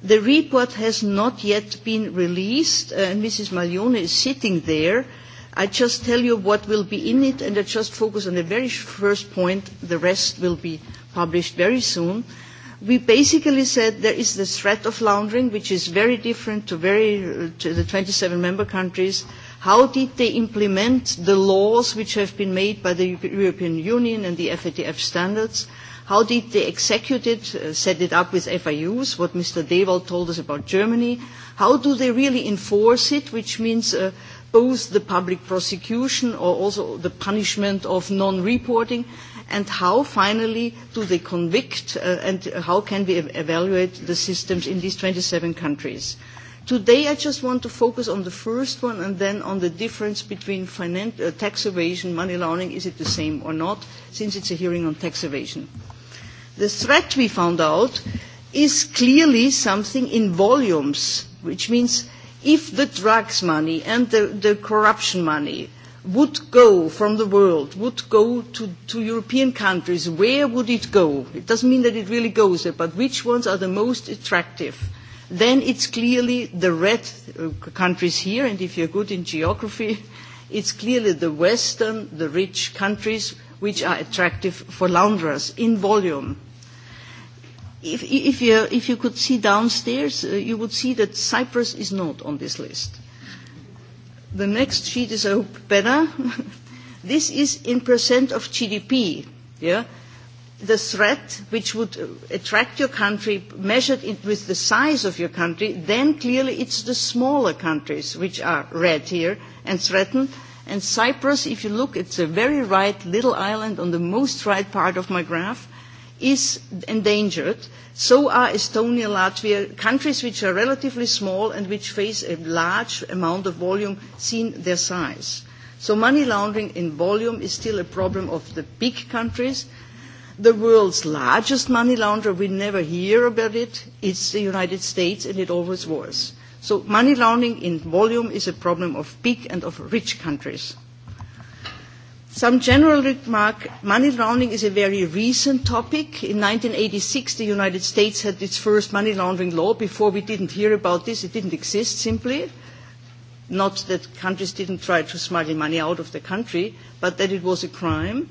The report has not yet been released, uh, and Mrs. Malione is sitting there. I just tell you what will be in it, and I just focus on the very first point. The rest will be published very soon we basically said there is the threat of laundering, which is very different to, very, uh, to the 27 member countries. How did they implement the laws which have been made by the European Union and the FATF standards? How did they execute it, uh, set it up with FIUs, what Mr. Dewald told us about Germany? How do they really enforce it, which means uh, both the public prosecution or also the punishment of non-reporting? and how finally do they convict uh, and how can we evaluate the systems in these 27 countries. Today I just want to focus on the first one and then on the difference between finan- uh, tax evasion, money laundering, is it the same or not, since it's a hearing on tax evasion. The threat we found out is clearly something in volumes, which means if the drugs money and the, the corruption money would go from the world, would go to, to European countries, where would it go? It doesn't mean that it really goes there, but which ones are the most attractive? Then it's clearly the red uh, countries here, and if you're good in geography, it's clearly the Western, the rich countries, which are attractive for launderers in volume. If, if, you, if you could see downstairs, uh, you would see that Cyprus is not on this list the next sheet is I hope better. this is in percent of GDP. Yeah? The threat which would uh, attract your country, measured it with the size of your country, then clearly it's the smaller countries which are red here and threatened. And Cyprus, if you look, it's a very right little island on the most right part of my graph is endangered, so are Estonia, Latvia, countries which are relatively small and which face a large amount of volume seen their size. So money laundering in volume is still a problem of the big countries. The world's largest money launderer, we never hear about it, it's the United States and it always was. So money laundering in volume is a problem of big and of rich countries. Some general remark, money laundering is a very recent topic. In 1986, the United States had its first money laundering law. Before we didn't hear about this, it didn't exist simply. Not that countries didn't try to smuggle money out of the country, but that it was a crime.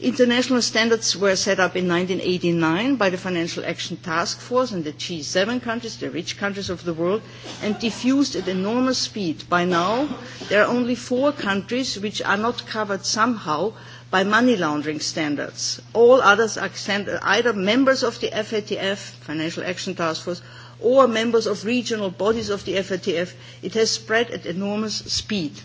International standards were set up in 1989 by the Financial Action Task Force and the G7 countries, the rich countries of the world, and diffused at enormous speed. By now, there are only four countries which are not covered somehow by money laundering standards. All others are either members of the FATF, Financial Action Task Force, or members of regional bodies of the FATF. It has spread at enormous speed.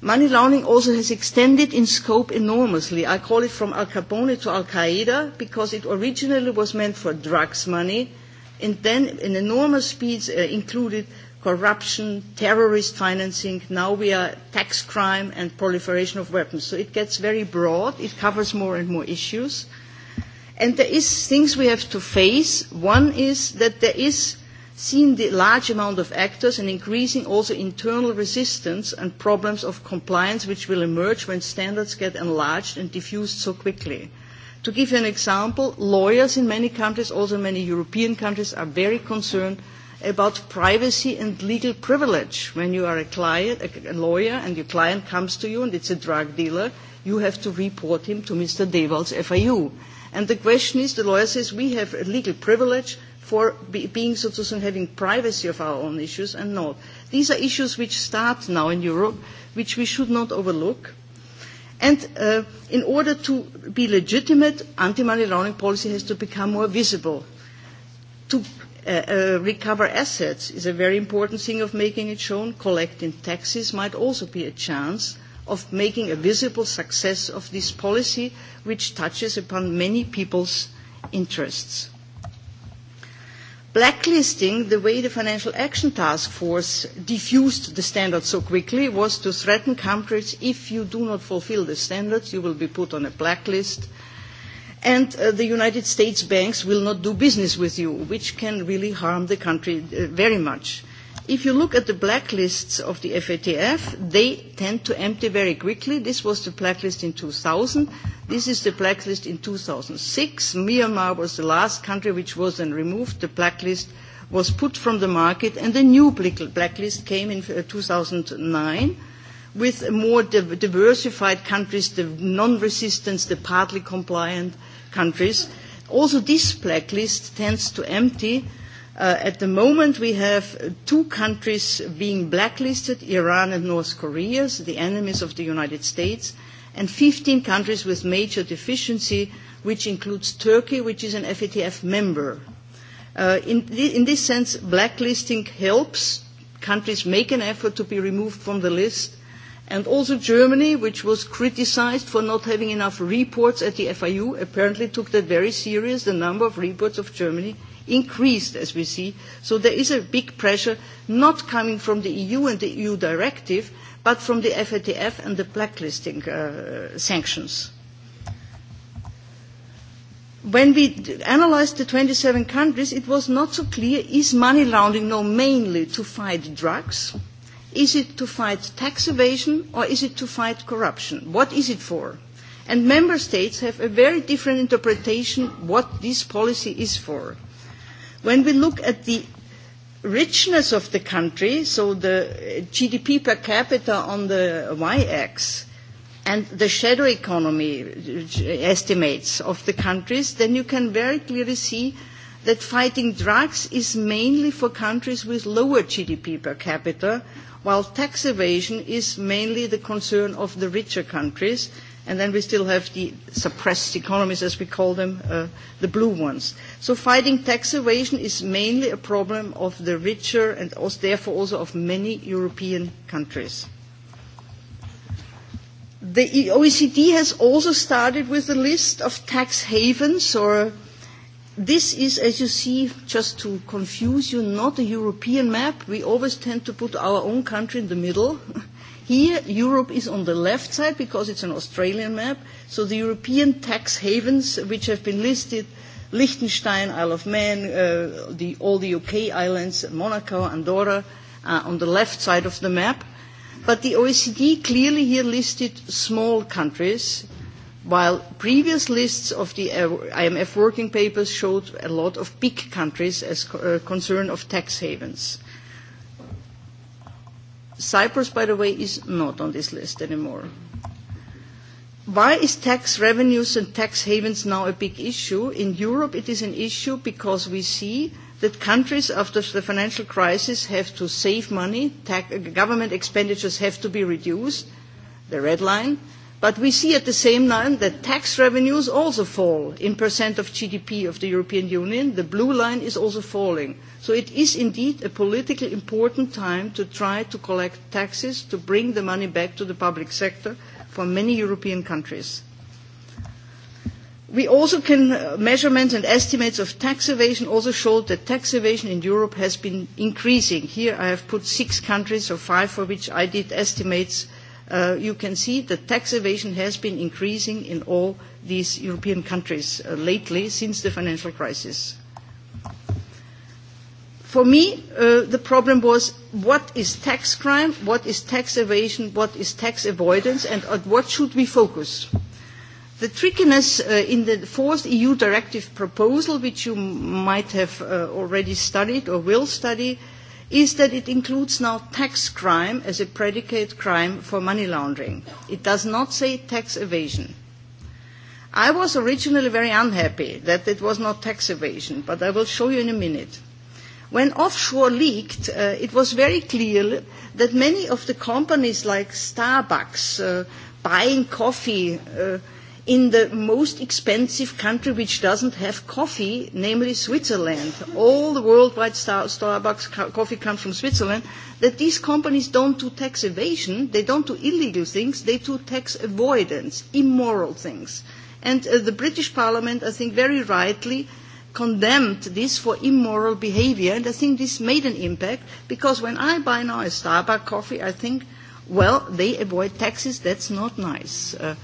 Money laundering also has extended in scope enormously. I call it from Al Capone to Al Qaeda because it originally was meant for drugs money and then in enormous speeds uh, included corruption, terrorist financing. Now we are tax crime and proliferation of weapons. So it gets very broad. It covers more and more issues. And there is things we have to face. One is that there is seen the large amount of actors and increasing also internal resistance and problems of compliance which will emerge when standards get enlarged and diffused so quickly. To give you an example, lawyers in many countries, also many European countries, are very concerned about privacy and legal privilege. When you are a client, a lawyer, and your client comes to you and it's a drug dealer, you have to report him to Mr. Dewald's FIU. And the question is, the lawyer says, we have a legal privilege for be, being citizens having privacy of our own issues and not. These are issues which start now in Europe, which we should not overlook. And uh, in order to be legitimate, anti-money laundering policy has to become more visible. To uh, uh, recover assets is a very important thing of making it shown. Collecting taxes might also be a chance of making a visible success of this policy, which touches upon many people's interests. Blacklisting the way the Financial Action Task Force diffused the standards so quickly was to threaten countries if you do not fulfill the standards, you will be put on a blacklist and uh, the United States banks will not do business with you, which can really harm the country uh, very much if you look at the blacklists of the FATF, they tend to empty very quickly. This was the blacklist in 2000. This is the blacklist in 2006. Myanmar was the last country which was then removed. The blacklist was put from the market, and the new blacklist came in 2009 uh, with more diversified countries, the non-resistance, the partly compliant countries. Also, this blacklist tends to empty Uh, at the moment, we have two countries being blacklisted, Iran and North Korea, so the enemies of the United States, and 15 countries with major deficiency, which includes Turkey, which is an FATF member. Uh, in, th- in this sense, blacklisting helps countries make an effort to be removed from the list, and also Germany, which was criticized for not having enough reports at the FIU, apparently took that very serious. The number of reports of Germany increased, as we see. So there is a big pressure not coming from the EU and the EU directive, but from the FATF and the blacklisting uh, sanctions. When we analyzed the 27 countries, it was not so clear, is money laundering now mainly to fight drugs? Is it to fight tax evasion or is it to fight corruption? What is it for? And member states have a very different interpretation what this policy is for. When we look at the richness of the country, so the GDP per capita on the y-axis, and the shadow economy estimates of the countries, then you can very clearly see that fighting drugs is mainly for countries with lower GDP per capita, while tax evasion is mainly the concern of the richer countries. And then we still have the suppressed economies, as we call them, uh, the blue ones. So fighting tax evasion is mainly a problem of the richer and also, therefore also of many European countries. The e-, OECD has also started with a list of tax havens or this is, as you see, just to confuse you, not a European map. We always tend to put our own country in the middle. Here, Europe is on the left side because it's an Australian map. So the European tax havens, which have been listed, Liechtenstein, Isle of Man, uh, the, all the UK islands, Monaco, Andorra, uh, on the left side of the map. But the OECD clearly here listed small countries, while previous lists of the uh, IMF working papers showed a lot of big countries as uh, concern of tax havens. Cyprus, by the way, is not on this list anymore. Why is tax revenues and tax havens now a big issue? In Europe, it is an issue because we see that countries after the financial crisis have to save money, tax, uh, government expenditures have to be reduced, the red line, But we see at the same time that tax revenues also fall in percent of GDP of the European Union. The blue line is also falling. So it is indeed a politically important time to try to collect taxes to bring the money back to the public sector for many European countries. We also can uh, measurements and estimates of tax evasion also show that tax evasion in Europe has been increasing. Here I have put six countries or five for which I did estimates uh, you can see that tax evasion has been increasing in all these European countries uh, lately since the financial crisis. For me, uh, the problem was what is tax crime, what is tax evasion, what is tax avoidance, and on what should we focus? The trickiness uh, in the fourth EU directive proposal, which you might have uh, already studied or will study, uh, is that it includes now tax crime as a predicate crime for money laundering. It does not say tax evasion. I was originally very unhappy that it was not tax evasion, but I will show you in a minute. When offshore leaked, uh, it was very clear that many of the companies like Starbucks, uh, buying coffee, uh, in the most expensive country which doesn't have coffee, namely Switzerland. All the worldwide star- Starbucks co- coffee comes from Switzerland. That these companies don't do tax evasion, they don't do illegal things, they do tax avoidance, immoral things. And uh, the British Parliament, I think, very rightly condemned this for immoral behavior. And I think this made an impact because when I buy now a Starbucks coffee, I think, well, they avoid taxes. That's not nice. Uh,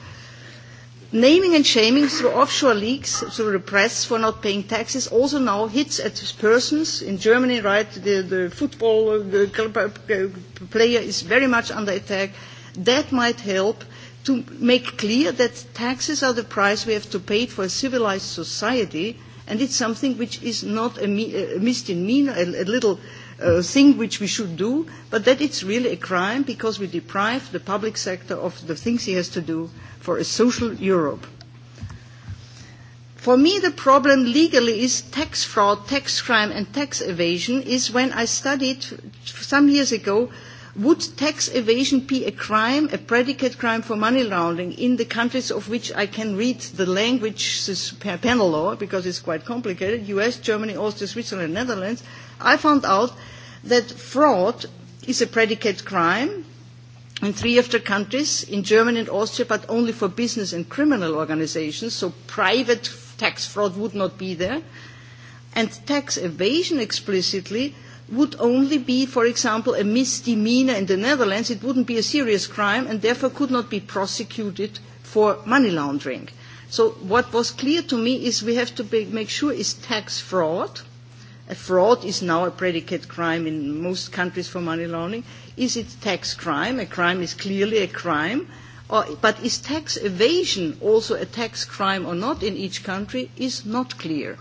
Naming and shaming through offshore leaks, through the press for not paying taxes, also now hits at persons. In Germany, right, the, the football uh, player is very much under attack. That might help to make clear that taxes are the price we have to pay for a civilized society, and it's something which is not a, a misdemeanor, a, a little uh, thing which we should do, but that it's really a crime because we deprive the public sector of the things he has to do for a social Europe. For me, the problem legally is tax fraud, tax crime, and tax evasion is when I studied some years ago Would tax evasion be a crime, a predicate crime for money laundering in the countries of which I can read the language this panel law because it's quite complicated, US, Germany, Austria, Switzerland, Netherlands, I found out that fraud is a predicate crime in three of the countries, in Germany and Austria, but only for business and criminal organizations, so private tax fraud would not be there. And tax evasion explicitly would only be, for example, a misdemeanor in the Netherlands. It wouldn't be a serious crime and therefore could not be prosecuted for money laundering. So what was clear to me is we have to be, make sure is tax fraud. A fraud is now a predicate crime in most countries for money laundering. Is it tax crime? A crime is clearly a crime. Or, but is tax evasion also a tax crime or not in each country is not clear.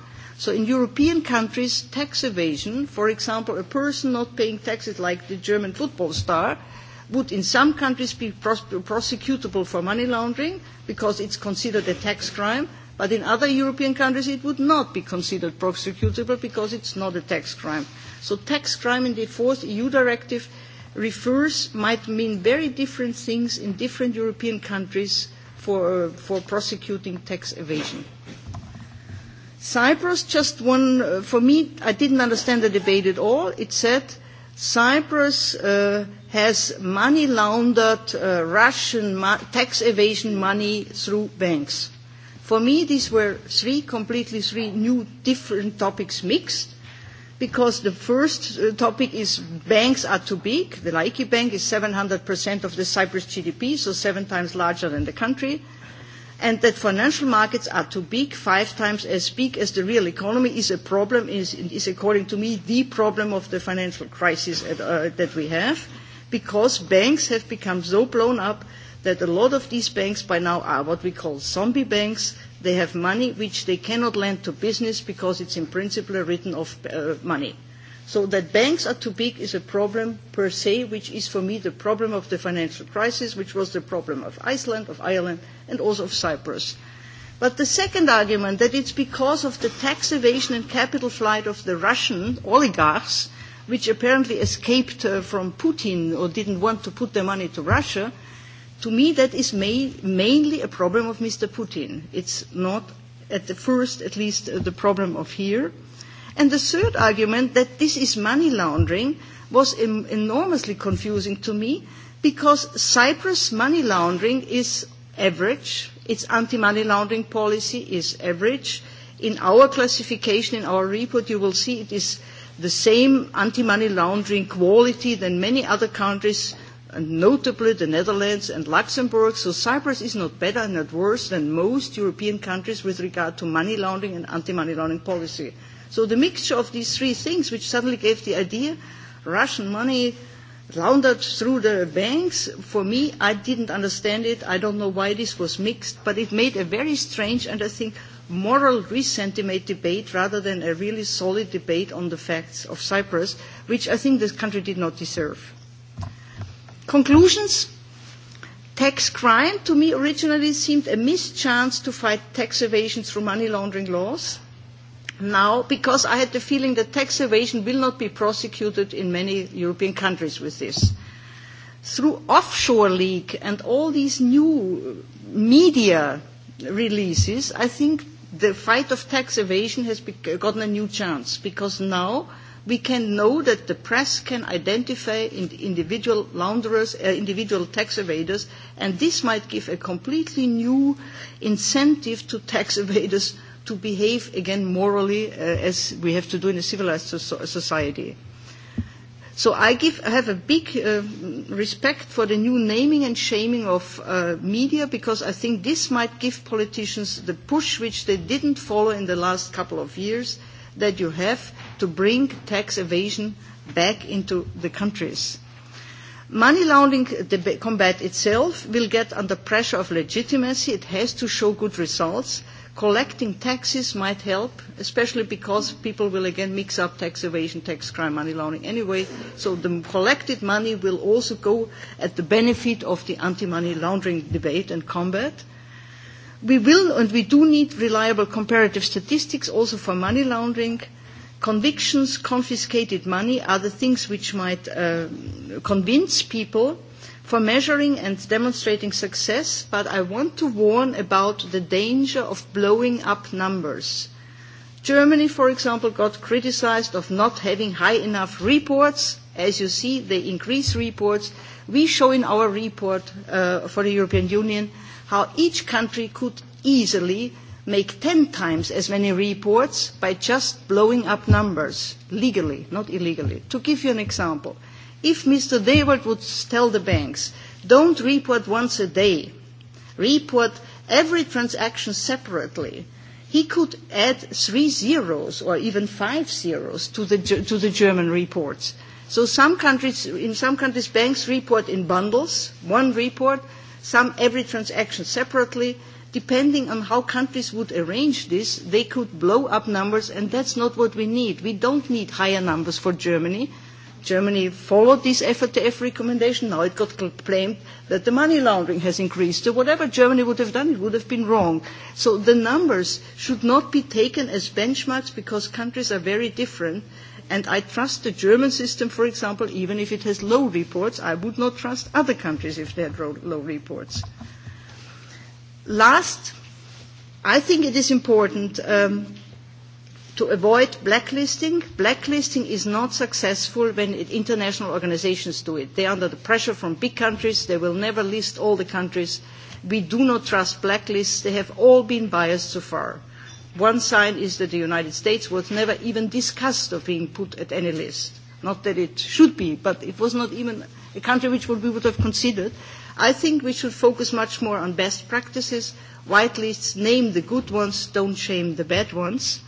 So in European countries, tax evasion, for example, a person not paying taxes like the German football star, would in some countries be pros prosecutable for money laundering because it's considered a tax crime, but in other European countries it would not be considered prosecutable because it's not a tax crime. So tax crime in the fourth EU directive refers, might mean very different things in different European countries for, for prosecuting tax evasion. Cyprus, just one, uh, for me, I didn't understand the debate at all. It said Cyprus uh, has money laundered uh, Russian ma- tax evasion money through banks. For me, these were three completely three new different topics mixed because the first uh, topic is banks are too big. The Laiki Bank is 700% of the Cyprus GDP, so seven times larger than the country and that financial markets are too big, five times as big as the real economy, is a problem, is, is according to me the problem of the financial crisis at, uh, that we have, because banks have become so blown up that a lot of these banks by now are what we call zombie banks. They have money which they cannot lend to business because it's in principle written off uh, money. Uh, So that banks are too big is a problem per se, which is for me the problem of the financial crisis, which was the problem of Iceland, of Ireland, and also of Cyprus. But the second argument, that it's because of the tax evasion and capital flight of the Russian oligarchs, which apparently escaped uh, from Putin or didn't want to put their money to Russia, to me that is ma- mainly a problem of Mr. Putin. It's not, at the first at least, uh, the problem of here. And the third argument, that this is money laundering, was em- enormously confusing to me because Cyprus money laundering is average. Its anti-money laundering policy is average. In our classification, in our report, you will see it is the same anti-money laundering quality than many other countries, notably the Netherlands and Luxembourg. So Cyprus is not better and not worse than most European countries with regard to money laundering and anti-money laundering policy. So the mixture of these three things, which suddenly gave the idea, Russian money laundered through the banks, for me, I didn't understand it. I don't know why this was mixed, but it made a very strange and I think moral resentiment debate rather than a really solid debate on the facts of Cyprus, which I think this country did not deserve. Conclusions. Tax crime to me originally seemed a missed chance to fight tax evasion through money laundering laws now because I had the feeling that tax evasion will not be prosecuted in many European countries with this. Through Offshore leak and all these new media releases, I think the fight of tax evasion has gotten a new chance because now we can know that the press can identify individual launderers, uh, individual tax evaders, and this might give a completely new incentive to tax evaders to behave again morally uh, as we have to do in a civilized so- society. So I give, I have a big uh, respect for the new naming and shaming of uh, media because I think this might give politicians the push which they didn't follow in the last couple of years that you have to bring tax evasion back into the countries. Money laundering combat itself will get under pressure of legitimacy. It has to show good results collecting taxes might help, especially because people will again mix up tax evasion, tax crime, money laundering anyway. So the collected money will also go at the benefit of the anti-money laundering debate and combat. We will and we do need reliable comparative statistics also for money laundering. Convictions, confiscated money are the things which might uh, convince people for measuring and demonstrating success, but I want to warn about the danger of blowing up numbers. Germany, for example, got criticised of not having high enough reports. As you see, they increase reports. We show in our report uh, for the European Union how each country could easily make 10 times as many reports by just blowing up numbers, legally, not illegally. To give you an example, If Mr. Dewald would tell the banks, don't report once a day, report every transaction separately, he could add three zeros or even five zeros to the, to the German reports. So some countries, in some countries, banks report in bundles, one report, some every transaction separately. Depending on how countries would arrange this, they could blow up numbers, and that's not what we need. We don't need higher numbers for Germany. Germany followed this FATF recommendation. Now it got claimed that the money laundering has increased. So whatever Germany would have done, it would have been wrong. So the numbers should not be taken as benchmarks because countries are very different. And I trust the German system, for example, even if it has low reports. I would not trust other countries if they had low reports. Last, I think it is important um, to avoid blacklisting. Blacklisting is not successful when it, international organizations do it. They are under the pressure from big countries. They will never list all the countries. We do not trust blacklists. They have all been biased so far. One sign is that the United States was never even discussed of being put at any list. Not that it should be, but it was not even a country which we would have considered. I think we should focus much more on best practices. White lists, name the good ones, don't shame the bad ones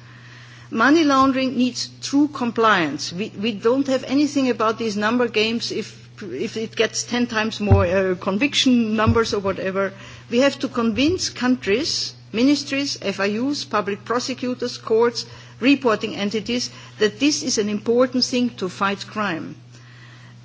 Money laundering needs true compliance. We, we don't have anything about these number games if, if it gets 10 times more uh, conviction numbers or whatever. We have to convince countries, ministries, FIUs, public prosecutors, courts, reporting entities that this is an important thing to fight crime.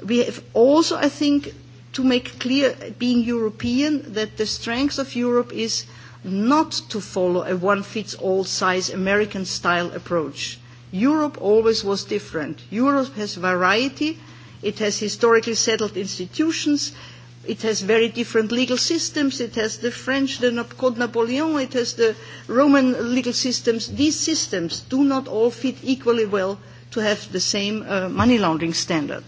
We have also, I think, to make clear, being European, that the strength of Europe is – not to follow a one-fits-all size American-style approach. Europe always was different. Europe has variety. It has historically settled institutions. It has very different legal systems. It has the French, the Code Napoleon. It has the Roman legal systems. These systems do not all fit equally well to have the same uh, money laundering standard.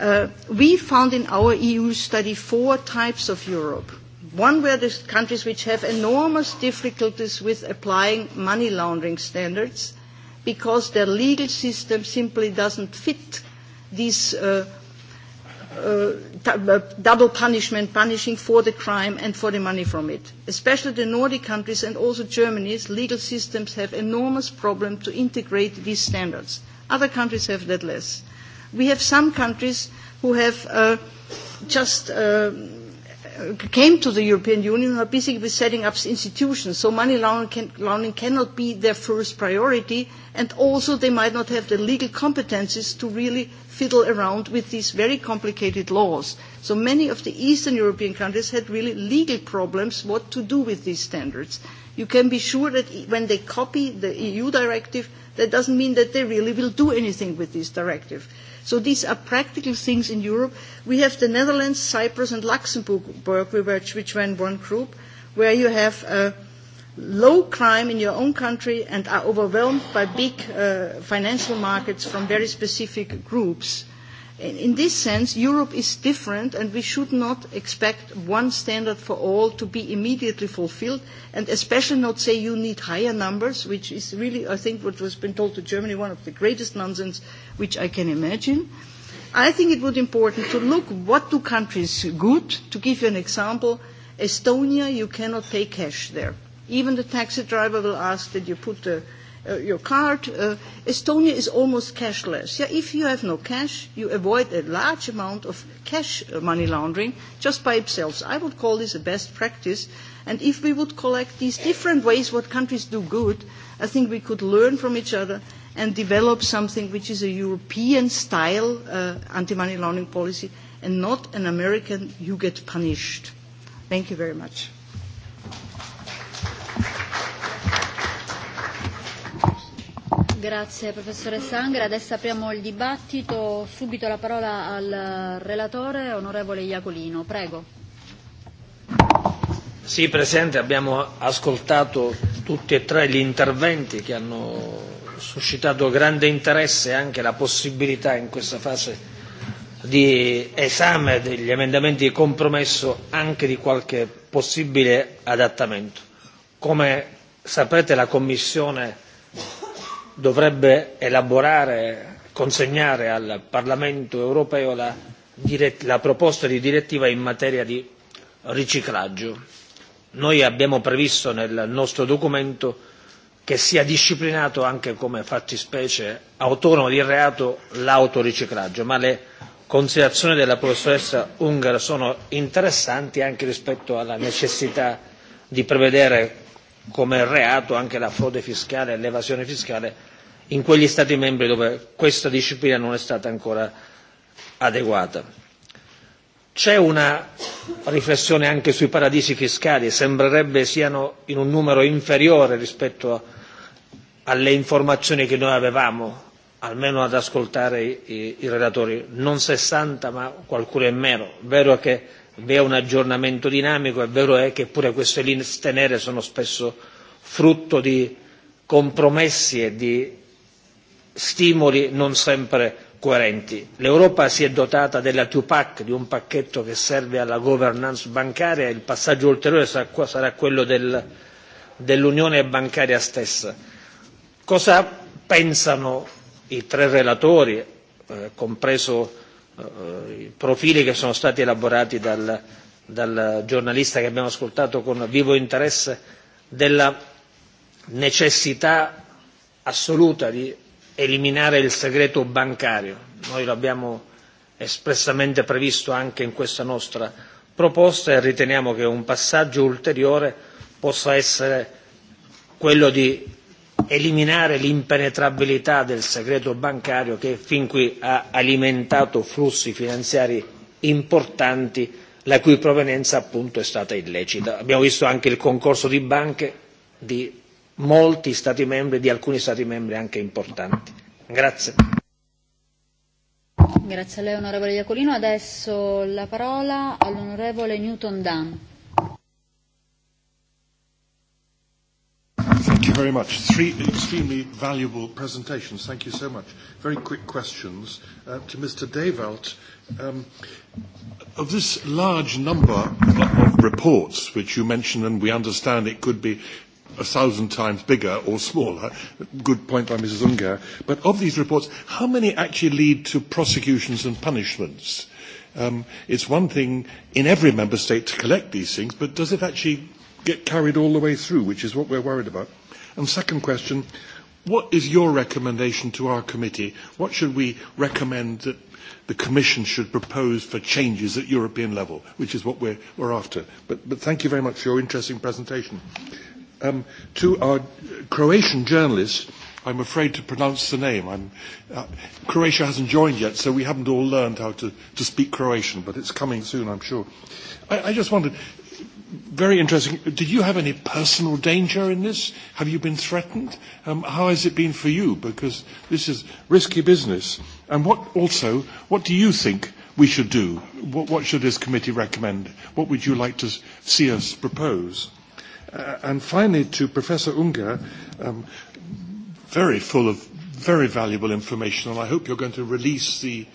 Uh, we found in our EU study four types of Europe One were the countries which have enormous difficulties with applying money laundering standards because their legal system simply doesn't fit these uh, uh, uh, double punishment, punishing for the crime and for the money from it. Especially the Nordic countries and also Germany's legal systems have enormous problems to integrate these standards. Other countries have that less. We have some countries who have uh, just uh, came to the European Union are busy with setting up institutions, so money laundering, can, laundering cannot be their first priority, and also they might not have the legal competences to really fiddle around with these very complicated laws. So many of the Eastern European countries had really legal problems what to do with these standards. You can be sure that e, when they copy the EU directive, that doesn't mean that they really will do anything with this directive So these are practical things in Europe. We have the Netherlands, Cyprus, and Luxembourg, which, which were in one group, where you have a low crime in your own country and are overwhelmed by big uh, financial markets from very specific groups. In this sense, Europe is different, and we should not expect one standard for all to be immediately fulfilled, and especially not say you need higher numbers, which is really, I think, what was been told to Germany, one of the greatest nonsense which I can imagine. I think it would be important to look what do countries good. To give you an example, Estonia, you cannot pay cash there. Even the taxi driver will ask that you put the uh, your card. Uh, Estonia is almost cashless. Yeah, if you have no cash, you avoid a large amount of cash uh, money laundering just by itself. So I would call this a best practice. And if we would collect these different ways what countries do good, I think we could learn from each other and develop something which is a European style uh, anti-money laundering policy and not an American, you get punished. Thank you very much. Grazie professoressa Angra. Adesso apriamo il dibattito. Subito la parola al relatore, onorevole Iacolino. Prego. Sì, Presidente, abbiamo ascoltato tutti e tre gli interventi che hanno suscitato grande interesse e anche la possibilità in questa fase di esame degli emendamenti di compromesso anche di qualche possibile adattamento. Come sapete la Commissione dovrebbe elaborare consegnare al Parlamento europeo la, proposta di direttiva in materia di riciclaggio. Noi abbiamo previsto nel nostro documento che sia disciplinato anche come fattispecie autonoma di reato l'autoriciclaggio, ma le considerazioni della professoressa Ungher sono interessanti anche rispetto alla necessità di prevedere come reato anche la frode fiscale e l'evasione fiscale in quegli Stati membri dove questa disciplina non è stata ancora adeguata. C'è una riflessione anche sui paradisi fiscali, sembrerebbe siano in un numero inferiore rispetto alle informazioni che noi avevamo, almeno ad ascoltare i, i relatori, non 60 ma qualcuno in meno. Vero che vi è un aggiornamento dinamico, è vero è eh, che pure queste liste nere sono spesso frutto di compromessi e di stimoli non sempre coerenti. L'Europa si è dotata della Tupac, di un pacchetto che serve alla governance bancaria, il passaggio ulteriore sarà quello del, dell'unione bancaria stessa. Cosa pensano i tre relatori, eh, compreso Eh, i profili che sono stati elaborati dal, dal giornalista che abbiamo ascoltato con vivo interesse della necessità assoluta di eliminare il segreto bancario. Noi lo abbiamo espressamente previsto anche in questa nostra proposta e riteniamo che un passaggio ulteriore possa essere quello di eliminare l'impenetrabilità del segreto bancario che fin qui ha alimentato flussi finanziari importanti la cui provenienza appunto è stata illecita. Abbiamo visto anche il concorso di banche di molti Stati membri, di alcuni Stati membri anche importanti. Grazie. Grazie a lei onorevole Iacolino. Adesso la parola all'onorevole Newton Dunn. you very much. Three extremely valuable presentations. Thank you so much. Very quick questions uh, to Mr. Devalt. Um, of this large number of reports which you mentioned, and we understand it could be a thousand times bigger or smaller. Good point by Mrs. Unger. But of these reports, how many actually lead to prosecutions and punishments? Um, it's one thing in every member state to collect these things, but does it actually get carried all the way through, which is what we're worried about? And second question, what is your recommendation to our committee? What should we recommend that the Commission should propose for changes at European level, which is what we're, we're after? But, but thank you very much for your interesting presentation. Um, to our Croatian journalists, I'm afraid to pronounce the name. I'm, uh, Croatia hasn't joined yet, so we haven't all learned how to, to speak Croatian, but it's coming soon, I'm sure. I, I just wondered, very interesting. Did you have any personal danger in this? Have you been threatened? Um, how has it been for you? Because this is risky business. And what also, what do you think we should do? What, what should this committee recommend? What would you like to see us propose? Uh, and finally, to Professor Unger, um, very full of very valuable information, and I hope you're going to release the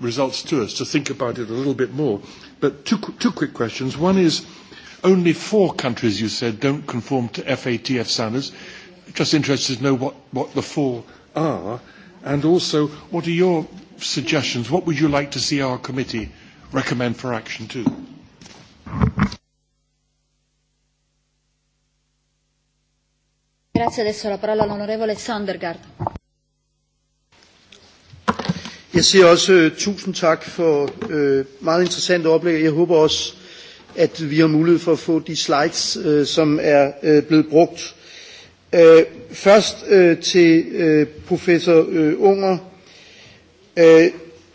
results to us to think about it a little bit more. But two, two quick questions. One is, Only four countries, you said, don't conform to FATF standards. Just interested to know what, what the four are. And also, what are your suggestions? What would you like to see our committee recommend for action too? Grazie, adesso la parola all'onorevole Sondergaard. Jeg siger også uh, tusind tak for uh, meget interessante oplæg. Jeg håber også, at vi har mulighed for at få de slides, øh, som er øh, blevet brugt. Øh, først øh, til øh, professor øh, Unger, øh,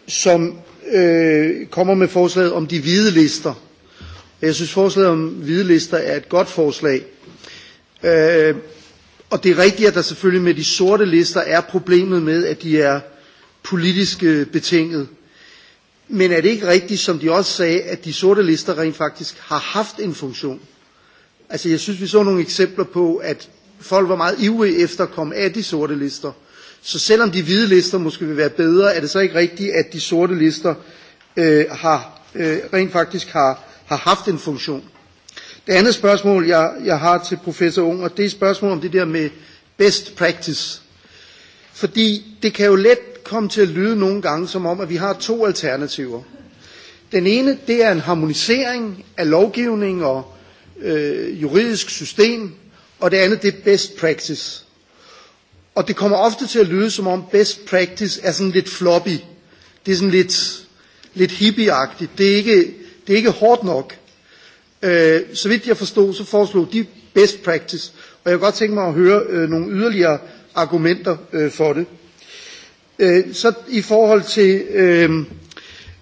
som øh, kommer med forslaget om de hvide lister. Jeg synes, forslaget om hvide lister er et godt forslag. Øh, og det er rigtigt, at der selvfølgelig med de sorte lister er problemet med, at de er politisk betinget. Men er det ikke rigtigt, som de også sagde, at de sorte lister rent faktisk har haft en funktion? Altså jeg synes, vi så nogle eksempler på, at folk var meget ivrige efter at komme af de sorte lister. Så selvom de hvide lister måske vil være bedre, er det så ikke rigtigt, at de sorte lister øh, har, øh, rent faktisk har, har haft en funktion? Det andet spørgsmål, jeg, jeg har til professor Unger, det er spørgsmålet om det der med best practice. Fordi det kan jo let komme til at lyde nogle gange som om, at vi har to alternativer. Den ene, det er en harmonisering af lovgivning og øh, juridisk system, og det andet, det er best practice. Og det kommer ofte til at lyde som om best practice er sådan lidt floppy. Det er sådan lidt, lidt hippieagtigt. Det er ikke, det er ikke hårdt nok. Øh, så vidt jeg forstod, så foreslog de best practice. Og jeg kunne godt tænke mig at høre øh, nogle yderligere argumenter øh, for det. Øh, så i forhold til øh,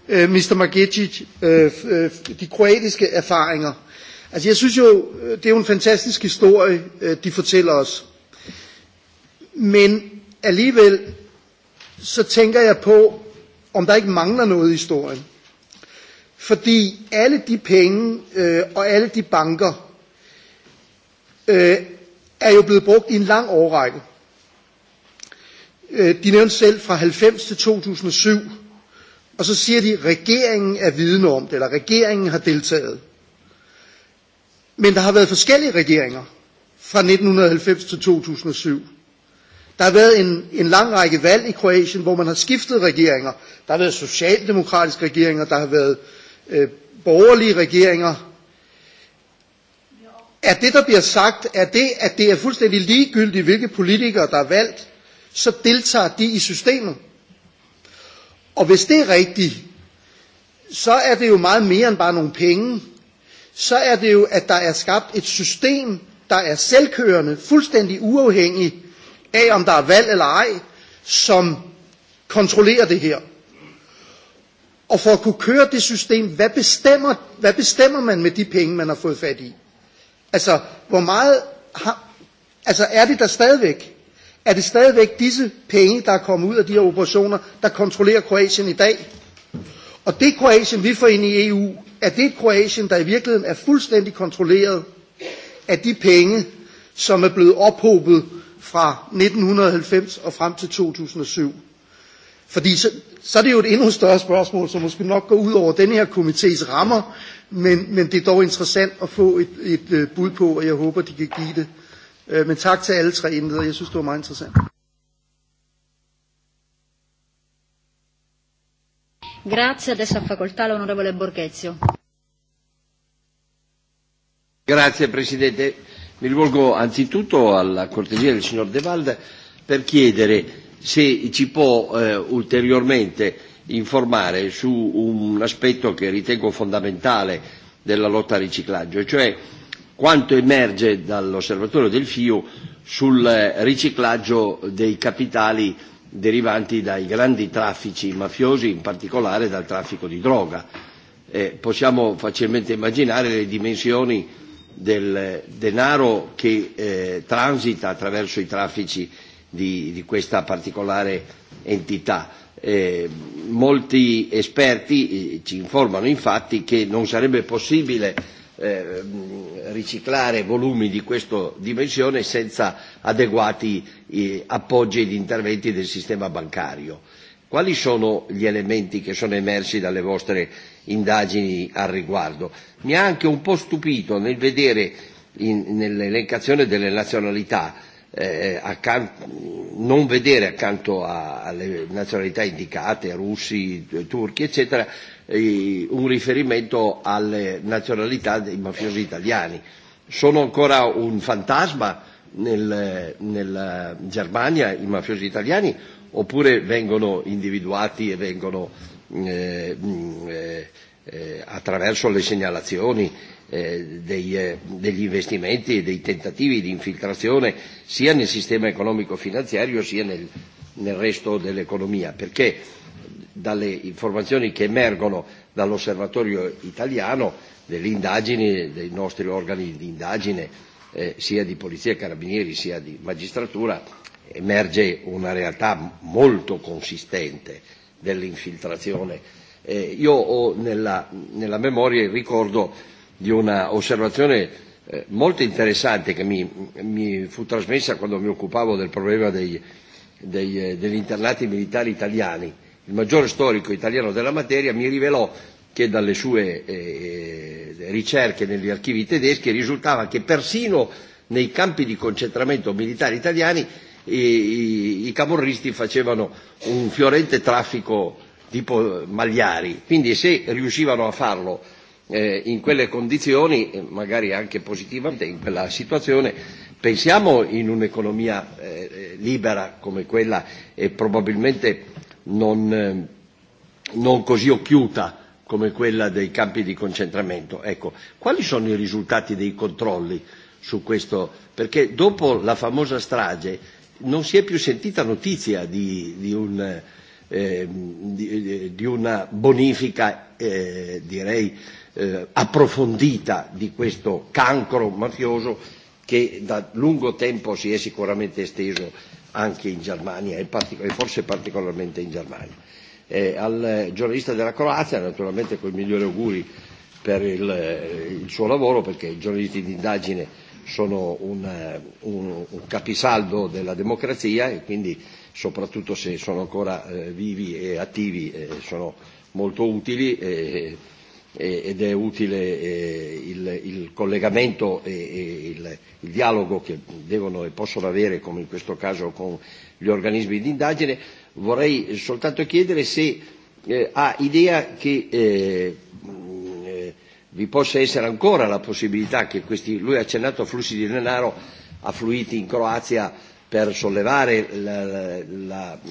øh Mr. Magecic, øh, øh, de kroatiske erfaringer. Altså jeg synes jo, det er jo en fantastisk historie, de fortæller os. Men alligevel, så tænker jeg på, om der ikke mangler noget i historien. Fordi alle de penge øh, og alle de banker øh, er jo blevet brugt i en lang årrække. Øh, de nævnte selv fra 90 til 2007, og så siger de, at regeringen er vidne om det, eller regeringen har deltaget. Men der har været forskellige regeringer fra 1990 til 2007. Der har været en, en lang række valg i Kroatien, hvor man har skiftet regeringer. Der har været socialdemokratiske regeringer, der har været øh, borgerlige regeringer. Er det, der bliver sagt, er det, at det er fuldstændig ligegyldigt, hvilke politikere, der er valgt, så deltager de i systemet. Og hvis det er rigtigt, så er det jo meget mere end bare nogle penge. Så er det jo, at der er skabt et system, der er selvkørende, fuldstændig uafhængig af, om der er valg eller ej, som kontrollerer det her. Og for at kunne køre det system, hvad bestemmer, hvad bestemmer man med de penge, man har fået fat i? Altså, hvor meget har, altså er det der stadigvæk? Er det stadigvæk disse penge, der er kommet ud af de her operationer, der kontrollerer Kroatien i dag? Og det Kroatien, vi får ind i EU, er det et Kroatien, der i virkeligheden er fuldstændig kontrolleret af de penge, som er blevet ophobet fra 1990 og frem til 2007. Fordi så, så er det jo et endnu større spørgsmål, som måske nok går ud over den her komités rammer, men, men det er dog interessant at få et, et øh, bud på, og jeg håber, de kan give det Øh, men tak til alle tre indledere. Er Jeg synes, det var meget interessant. Grazie, adesso ha facoltà l'onorevole Borghezio. Grazie Presidente. Mi rivolgo anzitutto alla cortesia del signor De Valde per chiedere se ci può eh, ulteriormente informare su un aspetto che ritengo fondamentale della lotta al riciclaggio, cioè eh, quanto emerge dall'osservatorio del FIO sul riciclaggio dei capitali derivanti dai grandi traffici mafiosi, in particolare dal traffico di droga. Eh, possiamo facilmente immaginare le dimensioni del denaro che eh, transita attraverso i traffici di, di questa particolare entità. Eh, molti esperti eh, ci informano infatti che non sarebbe possibile Eh, riciclare volumi di questa dimensione senza adeguati eh, appoggi ed interventi del sistema bancario. Quali sono gli elementi che sono emersi dalle vostre indagini al riguardo? Mi ha anche un po' stupito nel vedere in, nell'elencazione delle nazionalità eh, accanto, non vedere accanto a, alle nazionalità indicate, russi, turchi, eccetera, Eh, un riferimento alle nazionalità dei mafiosi italiani. Sono ancora un fantasma nel, nella eh, Germania i mafiosi italiani oppure vengono individuati e vengono eh, mm, eh, eh, attraverso le segnalazioni eh, dei, eh, degli investimenti e dei tentativi di infiltrazione sia nel sistema economico finanziario sia nel, nel resto dell'economia, perché dalle informazioni che emergono dall'osservatorio italiano, delle indagini dei nostri organi di indagine, eh, sia di polizia, carabinieri, sia di magistratura, emerge una realtà molto consistente dell'infiltrazione. Eh, io ho nella, nella memoria il ricordo di una osservazione eh, molto interessante che mi, mi fu trasmessa quando mi occupavo del problema dei, dei, eh, degli internati militari italiani il maggiore storico italiano della materia, mi rivelò che dalle sue eh, eh, ricerche negli archivi tedeschi risultava che persino nei campi di concentramento militari italiani i, i, i camorristi facevano un fiorente traffico tipo magliari, quindi se riuscivano a farlo eh, in quelle condizioni, eh, magari anche positivamente in quella situazione, pensiamo in un'economia eh, eh libera come quella e probabilmente non, ehm, non così occhiuta come quella dei campi di concentramento. Ecco, quali sono i risultati dei controlli su questo? Perché dopo la famosa strage non si è più sentita notizia di, di, un, eh, di, di una bonifica, eh, direi, eh, approfondita di questo cancro mafioso che da lungo tempo si è sicuramente esteso anche in Germania e, partic- e forse particolarmente in Germania. E al giornalista della Croazia, naturalmente con i migliori auguri per il, il suo lavoro, perché i giornalisti di indagine sono un, un, un capisaldo della democrazia e quindi soprattutto se sono ancora eh, vivi e attivi eh, sono molto utili. Eh, eh, ed è utile eh, il, il collegamento e, e il, il dialogo che devono e possono avere, come in questo caso con gli organismi di indagine, vorrei soltanto chiedere se eh, ha idea che eh, mm, eh vi possa essere ancora la possibilità che questi, lui ha accennato a flussi di denaro affluiti in Croazia eh, per sollevare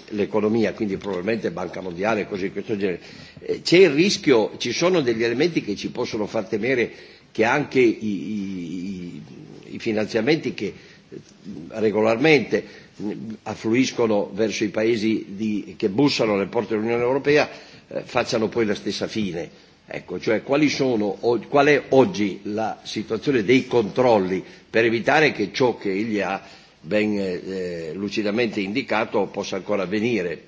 l'economia, quindi probabilmente Banca Mondiale e cose di questo genere. Eh, c'è il rischio, ci sono degli elementi che ci possono far temere che anche i, i, i finanziamenti che eh, regolarmente mm, affluiscono verso i paesi di, che bussano alle porte dell'Unione Europea eh, facciano poi la stessa fine. Ecco, cioè quali sono, o, qual è oggi la situazione dei controlli per evitare che ciò che egli ha ben eh, eh, lucidamente indicato possa ancora avvenire.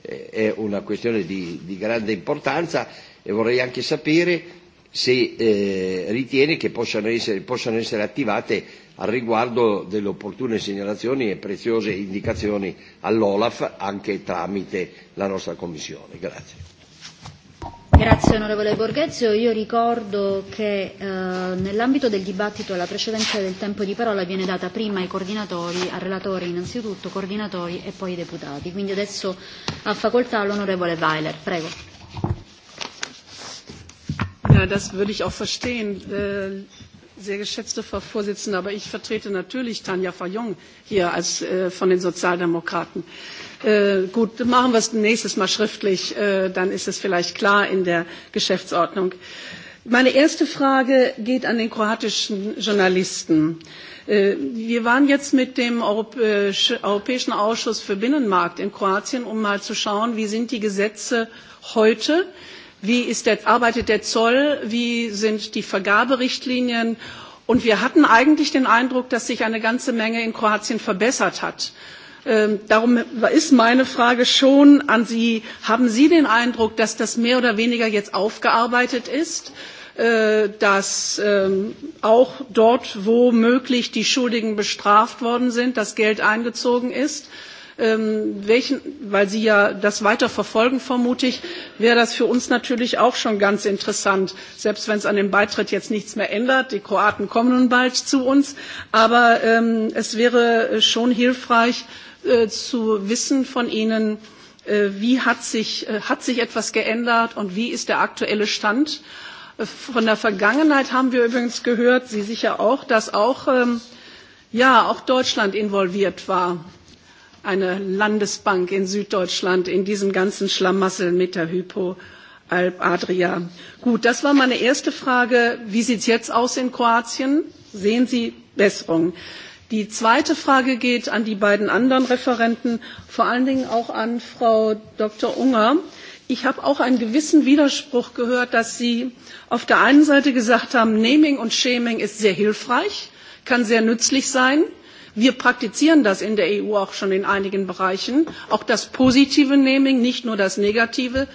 Eh, è una questione di, di grande importanza e vorrei anche sapere se eh, ritiene che possano essere, possano essere attivate al riguardo delle opportune segnalazioni e preziose indicazioni all'Olaf anche tramite la nostra Commissione. Grazie. Grazie onorevole Borghezio. Io ricordo che eh, nell'ambito del dibattito la precedenza del tempo di parola viene data prima ai coordinatori, al relatore innanzitutto, coordinatori e poi ai deputati. Quindi adesso ha facoltà l'onorevole Weiler. Prego. Ja, das würde ich auch verstehen. Äh sehr geschätzte Frau Vorsitzende, aber ich vertrete natürlich Tanja Fajon hier als, äh, von den Sozialdemokraten. Äh, Äh, gut, machen wir es nächstes Mal schriftlich, äh, dann ist es vielleicht klar in der Geschäftsordnung. Meine erste Frage geht an den kroatischen Journalisten. Äh, wir waren jetzt mit dem Europäischen Ausschuss für Binnenmarkt in Kroatien, um mal zu schauen, wie sind die Gesetze heute, wie ist der, arbeitet der Zoll, wie sind die Vergaberichtlinien. Und wir hatten eigentlich den Eindruck, dass sich eine ganze Menge in Kroatien verbessert hat. Ähm, darum ist meine Frage schon an Sie, haben Sie den Eindruck, dass das mehr oder weniger jetzt aufgearbeitet ist? Äh, dass ähm, auch dort, wo möglich die Schuldigen bestraft worden sind, das Geld eingezogen ist. Ähm, welchen, weil Sie ja das weiter verfolgen, vermute ich, wäre das für uns natürlich auch schon ganz interessant, selbst wenn es an dem Beitritt jetzt nichts mehr ändert. Die Kroaten kommen nun bald zu uns, aber ähm, es wäre schon hilfreich, äh, Äh, zu wissen von Ihnen, äh, wie hat sich, äh, hat sich etwas geändert und wie ist der aktuelle Stand. Von der Vergangenheit haben wir übrigens gehört, Sie sicher auch, dass auch, ähm, ja, auch Deutschland involviert war. Eine Landesbank in Süddeutschland in diesem ganzen Schlamassel mit der Hypo. Alp Adria. Gut, das war meine erste Frage. Wie sieht es jetzt aus in Kroatien? Sehen Sie Besserungen? Die zweite Frage geht an die beiden anderen Referenten, vor allen Dingen auch an Frau Dr. Unger. Ich habe auch einen gewissen Widerspruch gehört, dass Sie auf der einen Seite gesagt haben, Naming und Shaming ist sehr hilfreich, kann sehr nützlich sein. Wir praktizieren das in der EU auch schon in einigen Bereichen. Auch das positive Naming, nicht nur das negative.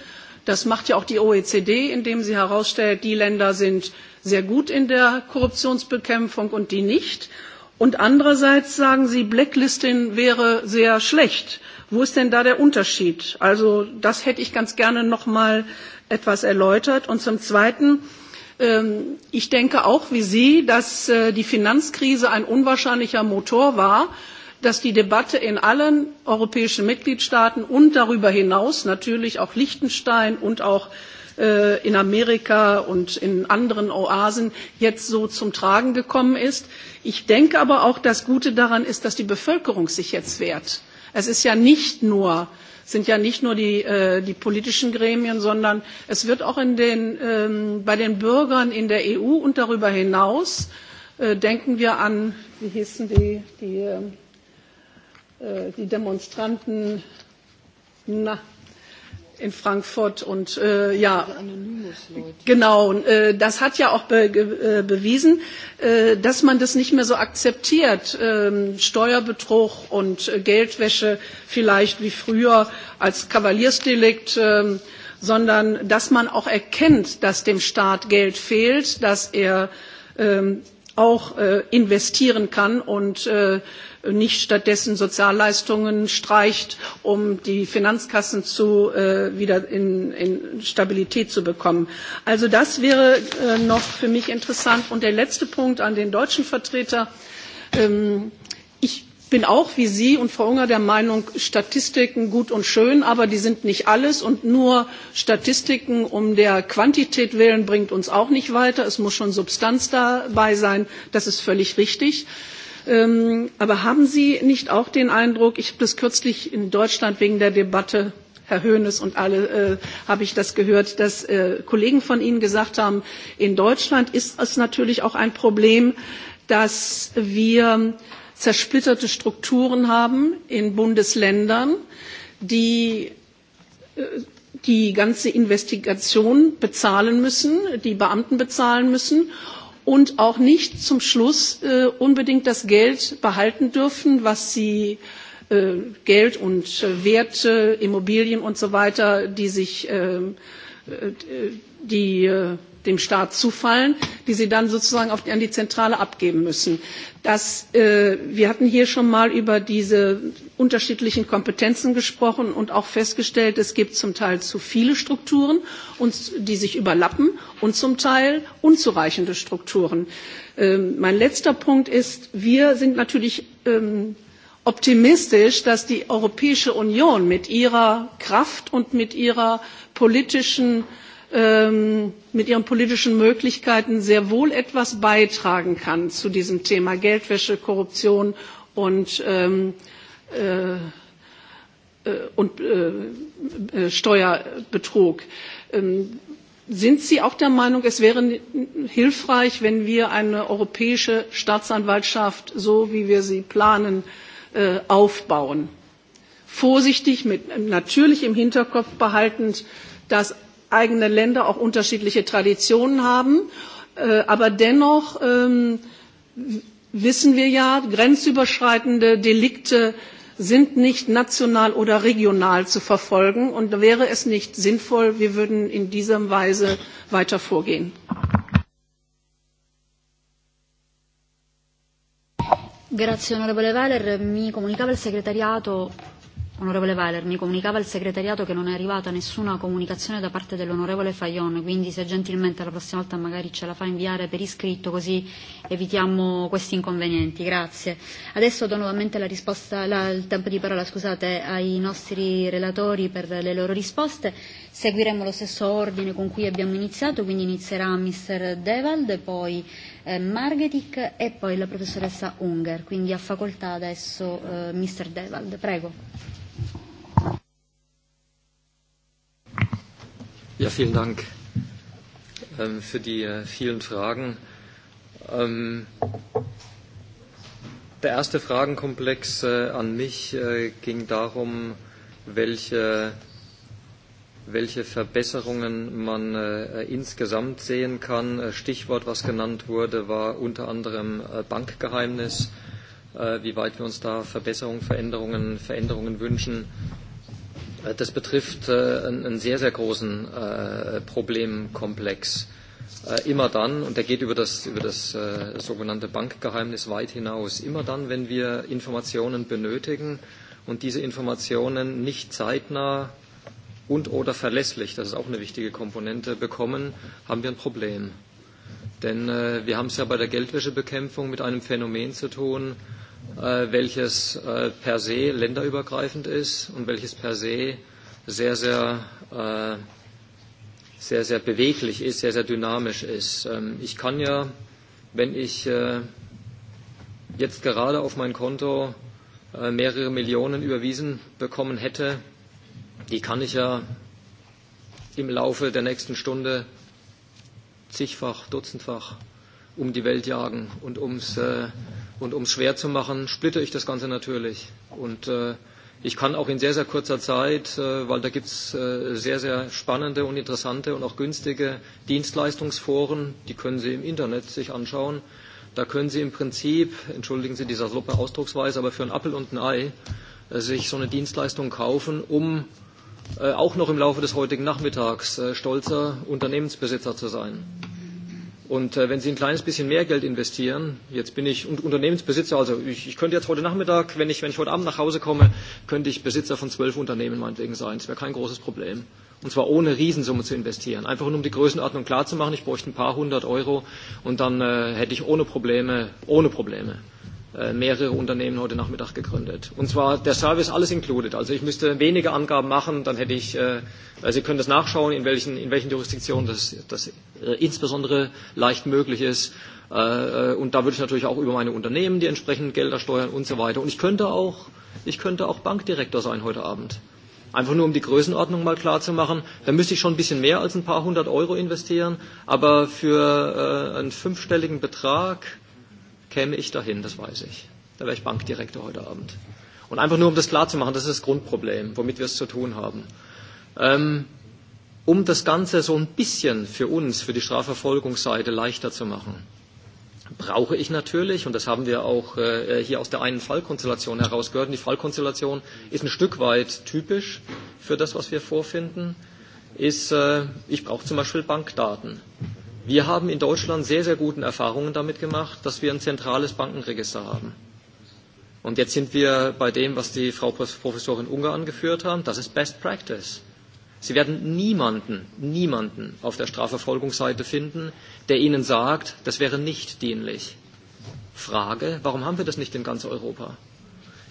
Das macht ja auch die OECD, indem sie herausstellt, die Länder sind sehr gut in der Korruptionsbekämpfung und die nicht. Und andererseits sagen Sie, Blacklisting wäre sehr schlecht. Wo ist denn da der Unterschied? Also das hätte ich ganz gerne noch mal etwas erläutert. Und zum Zweiten, ähm, ich denke auch wie Sie, dass äh, die Finanzkrise ein unwahrscheinlicher Motor war, dass die Debatte in allen europäischen Mitgliedstaaten und darüber hinaus natürlich auch Liechtenstein und auch Äh, in Amerika und in anderen Oasen jetzt so zum Tragen gekommen ist. Ich denke aber auch, das Gute daran ist, dass die Bevölkerung sich jetzt wehrt. Es ist ja nicht nur sind ja nicht nur die, äh, die politischen Gremien, sondern es wird auch in den, ähm, bei den Bürgern in der EU und darüber hinaus, äh, denken wir an, wie hießen die, die, äh, die Demonstranten, na, in Frankfurt und äh, ja, genau. Äh, das hat ja auch be, äh, bewiesen, äh, dass man das nicht mehr so akzeptiert, äh, Steuerbetrug und äh, Geldwäsche vielleicht wie früher als Kavaliersdelikt. Äh, sondern dass man auch erkennt, dass dem Staat Geld fehlt, dass er ähm, auch äh, investieren kann und äh, nicht stattdessen Sozialleistungen streicht, um die Finanzkassen zu, äh, wieder in, in Stabilität zu bekommen. Also das wäre äh, noch für mich interessant. Und der letzte Punkt an den deutschen Vertreter. Ähm, ich bin auch wie sie und frau unger der meinung statistiken gut und schön aber die sind nicht alles und nur statistiken um der quantität willen bringt uns auch nicht weiter es muss schon substanz dabei sein das ist völlig richtig. Ähm, aber haben sie nicht auch den eindruck ich habe das kürzlich in deutschland wegen der debatte Herr Hoeneß und alle äh, habe ich das gehört, dass äh, Kollegen von Ihnen gesagt haben, in Deutschland ist es natürlich auch ein Problem, dass wir zersplitterte Strukturen haben in Bundesländern, die äh, die ganze Investigation bezahlen müssen, die Beamten bezahlen müssen und auch nicht zum Schluss äh, unbedingt das Geld behalten dürfen, was sie äh, Geld und äh, Werte, Immobilien und so weiter, die sich äh, äh die äh, dem Staat zufallen, die sie dann sozusagen auf, an die Zentrale abgeben müssen. Das, äh, wir hatten hier schon mal über diese unterschiedlichen Kompetenzen gesprochen und auch festgestellt, es gibt zum Teil zu viele Strukturen, und, die sich überlappen und zum Teil unzureichende Strukturen. Ähm, mein letzter Punkt ist, wir sind natürlich ähm, optimistisch, dass die Europäische Union mit ihrer Kraft und mit ihrer politischen Ähm, mit ihren politischen Möglichkeiten sehr wohl etwas beitragen kann zu diesem Thema Geldwäsche, Korruption und, ähm, äh, äh und äh, äh, Steuerbetrug. Ähm, sind Sie auch der Meinung, es wäre hilfreich, wenn wir eine europäische Staatsanwaltschaft, so wie wir sie planen, äh, aufbauen? Vorsichtig, mit, natürlich im Hinterkopf behaltend, dass eigene Länder auch unterschiedliche Traditionen haben. Äh, aber dennoch ähm, wissen wir ja, grenzüberschreitende Delikte sind nicht national oder regional zu verfolgen. Und wäre es nicht sinnvoll, wir würden in dieser Weise weiter vorgehen. Grazie onorevole Valer, mi comunicava il segretariato Onorevole Valer, mi comunicava il segretariato che non è arrivata nessuna comunicazione da parte dell'onorevole Fayon, quindi se gentilmente la prossima volta magari ce la fa inviare per iscritto così evitiamo questi inconvenienti. Grazie. Adesso do nuovamente la risposta, la, il tempo di parola scusate, ai nostri relatori per le loro risposte Seguiremo lo stesso ordine con cui abbiamo iniziato, quindi inizierà Mr. Devald, poi eh, Margetic e poi la professoressa Unger. Quindi ha facoltà adesso eh, Mr. Devald. Prego. Ja, vielen Dank ähm, für die äh, vielen Fragen. Ähm, der erste Fragenkomplex äh, an mich äh, ging darum, welche welche Verbesserungen man äh, insgesamt sehen kann. Äh, Stichwort, was genannt wurde, war unter anderem äh, Bankgeheimnis, äh, wie weit wir uns da Verbesserungen, Veränderungen, Veränderungen wünschen. Äh, das betrifft äh, einen sehr, sehr großen äh, Problemkomplex. Äh, immer dann, und der geht über das, über das äh, sogenannte Bankgeheimnis weit hinaus, immer dann, wenn wir Informationen benötigen und diese Informationen nicht zeitnah und oder verlässlich, das ist auch eine wichtige Komponente, bekommen, haben wir ein Problem. Denn äh, wir haben es ja bei der Geldwäschebekämpfung mit einem Phänomen zu tun, äh, welches äh, per se länderübergreifend ist und welches per se sehr, sehr, äh, sehr, sehr beweglich ist, sehr, sehr dynamisch ist. Ähm, ich kann ja, wenn ich äh, jetzt gerade auf mein Konto äh, mehrere Millionen überwiesen bekommen hätte, die kann ich ja im Laufe der nächsten Stunde zigfach, dutzendfach um die Welt jagen. Und ums, äh, und ums schwer zu machen, splitte ich das Ganze natürlich. Und äh, ich kann auch in sehr, sehr kurzer Zeit, äh, weil da gibt es äh, sehr, sehr spannende und interessante und auch günstige Dienstleistungsforen, die können Sie im Internet sich anschauen. Da können Sie im Prinzip, entschuldigen Sie dieser saloppe Ausdrucksweise, aber für ein Appel und ein Ei, äh, sich so eine Dienstleistung kaufen, um Äh, auch noch im Laufe des heutigen Nachmittags äh, stolzer Unternehmensbesitzer zu sein. Und äh, wenn Sie ein kleines bisschen mehr Geld investieren, jetzt bin ich Unternehmensbesitzer, also ich, ich könnte jetzt heute Nachmittag, wenn ich, wenn ich heute Abend nach Hause komme, könnte ich Besitzer von zwölf Unternehmen meinetwegen sein. Das wäre kein großes Problem. Und zwar ohne Riesensumme zu investieren. Einfach nur um die Größenordnung klarzumachen, ich bräuchte ein paar hundert Euro und dann äh, hätte ich ohne Probleme, ohne Probleme Äh, mehrere Unternehmen heute Nachmittag gegründet. Und zwar der Service alles included. Also ich müsste wenige Angaben machen, dann hätte ich, äh, Sie können das nachschauen, in welchen, in welchen Jurisdiktionen das, das äh, insbesondere leicht möglich ist. Äh, äh und da würde ich natürlich auch über meine Unternehmen die entsprechenden Gelder steuern und so weiter. Und ich könnte auch, ich könnte auch Bankdirektor sein heute Abend. Einfach nur, um die Größenordnung mal klar zu machen, da müsste ich schon ein bisschen mehr als ein paar hundert Euro investieren, aber für äh, einen fünfstelligen Betrag käme ich dahin, das weiß ich. Da wäre ich Bankdirektor heute Abend. Und einfach nur, um das klar zu machen, das ist das Grundproblem, womit wir es zu tun haben. Ähm, um das Ganze so ein bisschen für uns, für die Strafverfolgungsseite leichter zu machen, brauche ich natürlich, und das haben wir auch äh, hier aus der einen Fallkonstellation herausgehört, und die Fallkonstellation ist ein Stück weit typisch für das, was wir vorfinden, ist, äh, ich brauche zum Beispiel Bankdaten. Wir haben in Deutschland sehr, sehr guten Erfahrungen damit gemacht, dass wir ein zentrales Bankenregister haben. Und jetzt sind wir bei dem, was die Frau Professorin Unger angeführt hat. Das ist Best Practice. Sie werden niemanden, niemanden auf der Strafverfolgungsseite finden, der Ihnen sagt, das wäre nicht dienlich. Frage, warum haben wir das nicht in ganz Europa?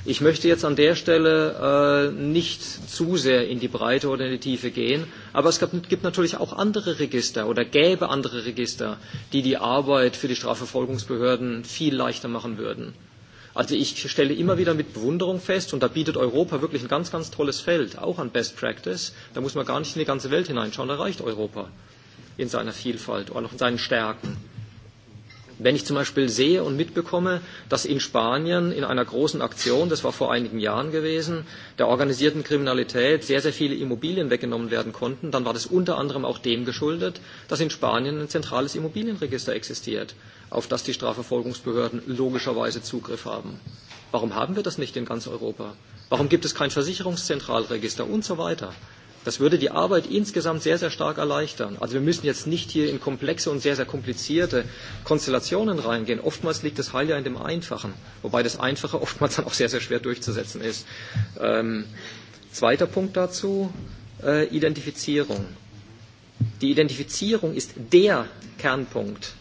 Ich möchte jetzt an der Stelle äh, nicht zu sehr in die Breite oder in die Tiefe gehen, aber es gab, gibt natürlich auch andere Register oder gäbe andere Register, die die Arbeit für die Strafverfolgungsbehörden viel leichter machen würden. Also ich stelle immer wieder mit Bewunderung fest, und da bietet Europa wirklich ein ganz, ganz tolles Feld, auch an Best Practice. Da muss man gar nicht in die ganze Welt hineinschauen, da reicht Europa in seiner Vielfalt und auch in seinen Stärken. Wenn ich zum Beispiel sehe und mitbekomme, dass in Spanien in einer großen Aktion, das war vor einigen Jahren gewesen, der organisierten Kriminalität sehr, sehr viele Immobilien weggenommen werden konnten, dann war das unter anderem auch dem geschuldet, dass in Spanien ein zentrales Immobilienregister existiert, auf das die Strafverfolgungsbehörden logischerweise Zugriff haben. Warum haben wir das nicht in ganz Europa? Warum gibt es kein Versicherungszentralregister und so weiter? Das würde die Arbeit insgesamt sehr, sehr stark erleichtern. Also wir müssen jetzt nicht hier in komplexe und sehr, sehr komplizierte Konstellationen reingehen. Oftmals liegt das Heil ja in dem Einfachen, wobei das Einfache oftmals dann auch sehr, sehr schwer durchzusetzen ist. Ähm, zweiter Punkt dazu, äh, Identifizierung. Die Identifizierung ist der Kernpunkt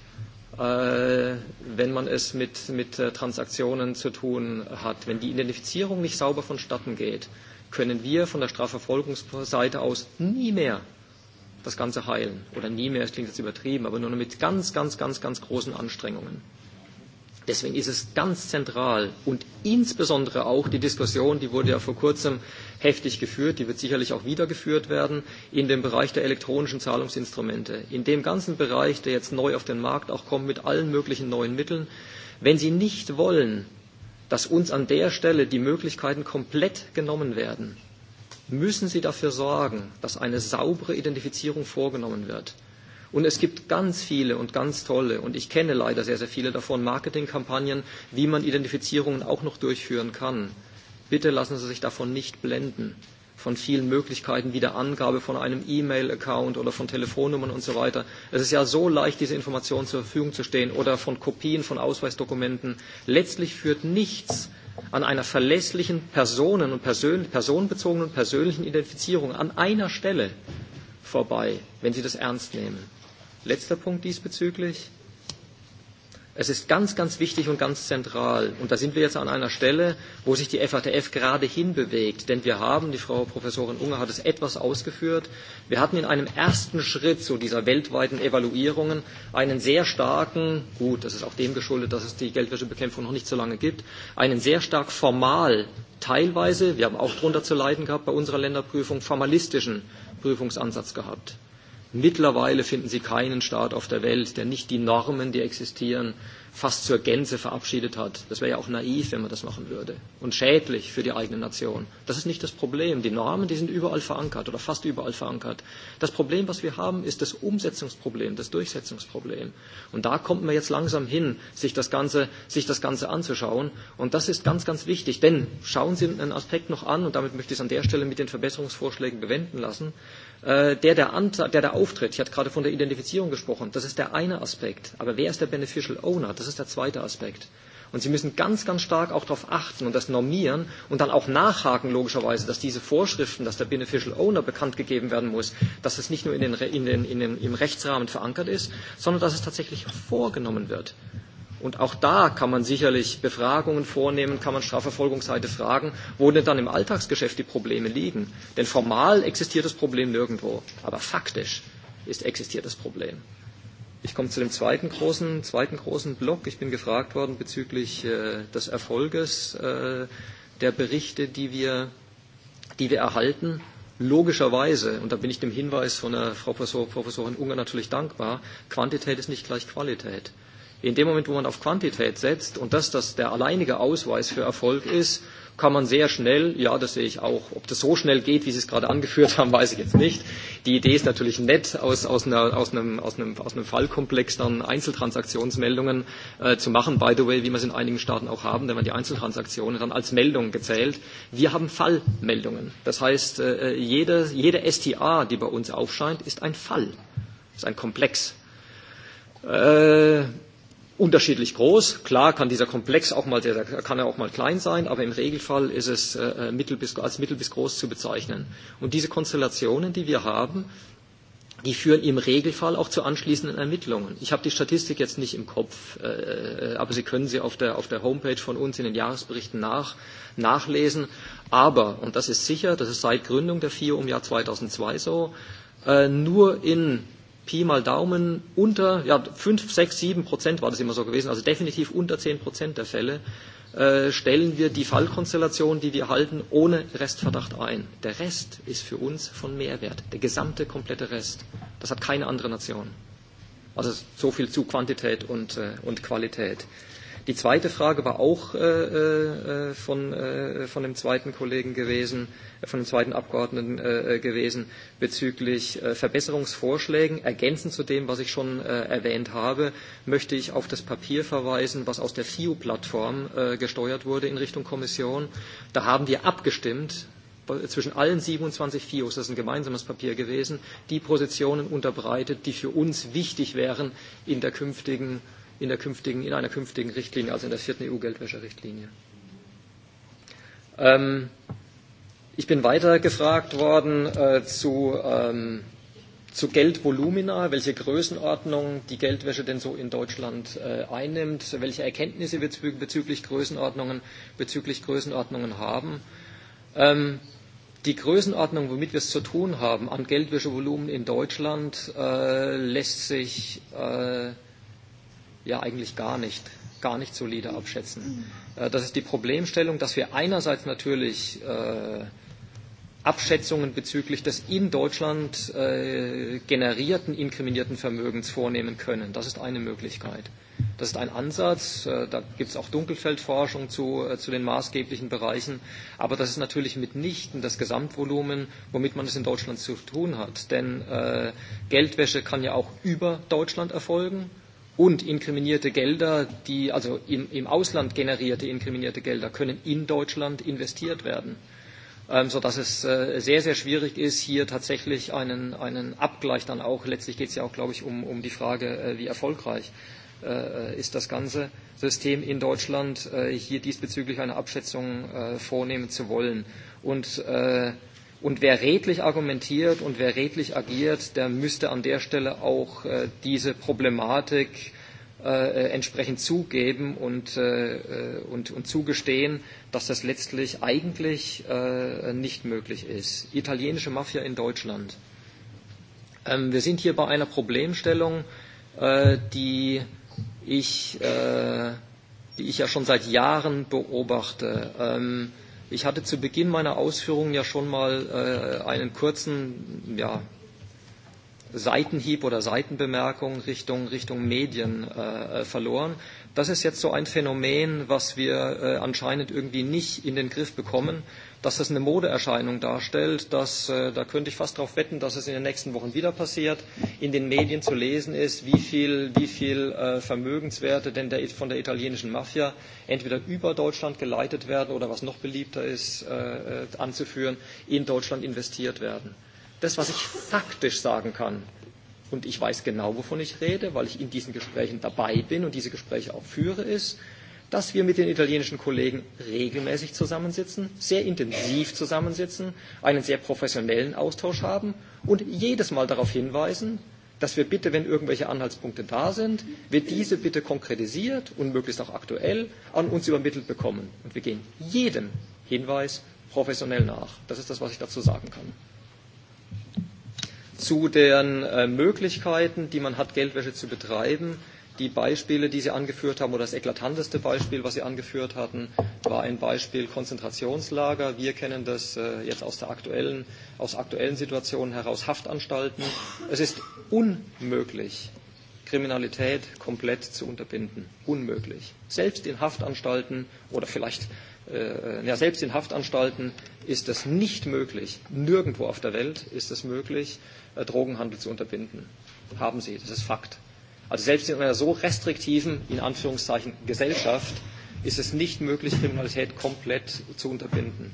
äh, wenn man es mit, mit äh, Transaktionen zu tun hat. Wenn die Identifizierung nicht sauber vonstatten geht, können wir von der Strafverfolgungsseite aus nie mehr das Ganze heilen. Oder nie mehr, das klingt jetzt übertrieben, aber nur mit ganz, ganz, ganz, ganz großen Anstrengungen. Deswegen ist es ganz zentral und insbesondere auch die Diskussion, die wurde ja vor kurzem heftig geführt, die wird sicherlich auch wieder geführt werden, in dem Bereich der elektronischen Zahlungsinstrumente. In dem ganzen Bereich, der jetzt neu auf den Markt auch kommt mit allen möglichen neuen Mitteln, wenn Sie nicht wollen, dass uns an der Stelle die Möglichkeiten komplett genommen werden, müssen Sie dafür sorgen, dass eine saubere Identifizierung vorgenommen wird. Und es gibt ganz viele und ganz tolle, und ich kenne leider sehr, sehr viele davon, Marketingkampagnen, wie man Identifizierungen auch noch durchführen kann. Bitte lassen Sie sich davon nicht blenden von vielen Möglichkeiten wie der Angabe von einem E-Mail-Account oder von Telefonnummern und so weiter. Es ist ja so leicht, diese Informationen zur Verfügung zu stehen oder von Kopien von Ausweisdokumenten. Letztlich führt nichts an einer verlässlichen Personen- und Persön personenbezogenen und persönlichen Identifizierung an einer Stelle vorbei, wenn Sie das ernst nehmen. Letzter Punkt diesbezüglich. Es ist ganz, ganz wichtig und ganz zentral. Und da sind wir jetzt an einer Stelle, wo sich die FATF gerade hinbewegt. Denn wir haben, die Frau Professorin Unger hat es etwas ausgeführt, wir hatten in einem ersten Schritt zu so dieser weltweiten Evaluierungen einen sehr starken, gut, das ist auch dem geschuldet, dass es die Geldwäschebekämpfung noch nicht so lange gibt, einen sehr stark formal teilweise, wir haben auch darunter zu leiden gehabt bei unserer Länderprüfung, formalistischen Prüfungsansatz gehabt. Mittlerweile finden Sie keinen Staat auf der Welt, der nicht die Normen, die existieren, fast zur Gänze verabschiedet hat. Das wäre ja auch naiv, wenn man das machen würde und schädlich für die eigene Nation. Das ist nicht das Problem. Die Normen, die sind überall verankert oder fast überall verankert. Das Problem, was wir haben, ist das Umsetzungsproblem, das Durchsetzungsproblem. Und da kommt man jetzt langsam hin, sich das Ganze, sich das Ganze anzuschauen. Und das ist ganz, ganz wichtig. Denn schauen Sie einen Aspekt noch an, und damit möchte ich es an der Stelle mit den Verbesserungsvorschlägen bewenden lassen. Äh, der der, Antrag, der da auftritt, ich hatte gerade von der Identifizierung gesprochen, das ist der eine Aspekt. Aber wer ist der Beneficial Owner? Das ist der zweite Aspekt. Und Sie müssen ganz, ganz stark auch darauf achten und das normieren und dann auch nachhaken, logischerweise, dass diese Vorschriften, dass der Beneficial Owner bekannt gegeben werden muss, dass es nicht nur in den, in den, in den, im Rechtsrahmen verankert ist, sondern dass es tatsächlich vorgenommen wird. Und auch da kann man sicherlich Befragungen vornehmen, kann man Strafverfolgungsseite fragen, wo denn dann im Alltagsgeschäft die Probleme liegen. Denn formal existiert das Problem nirgendwo, aber faktisch ist existiert das Problem. Ich komme zu dem zweiten großen, zweiten großen Block. Ich bin gefragt worden bezüglich äh, des Erfolges äh, der Berichte, die wir, die wir erhalten. Logischerweise, und da bin ich dem Hinweis von der Frau Professor, Professorin Unger natürlich dankbar, Quantität ist nicht gleich Qualität. In dem Moment, wo man auf Quantität setzt und dass das der alleinige Ausweis für Erfolg ist, kann man sehr schnell, ja, das sehe ich auch, ob das so schnell geht, wie Sie es gerade angeführt haben, weiß ich jetzt nicht. Die Idee ist natürlich nett, aus, aus, einer, aus, einem, aus, einem, aus einem Fallkomplex dann Einzeltransaktionsmeldungen äh, zu machen, by the way, wie wir es in einigen Staaten auch haben, wenn man die Einzeltransaktionen dann als Meldung gezählt. Wir haben Fallmeldungen. Das heißt, äh, äh jede, jede STA, die bei uns aufscheint, ist ein Fall, ist ein Komplex. Äh, unterschiedlich groß. Klar kann dieser Komplex auch mal, der, kann er auch mal klein sein, aber im Regelfall ist es äh, äh, mittel bis, als mittel bis groß zu bezeichnen. Und diese Konstellationen, die wir haben, die führen im Regelfall auch zu anschließenden Ermittlungen. Ich habe die Statistik jetzt nicht im Kopf, äh, äh aber Sie können sie auf der, auf der Homepage von uns in den Jahresberichten nach, nachlesen. Aber, und das ist sicher, das ist seit Gründung der FIO im Jahr 2002 so, äh, nur in Pi mal Daumen unter, ja, 5, 6, 7 Prozent war das immer so gewesen, also definitiv unter 10 Prozent der Fälle, äh, stellen wir die Fallkonstellation, die wir halten, ohne Restverdacht ein. Der Rest ist für uns von Mehrwert, der gesamte, komplette Rest. Das hat keine andere Nation. Also so viel zu Quantität und, äh, und Qualität. Die zweite Frage war auch äh, äh, von, äh, von dem zweiten Kollegen gewesen, äh, von dem zweiten Abgeordneten äh, äh, gewesen, bezüglich äh, Verbesserungsvorschlägen. Ergänzend zu dem, was ich schon äh, erwähnt habe, möchte ich auf das Papier verweisen, was aus der FIU-Plattform äh, gesteuert wurde in Richtung Kommission. Da haben wir abgestimmt äh, zwischen allen 27 FIOs, das ist ein gemeinsames Papier gewesen, die Positionen unterbreitet, die für uns wichtig wären in der künftigen äh, in, der künftigen, in einer künftigen Richtlinie, also in der vierten EU-Geldwäscherichtlinie. Ähm, ich bin weiter gefragt worden äh, zu, ähm, zu Geldvolumina, welche Größenordnung die Geldwäsche denn so in Deutschland äh, einnimmt, welche Erkenntnisse wir bezü bezüglich Größenordnungen, bezüglich Größenordnungen haben. Ähm, die Größenordnung, womit wir es zu tun haben an Geldwäschevolumen in Deutschland, äh, lässt sich äh, ja eigentlich gar nicht gar nicht solide abschätzen. Äh, Das ist die Problemstellung, dass wir einerseits natürlich äh, Abschätzungen bezüglich des in Deutschland äh, generierten inkriminierten Vermögens vornehmen können. Das ist eine Möglichkeit. Das ist ein Ansatz. Äh, da gibt es auch Dunkelfeldforschung zu, äh, zu den maßgeblichen Bereichen. Aber das ist natürlich mitnichten das Gesamtvolumen, womit man es in Deutschland zu tun hat. Denn äh, Geldwäsche kann ja auch über Deutschland erfolgen Und inkriminierte Gelder, die, also im, im Ausland generierte inkriminierte Gelder, können in Deutschland investiert werden, ähm, sodass es äh, sehr, sehr schwierig ist, hier tatsächlich einen, einen Abgleich dann auch, letztlich geht es ja auch, glaube ich, um, um die Frage, äh, wie erfolgreich äh, ist das ganze System in Deutschland, äh, hier diesbezüglich eine Abschätzung äh, vornehmen zu wollen. Und äh, Und wer redlich argumentiert und wer redlich agiert, der müsste an der Stelle auch äh, diese Problematik äh, äh entsprechend zugeben und, äh, äh, und, und zugestehen, dass das letztlich eigentlich äh, nicht möglich ist. Italienische Mafia in Deutschland. Ähm, wir sind hier bei einer Problemstellung, äh, die ich, äh, die ich ja schon seit Jahren beobachte. Ähm, äh, Ich hatte zu Beginn meiner Ausführungen ja schon mal äh, einen kurzen ja, Seitenhieb oder Seitenbemerkung Richtung, Richtung Medien äh, verloren. Das ist jetzt so ein Phänomen, was wir äh, anscheinend irgendwie nicht in den Griff bekommen Mhm dass das eine Modeerscheinung darstellt, dass, äh, da könnte ich fast darauf wetten, dass es in den nächsten Wochen wieder passiert, in den Medien zu lesen ist, wie viel, wie viel äh, Vermögenswerte denn der, von der italienischen Mafia entweder über Deutschland geleitet werden oder was noch beliebter ist, äh, äh anzuführen, in Deutschland investiert werden. Das, was ich faktisch sagen kann, und ich weiß genau, wovon ich rede, weil ich in diesen Gesprächen dabei bin und diese Gespräche auch führe, ist, dass wir mit den italienischen Kollegen regelmäßig zusammensitzen, sehr intensiv zusammensitzen, einen sehr professionellen Austausch haben und jedes Mal darauf hinweisen, dass wir bitte, wenn irgendwelche Anhaltspunkte da sind, wir diese bitte konkretisiert und möglichst auch aktuell an uns übermittelt bekommen. Und wir gehen jedem Hinweis professionell nach. Das ist das, was ich dazu sagen kann. Zu den äh, Möglichkeiten, die man hat, Geldwäsche zu betreiben, Die Beispiele, die Sie angeführt haben, oder das eklatanteste Beispiel, was Sie angeführt hatten, war ein Beispiel Konzentrationslager. Wir kennen das äh, jetzt aus der aktuellen, aus aktuellen Situationen heraus Haftanstalten. Es ist unmöglich, Kriminalität komplett zu unterbinden. Unmöglich. Selbst in Haftanstalten oder vielleicht äh, ja, selbst in Haftanstalten ist es nicht möglich. Nirgendwo auf der Welt ist es möglich, äh, Drogenhandel zu unterbinden. Haben Sie, das ist Fakt. Also selbst in einer so restriktiven, in Anführungszeichen, Gesellschaft ist es nicht möglich, Kriminalität komplett zu unterbinden.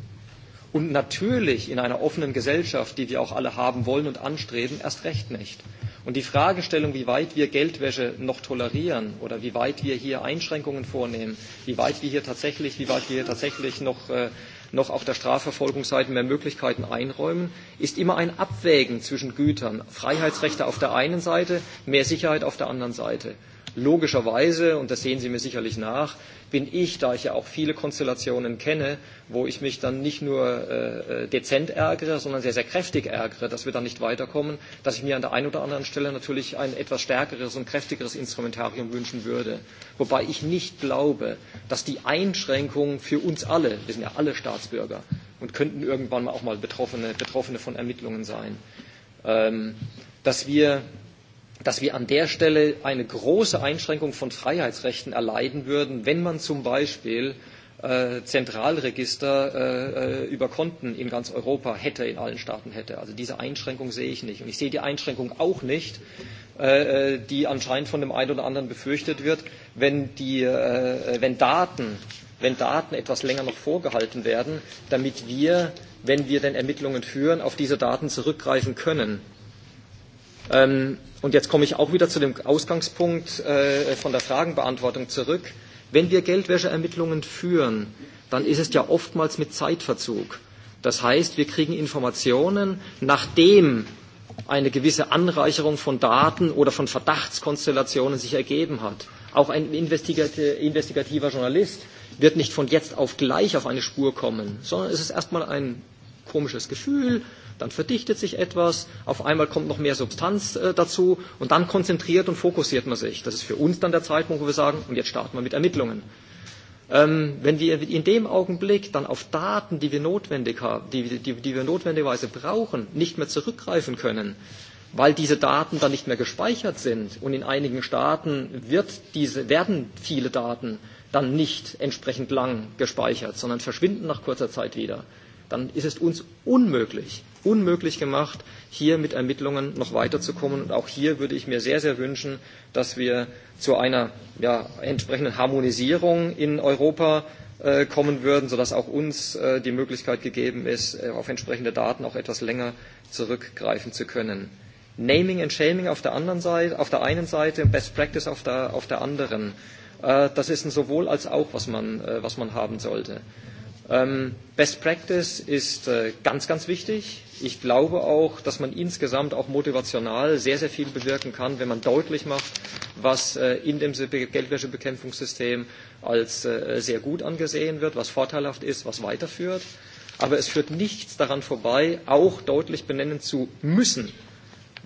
Und natürlich in einer offenen Gesellschaft, die wir auch alle haben wollen und anstreben, erst recht nicht. Und die Fragestellung, wie weit wir Geldwäsche noch tolerieren oder wie weit wir hier Einschränkungen vornehmen, wie weit wir hier tatsächlich, wie weit wir hier tatsächlich noch äh, noch auch der Strafverfolgungsseite mehr Möglichkeiten einräumen, ist immer ein Abwägen zwischen Gütern. Freiheitsrechte auf der einen Seite, mehr Sicherheit auf der anderen Seite. Logischerweise, und das sehen Sie mir sicherlich nach, bin ich, da ich ja auch viele Konstellationen kenne, wo ich mich dann nicht nur äh, äh dezent ärgere, sondern sehr, sehr kräftig ärgere, dass wir dann nicht weiterkommen, dass ich mir an der einen oder anderen Stelle natürlich ein etwas stärkeres und kräftigeres Instrumentarium wünschen würde. Wobei ich nicht glaube, dass die Einschränkung für uns alle, wir sind ja alle Staatsbürger und könnten irgendwann auch mal Betroffene, Betroffene von Ermittlungen sein, ähm, dass wir dass wir an der Stelle eine große Einschränkung von Freiheitsrechten erleiden würden, wenn man zum Beispiel äh, Zentralregister äh, äh, über Konten in ganz Europa hätte, in allen Staaten hätte. Also diese Einschränkung sehe ich nicht. Und ich sehe die Einschränkung auch nicht, die anscheinend von dem einen oder anderen befürchtet wird, wenn, die, wenn, Daten, wenn Daten etwas länger noch vorgehalten werden, damit wir, wenn wir denn Ermittlungen führen, auf diese Daten zurückgreifen können. Ähm, und jetzt komme ich auch wieder zu dem Ausgangspunkt äh, von der Fragenbeantwortung zurück. Wenn wir Geldwäscheermittlungen führen, dann ist es ja oftmals mit Zeitverzug. Das heißt, wir kriegen Informationen, nachdem eine gewisse Anreicherung von Daten oder von Verdachtskonstellationen sich ergeben hat. Auch ein investigativer Journalist wird nicht von jetzt auf gleich auf eine Spur kommen, sondern es ist erstmal ein komisches Gefühl, dann verdichtet sich etwas, auf einmal kommt noch mehr Substanz äh, dazu und dann konzentriert und fokussiert man sich. Das ist für uns dann der Zeitpunkt, wo wir sagen, und jetzt starten wir mit Ermittlungen. Ähm, wenn wir in dem Augenblick dann auf Daten, die wir, notwendig haben, die, die, die wir notwendigerweise brauchen, nicht mehr zurückgreifen können, weil diese Daten dann nicht mehr gespeichert sind und in einigen Staaten wird diese, werden viele Daten dann nicht entsprechend lang gespeichert, sondern verschwinden nach kurzer Zeit wieder, dann ist es uns unmöglich, unmöglich gemacht, hier mit Ermittlungen noch weiterzukommen. Und auch hier würde ich mir sehr, sehr wünschen, dass wir zu einer ja, entsprechenden Harmonisierung in Europa äh, kommen würden, sodass auch uns äh, die Möglichkeit gegeben ist, äh, auf entsprechende Daten auch etwas länger zurückgreifen zu können. Naming and Shaming auf der, anderen Seite, auf der einen Seite, Best Practice auf der, auf der anderen. Äh, das ist ein sowohl als auch, was man, äh, was man haben sollte. Ähm, Best Practice ist äh, ganz, ganz wichtig. Ich glaube auch, dass man insgesamt auch motivational sehr, sehr viel bewirken kann, wenn man deutlich macht, was äh, in dem Geldwäschebekämpfungssystem als äh, sehr gut angesehen wird, was vorteilhaft ist, was weiterführt. Aber es führt nichts daran vorbei, auch deutlich benennen zu müssen,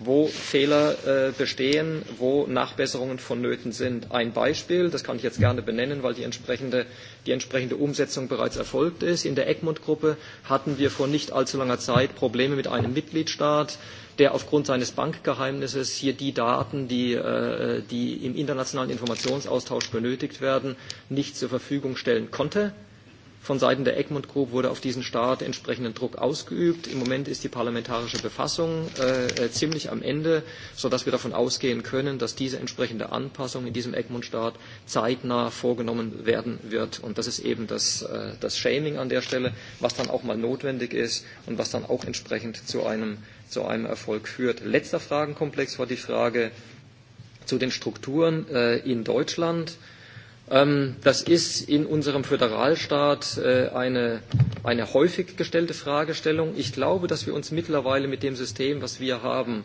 wo Fehler äh, bestehen, wo Nachbesserungen vonnöten sind. Ein Beispiel, das kann ich jetzt gerne benennen, weil die entsprechende, die entsprechende Umsetzung bereits erfolgt ist. In der Egmont-Gruppe hatten wir vor nicht allzu langer Zeit Probleme mit einem Mitgliedstaat, der aufgrund seines Bankgeheimnisses hier die Daten, die, äh, die im internationalen Informationsaustausch benötigt werden, nicht zur Verfügung stellen konnte Von Seiten der Egmont Group wurde auf diesen Staat entsprechenden Druck ausgeübt. Im Moment ist die parlamentarische Befassung äh, äh ziemlich am Ende, sodass wir davon ausgehen können, dass diese entsprechende Anpassung in diesem Egmont Staat zeitnah vorgenommen werden wird. Und das ist eben das, äh, das Shaming an der Stelle, was dann auch mal notwendig ist und was dann auch entsprechend zu einem, zu einem Erfolg führt. Letzter Fragenkomplex war die Frage zu den Strukturen äh, in Deutschland. Äh, Ähm, das ist in unserem Föderalstaat äh, eine, eine häufig gestellte Fragestellung. Ich glaube, dass wir uns mittlerweile mit dem System, was wir haben,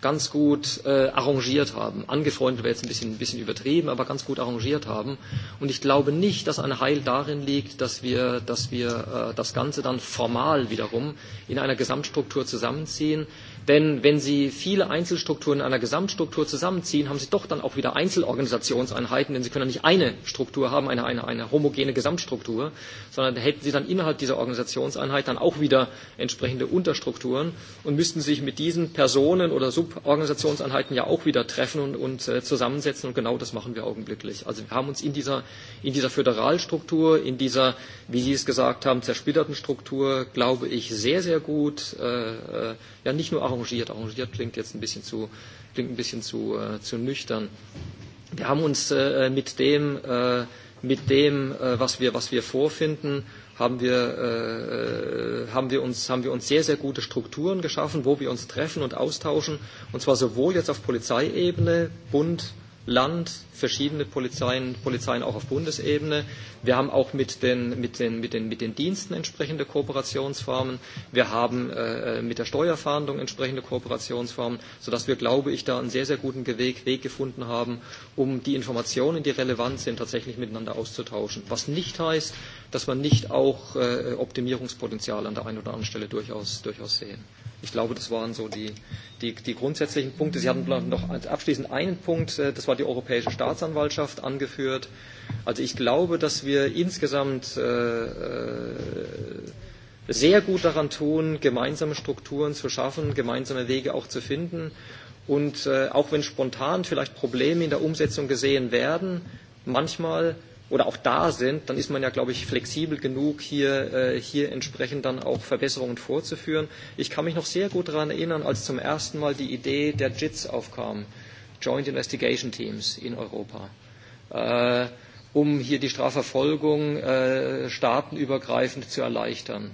ganz gut äh, arrangiert haben. Angefreundet wäre jetzt ein bisschen, ein bisschen übertrieben, aber ganz gut arrangiert haben. Und ich glaube nicht, dass ein Heil darin liegt, dass wir, dass wir äh, das Ganze dann formal wiederum in einer Gesamtstruktur zusammenziehen, Denn wenn Sie viele Einzelstrukturen in einer Gesamtstruktur zusammenziehen, haben Sie doch dann auch wieder Einzelorganisationseinheiten, denn Sie können ja nicht eine Struktur haben, eine, eine, eine homogene Gesamtstruktur, sondern hätten Sie dann innerhalb dieser Organisationseinheit dann auch wieder entsprechende Unterstrukturen und müssten sich mit diesen Personen oder Suborganisationseinheiten ja auch wieder treffen und, und äh, zusammensetzen. Und genau das machen wir augenblicklich. Also wir haben uns in dieser, in dieser Föderalstruktur, in dieser, wie Sie es gesagt haben, zersplitterten Struktur, glaube ich, sehr, sehr gut, äh, äh ja nicht nur arrangiert. Arrangiert klingt jetzt ein bisschen zu, klingt ein bisschen zu, äh, zu nüchtern. Wir haben uns äh, mit dem, äh, mit dem äh, was, wir, was wir vorfinden, haben wir, äh, haben, wir uns, haben wir uns sehr, sehr gute Strukturen geschaffen, wo wir uns treffen und austauschen. Und zwar sowohl jetzt auf Polizeiebene, Bund, Land, verschiedene Polizeien, Polizeien auch auf Bundesebene. Wir haben auch mit den, mit den, mit den, mit den Diensten entsprechende Kooperationsformen. Wir haben äh, äh mit der Steuerfahndung entsprechende Kooperationsformen, sodass wir, glaube ich, da einen sehr, sehr guten Weg, Weg gefunden haben, um die Informationen, die relevant sind, tatsächlich miteinander auszutauschen. Was nicht heißt, dass man nicht auch äh, Optimierungspotenzial an der einen oder anderen Stelle durchaus, durchaus sehen. Ich glaube, das waren so die, die, die grundsätzlichen Punkte. Sie hatten noch abschließend einen Punkt, äh, das war die europäische Staatsanwaltschaft. Staatsanwaltschaft angeführt. Also ich glaube, dass wir insgesamt äh, äh, sehr gut daran tun, gemeinsame Strukturen zu schaffen, gemeinsame Wege auch zu finden. Und äh, auch wenn spontan vielleicht Probleme in der Umsetzung gesehen werden, manchmal oder auch da sind, dann ist man ja, glaube ich, flexibel genug, hier, äh, hier entsprechend dann auch Verbesserungen vorzuführen. Ich kann mich noch sehr gut daran erinnern, als zum ersten Mal die Idee der JITs aufkam. Joint Investigation Teams in Europa, äh, um hier die Strafverfolgung äh, staatenübergreifend zu erleichtern.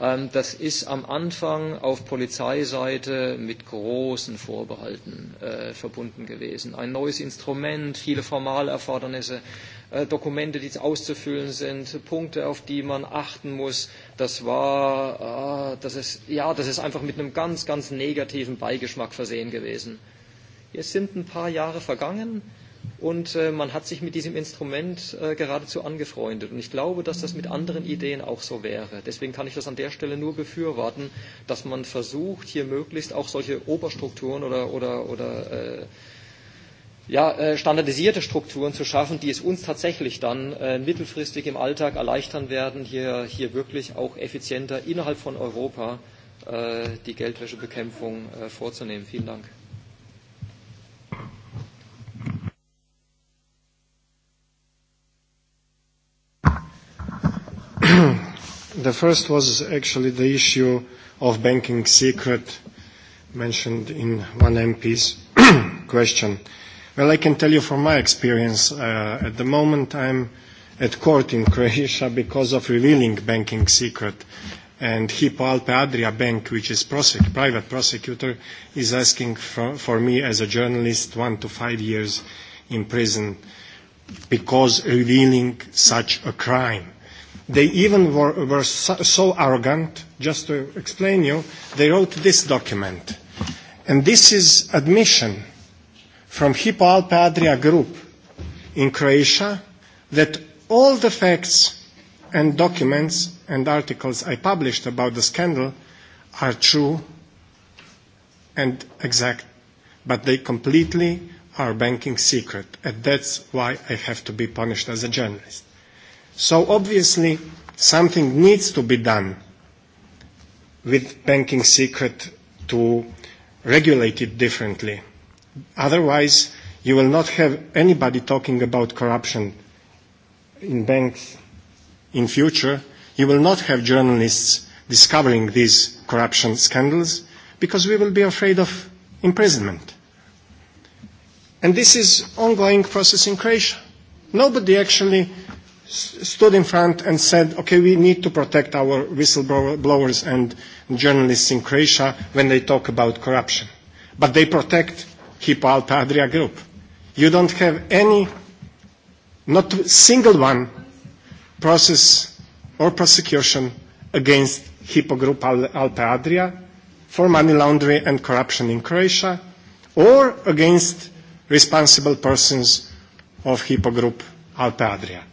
Ähm, das ist am Anfang auf Polizeiseite mit großen Vorbehalten äh, verbunden gewesen. Ein neues Instrument, viele formale Erfordernisse, äh, Dokumente, die auszufüllen sind, Punkte, auf die man achten muss. Das war, äh, das ist, ja, das ist einfach mit einem ganz, ganz negativen Beigeschmack versehen gewesen. Es sind ein paar Jahre vergangen und äh, man hat sich mit diesem Instrument äh, geradezu angefreundet. Und ich glaube, dass das mit anderen Ideen auch so wäre. Deswegen kann ich das an der Stelle nur befürworten, dass man versucht, hier möglichst auch solche Oberstrukturen oder, oder, oder äh, ja, äh, standardisierte Strukturen zu schaffen, die es uns tatsächlich dann äh, mittelfristig im Alltag erleichtern werden, hier, hier wirklich auch effizienter innerhalb von Europa äh, die Geldwäschebekämpfung äh, vorzunehmen. Vielen Dank. The first was actually the issue of banking secret mentioned in one MP's question. Well, I can tell you from my experience, uh, at the moment I'm at court in Croatia because of revealing banking secret. And Hippo Alpe Adria Bank, which is prosec- private prosecutor, is asking for, for me as a journalist one to five years in prison because revealing such a crime They even were, were so, so arrogant, just to explain you, they wrote this document. And this is admission from Hippo Alpe Adria Group in Croatia that all the facts and documents and articles I published about the scandal are true and exact, but they completely are banking secret, and that's why I have to be punished as a journalist. So obviously, something needs to be done with banking secret to regulate it differently. Otherwise, you will not have anybody talking about corruption in banks in future. You will not have journalists discovering these corruption scandals because we will be afraid of imprisonment. And this is ongoing process in Croatia. Nobody actually stood in front and said, okay, we need to protect our whistleblowers and journalists in Croatia when they talk about corruption. But they protect Hippo Alta Adria Group. You don't have any, not a single one, process or prosecution against Hippo Group Alta Adria for money laundering and corruption in Croatia or against responsible persons of Hippo Group Alta Adria.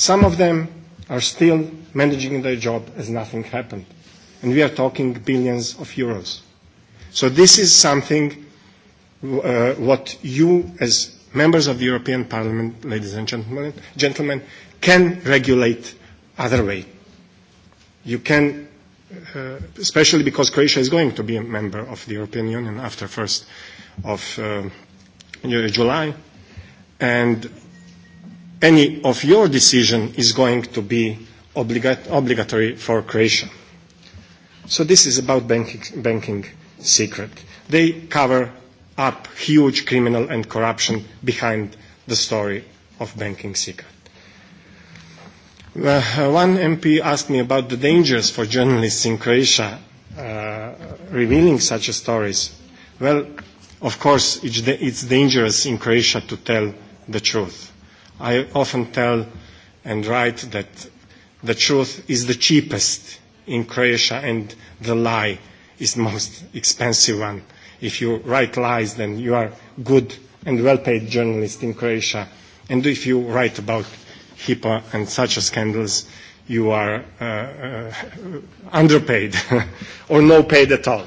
Some of them are still managing their job as nothing happened. And we are talking billions of euros. So this is something uh, what you as members of the European Parliament, ladies and gentlemen, gentlemen can regulate other way. You can, uh, especially because Croatia is going to be a member of the European Union after 1st of uh, July, and any of your decision is going to be obligat obligatory for Croatia. So this is about banking, banking secret. They cover up huge criminal and corruption behind the story of banking secret. Uh, one MP asked me about the dangers for journalists in Croatia uh, revealing such stories. Well, of course, it's, da- it's dangerous in Croatia to tell the truth I often tell and write that the truth is the cheapest in Croatia and the lie is the most expensive one. If you write lies, then you are good and well-paid journalist in Croatia. And if you write about HIPAA and such scandals, you are uh, uh, underpaid or no paid at all.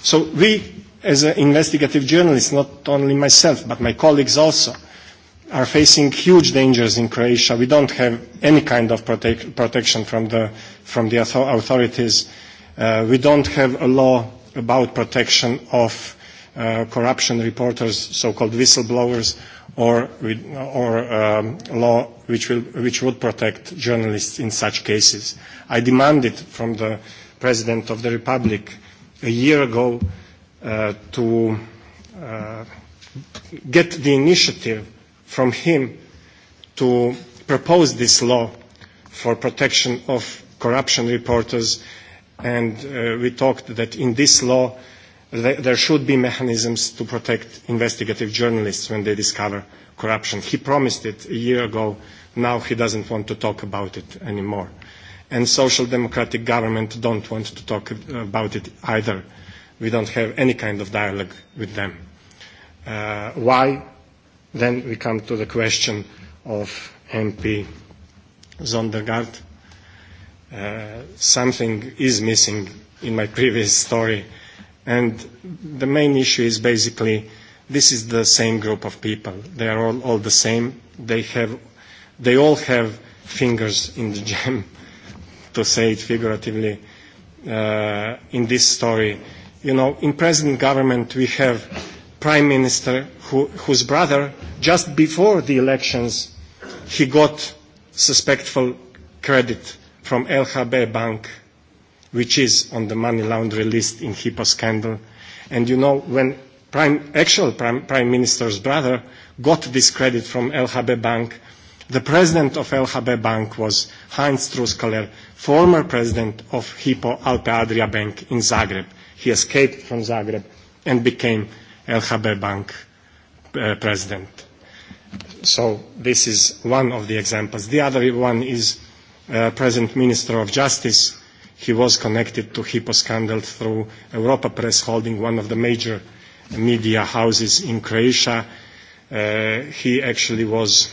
So we, as an investigative journalist, not only myself, but my colleagues also, are facing huge dangers in Croatia. We don't have any kind of protect, protection from the, from the authorities. Uh, we don't have a law about protection of uh, corruption reporters, so-called whistleblowers, or, or um, law which, will, which would protect journalists in such cases. I demanded from the President of the Republic a year ago uh, to uh, get the initiative from him to propose this law for protection of corruption reporters and uh, we talked that in this law th there should be mechanisms to protect investigative journalists when they discover corruption. He promised it a year ago. Now he doesn't want to talk about it anymore. And social democratic government don't want to talk about it either. We don't have any kind of dialogue with them. Uh, why? Then we come to the question of MP Zondergaard. Uh, something is missing in my previous story. And the main issue is basically this is the same group of people. They are all, all the same. They, have, they all have fingers in the jam, to say it figuratively, uh, in this story. You know, in present government we have prime minister who, whose brother, just before the elections, he got suspectful credit from LHB Bank, which is on the money laundry list in HIPAA scandal. And you know, when prime, actual prime, prime minister's brother got this credit from LHB Bank, the president of LHB Bank was Heinz Truskaller, former president of Hipo Alpe Adria Bank in Zagreb. He escaped from Zagreb and became el Haber Bank uh, president. So this is one of the examples. The other one is uh, present Minister of Justice. He was connected to Hippo scandal through Europa Press Holding, one of the major media houses in Croatia. Uh, he actually was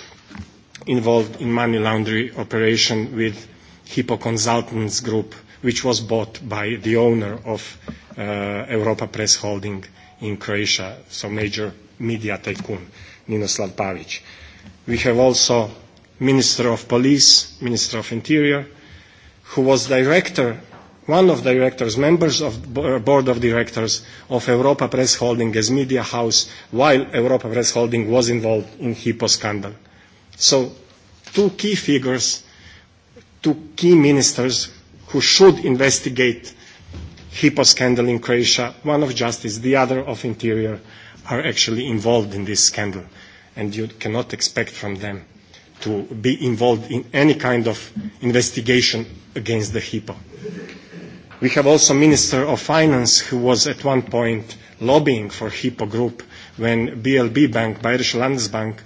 involved in money laundering operation with Hippo Consultants Group, which was bought by the owner of uh, Europa Press Holding in Croatia, so Major Media Tycoon, Ninoslav Pavic. We have also Minister of Police, Minister of Interior, who was director, one of directors, members of board of directors of Europa Press Holding as media house, while Europa Press Holding was involved in Hippo scandal. So, two key figures, two key ministers who should investigate HIPAA scandal in Croatia, one of justice, the other of interior, are actually involved in this scandal. And you cannot expect from them to be involved in any kind of investigation against the HIPAA. We have also Minister of Finance who was at one point lobbying for HIPAA Group when BLB Bank, Bayerische Landesbank,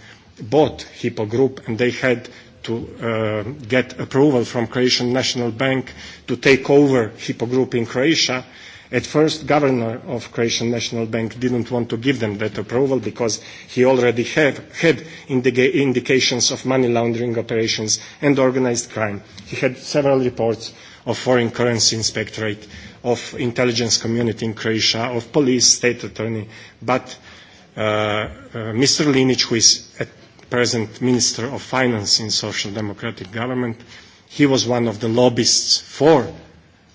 bought HIPAA Group and they had to uh, get approval from Croatian National Bank to take over Hippo Group in Croatia. At first, governor of Croatian National Bank didn't want to give them that approval because he already have, had indica indications of money laundering operations and organized crime. He had several reports of foreign currency inspectorate, of intelligence community in Croatia, of police, state attorney, but uh, uh, Mr. Linic, who is at present Minister of Finance in Social Democratic Government. He was one of the lobbyists for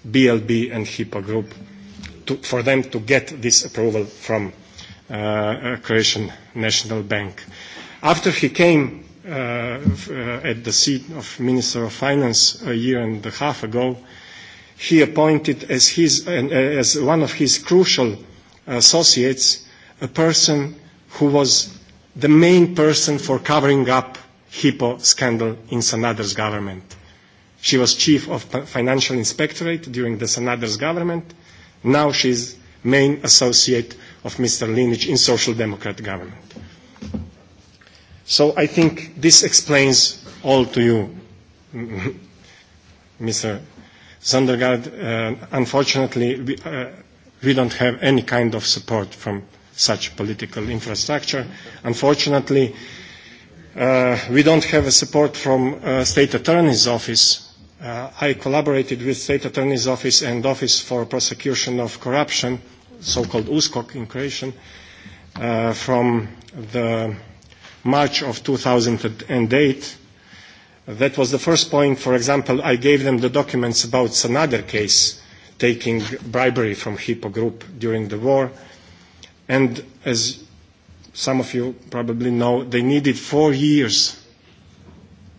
BLB and HIPAA Group to, for them to get this approval from uh, uh Croatian National Bank. After he came uh, uh, at the seat of Minister of Finance a year and a half ago, he appointed as, his, uh, as one of his crucial associates a person who was the main person for covering up Hippo scandal in Sanader's government. She was chief of financial inspectorate during the Sanader's government. Now she's main associate of Mr. Linich in social democrat government. So I think this explains all to you, Mr. Zondergaard. Uh, unfortunately, we, uh, we don't have any kind of support from such political infrastructure. Unfortunately, uh, we don't have a support from uh, State Attorney's Office. Uh, I collaborated with State Attorney's Office and Office for Prosecution of Corruption, so-called USKOK in Croatian, uh, from the March of 2008. That was the first point. For example, I gave them the documents about another case taking bribery from Hippo Group during the war. Uh, And as some of you probably know, they needed four years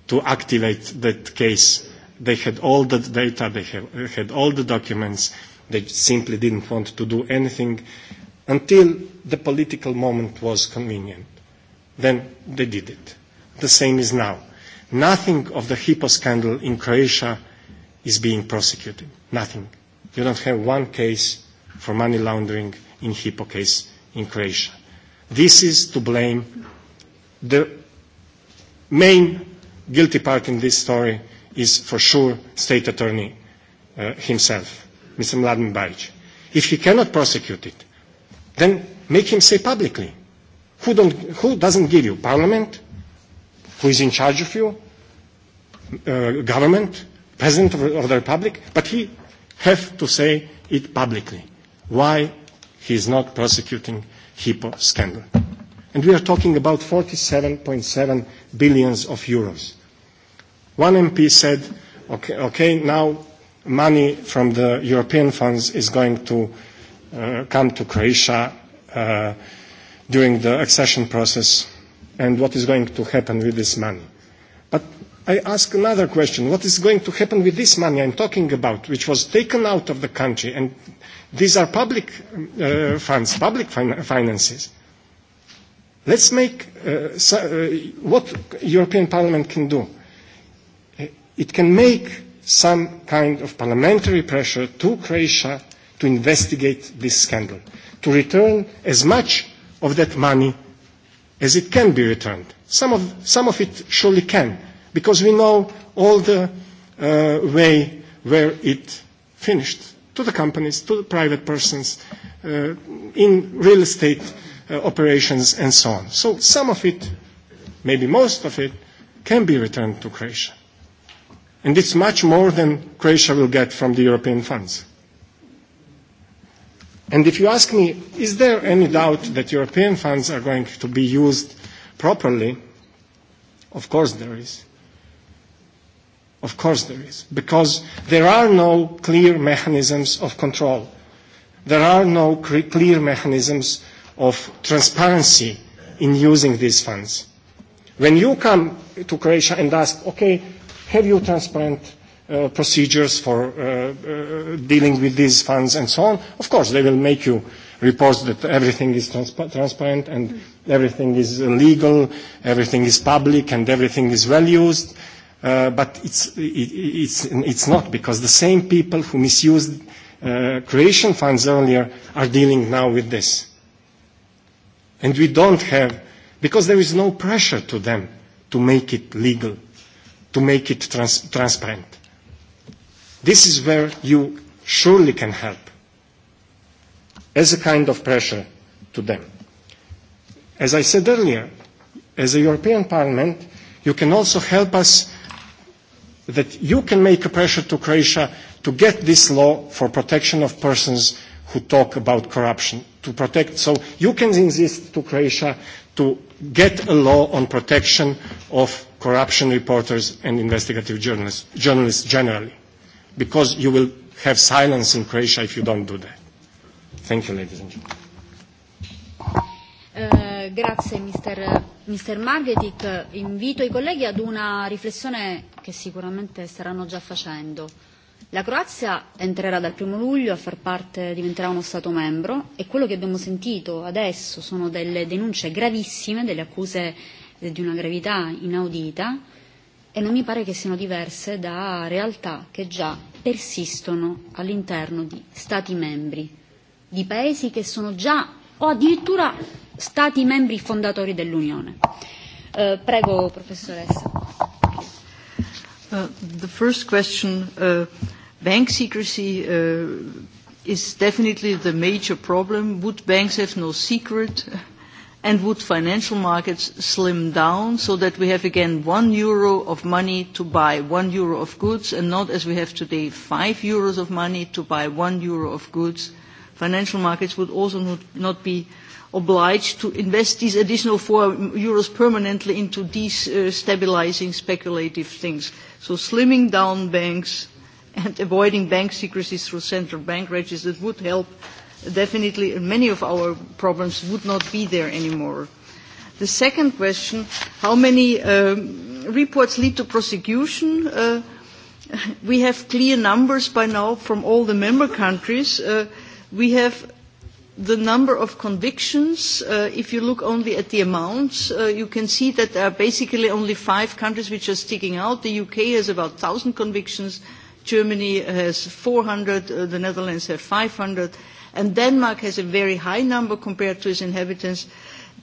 to activate that case. They had all the data, they had all the documents. They simply didn't want to do anything until the political moment was convenient. Then they did it. The same is now. Nothing of the Hippo scandal in Croatia is being prosecuted. Nothing. You don't have one case for money laundering in Hippo case in Croatia. This is to blame. The main guilty part in this story is for sure state attorney uh, himself, Mr. Mladen Baric. If he cannot prosecute it, then make him say publicly, who, don't, who doesn't give you? Parliament? Who is in charge of you? Uh, government? President of, of the Republic? But he has to say it publicly. Why He is not prosecuting HIPPO scandal. And we are talking about 47.7 billions of euros. One MP said, okay, okay now money from the European funds is going to uh, come to Croatia uh, during the accession process and what is going to happen with this money. I ask another question. What is going to happen with this money I'm talking about, which was taken out of the country? And these are public uh, funds, public fin- finances. Let's make uh, so, uh, what European Parliament can do. It can make some kind of parliamentary pressure to Croatia to investigate this scandal, to return as much of that money as it can be returned. Some of, some of it surely can because we know all the uh, way where it finished to the companies, to the private persons, uh, in real estate uh, operations and so on. So some of it, maybe most of it, can be returned to Croatia. And it's much more than Croatia will get from the European funds. And if you ask me, is there any doubt that European funds are going to be used properly? Of course there is. Of course there is, because there are no clear mechanisms of control. There are no clear mechanisms of transparency in using these funds. When you come to Croatia and ask, okay, have you transparent uh, procedures for uh, uh, dealing with these funds and so on, of course they will make you reports that everything is trans transparent and everything is legal, everything is public and everything is well used. Uh, uh, but it's, it, it's, it's not because the same people who misused uh, creation funds earlier are dealing now with this. And we don't have, because there is no pressure to them to make it legal, to make it trans transparent. This is where you surely can help as a kind of pressure to them. As I said earlier, as a European Parliament, you can also help us that you can make a pressure to Croatia to get this law for protection of persons who talk about corruption, to protect. So you can insist to Croatia to get a law on protection of corruption reporters and investigative journalists, journalists generally, because you will have silence in Croatia if you don't do that. Thank you, ladies and gentlemen. Eh, grazie Mr. Mr. Margetic, invito i colleghi ad una riflessione che sicuramente staranno già facendo. La Croazia entrerà dal 1 luglio a far parte, diventerà uno Stato membro e quello che abbiamo sentito adesso sono delle denunce gravissime, delle accuse eh, di una gravità inaudita e non mi pare che siano diverse da realtà che già persistono all'interno di Stati membri, di paesi che sono già o addirittura Stati membri fondatori dell'Unione. Eh, prego, professoressa. Uh, the first question, uh, bank secrecy uh, is definitely the major problem. Would banks have no secret? And would financial markets slim down so that we have again one euro of money to buy one euro of goods and not as we have today five euros of money to buy one euro of goods? Financial markets would also not be obliged to invest these additional four euros permanently into destabilizing uh, speculative things. So slimming down banks and avoiding bank secrecy through central bank registers would help definitely many of our problems would not be there anymore. The second question, how many um, reports lead to prosecution? Uh, we have clear numbers by now from all the member countries. Uh, we have the number of convictions, uh, if you look only at the amounts, uh, you can see that there are basically only five countries which are sticking out. The UK has about 1,000 convictions, Germany has 400, uh, the Netherlands have 500, and Denmark has a very high number compared to its inhabitants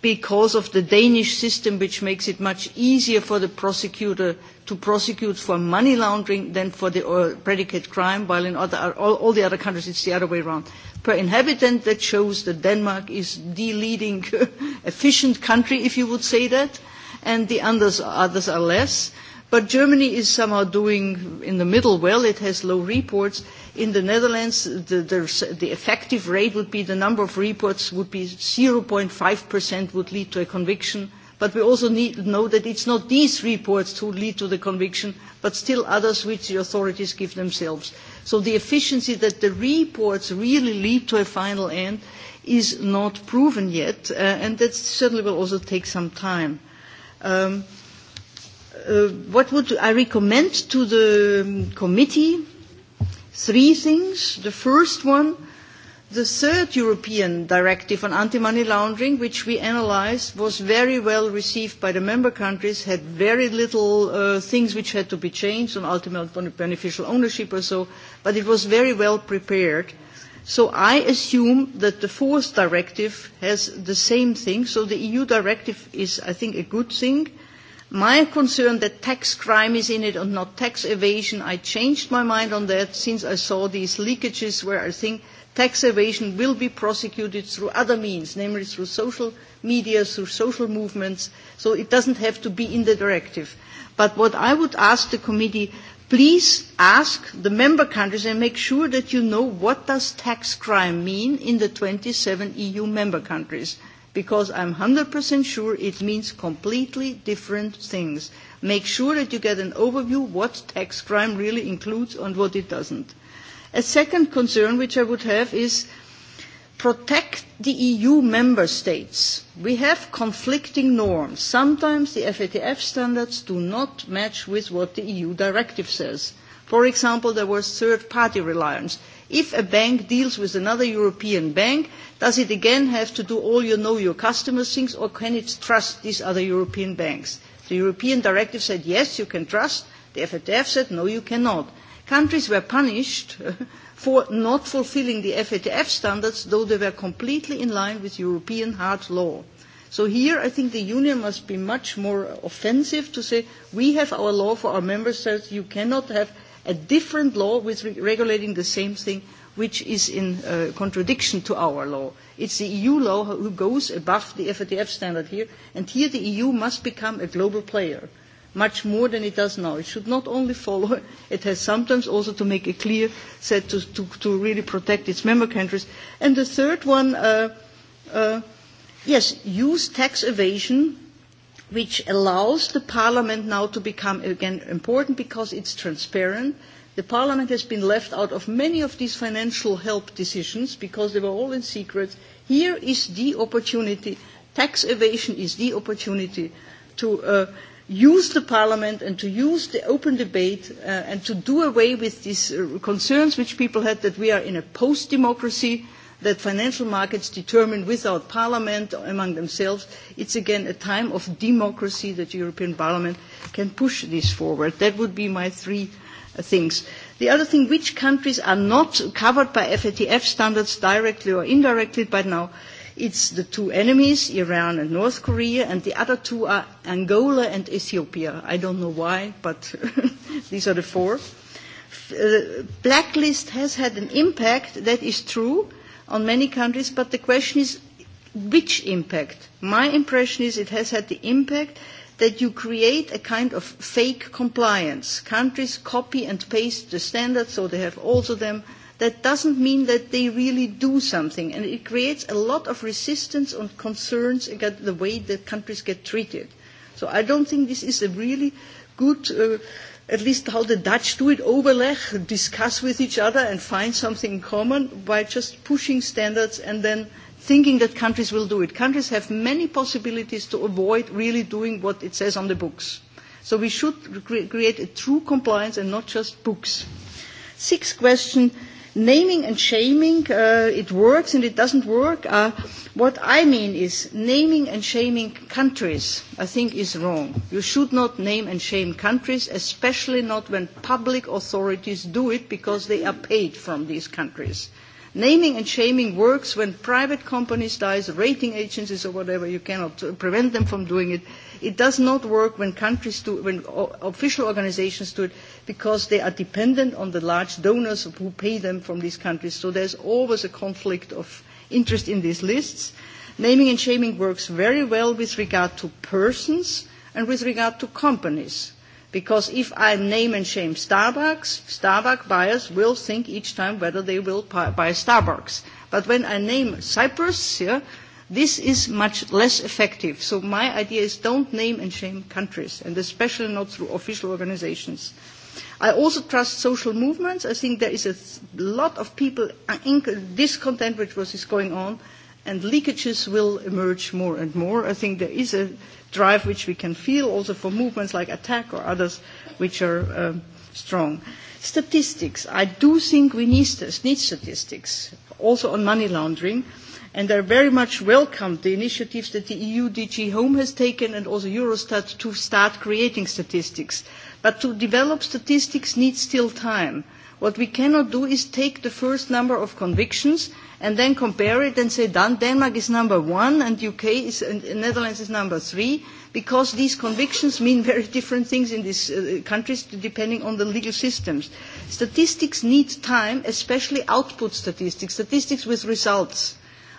because of the Danish system, which makes it much easier for the prosecutor to prosecute for money laundering than for the uh, predicate crime, while in other, all, all the other countries it's the other way around per inhabitant, that shows that Denmark is the leading efficient country, if you would say that, and the others, others are less. But Germany is somehow doing in the middle well. It has low reports. In the Netherlands, the, the, the effective rate would be the number of reports would be 0.5% would lead to a conviction. But we also need know that it's not these reports who lead to the conviction, but still others which the authorities give themselves. So the efficiency that the reports really lead to a final end is not proven yet, uh, and that certainly will also take some time. Um, uh, what would I recommend to the um, committee? Three things. The first one, The third European directive on anti-money laundering, which we analysed, was very well received by the member countries, had very little uh, things which had to be changed on ultimate beneficial ownership or so, but it was very well prepared. So I assume that the fourth directive has the same thing. So the EU directive is, I think, a good thing. My concern that tax crime is in it and not tax evasion, I changed my mind on that since I saw these leakages where I think – tax evasion will be prosecuted through other means, namely through social media, through social movements, so it doesn't have to be in the directive. But what I would ask the committee, please ask the member countries and make sure that you know what does tax crime mean in the 27 EU member countries because I'm 100% sure it means completely different things. Make sure that you get an overview what tax crime really includes and what it doesn't. A second concern which I would have is protect the EU member states. We have conflicting norms. Sometimes the FATF standards do not match with what the EU directive says. For example, there was third-party reliance. If a bank deals with another European bank, does it again have to do all your know your customer things, or can it trust these other European banks? The European directive said, yes, you can trust. The FATF said, no, you cannot. Countries were punished for not fulfilling the FATF standards, though they were completely in line with European hard law. So here I think the Union must be much more offensive to say, we have our law for our member states, you cannot have a different law with re regulating the same thing which is in uh, contradiction to our law. It's the EU law who goes above the FATF standard here, and here the EU must become a global player much more than it does now. It should not only follow, it has sometimes also to make a clear set to, to, to really protect its member countries. And the third one, uh, uh, yes, use tax evasion which allows the parliament now to become again important because it's transparent. The parliament has been left out of many of these financial help decisions because they were all in secret. Here is the opportunity. Tax evasion is the opportunity to uh, use the parliament and to use the open debate uh, and to do away with these uh, concerns which people had that we are in a post-democracy, that financial markets determine without parliament among themselves. It's again a time of democracy that the European Parliament can push this forward. That would be my three uh, things. The other thing, which countries are not covered by FATF standards directly or indirectly by now? Uh, It's the two enemies, Iran and North Korea, and the other two are Angola and Ethiopia. I don't know why, but these are the four. The uh, blacklist has had an impact, that is true, on many countries, but the question is which impact? My impression is it has had the impact that you create a kind of fake compliance. Countries copy and paste the standards, so they have also them that doesn't mean that they really do something. And it creates a lot of resistance and concerns about the way that countries get treated. So I don't think this is a really good, uh, at least how the Dutch do it, overleg, discuss with each other and find something in common by just pushing standards and then thinking that countries will do it. Countries have many possibilities to avoid really doing what it says on the books. So we should create a true compliance and not just books. Sixth question, naming and shaming, uh, it works and it doesn't work. Uh, what I mean is naming and shaming countries, I think, is wrong. You should not name and shame countries, especially not when public authorities do it because they are paid from these countries. Naming and shaming works when private companies die, rating agencies or whatever, you cannot uh, prevent them from doing it. It does not work when countries do, when official organizations do it because they are dependent on the large donors who pay them from these countries. So there's always a conflict of interest in these lists. Naming and shaming works very well with regard to persons and with regard to companies. Because if I name and shame Starbucks, Starbucks buyers will think each time whether they will buy Starbucks. But when I name Cyprus, here, yeah, this is much less effective. So my idea is don't name and shame countries, and especially not through official organizations. I also trust social movements. I think there is a lot of people uh, discontent with what is going on, and leakages will emerge more and more. I think there is a drive which we can feel also for movements like attack or others which are um, strong. Statistics. I do think we need, need statistics, also on money laundering and I very much welcome the initiatives that the EU DG Home has taken and also Eurostat to start creating statistics. But to develop statistics needs still time. What we cannot do is take the first number of convictions and then compare it and say Dan- Denmark is number one and UK is, and Netherlands is number three because these convictions mean very different things in these uh, countries depending on the legal systems. Statistics need time, especially output statistics, statistics with results.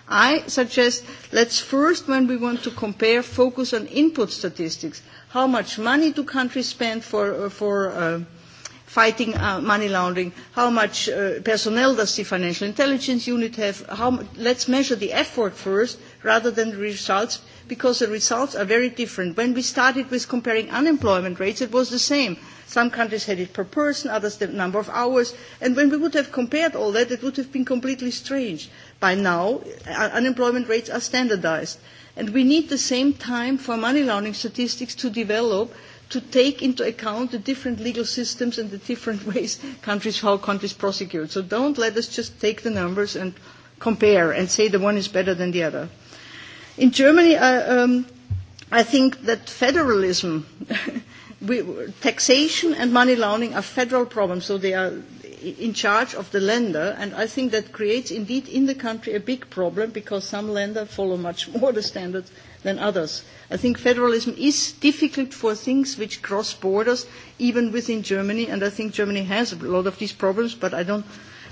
I suggest let's first, when we want to compare, focus on input statistics how much money do countries spend for, uh, for uh, fighting uh, money laundering, how much uh, personnel does the financial intelligence unit have, how let's measure the effort first rather than the results because the results are very different. When we started with comparing unemployment rates, it was the same. Some countries had it per person, others the number of hours, and when we would have compared all that, it would have been completely strange. By now, uh, unemployment rates are standardized. And we need the same time for money laundering statistics to develop to take into account the different legal systems and the different ways countries, how countries prosecute. So don't let us just take the numbers and compare and say the one is better than the other. In Germany, I, um, I think that federalism, we, taxation and money laundering are federal problems, so they are in charge of the lender, and I think that creates indeed in the country a big problem because some lenders follow much more the standards than others. I think federalism is difficult for things which cross borders, even within Germany, and I think Germany has a lot of these problems, but I don't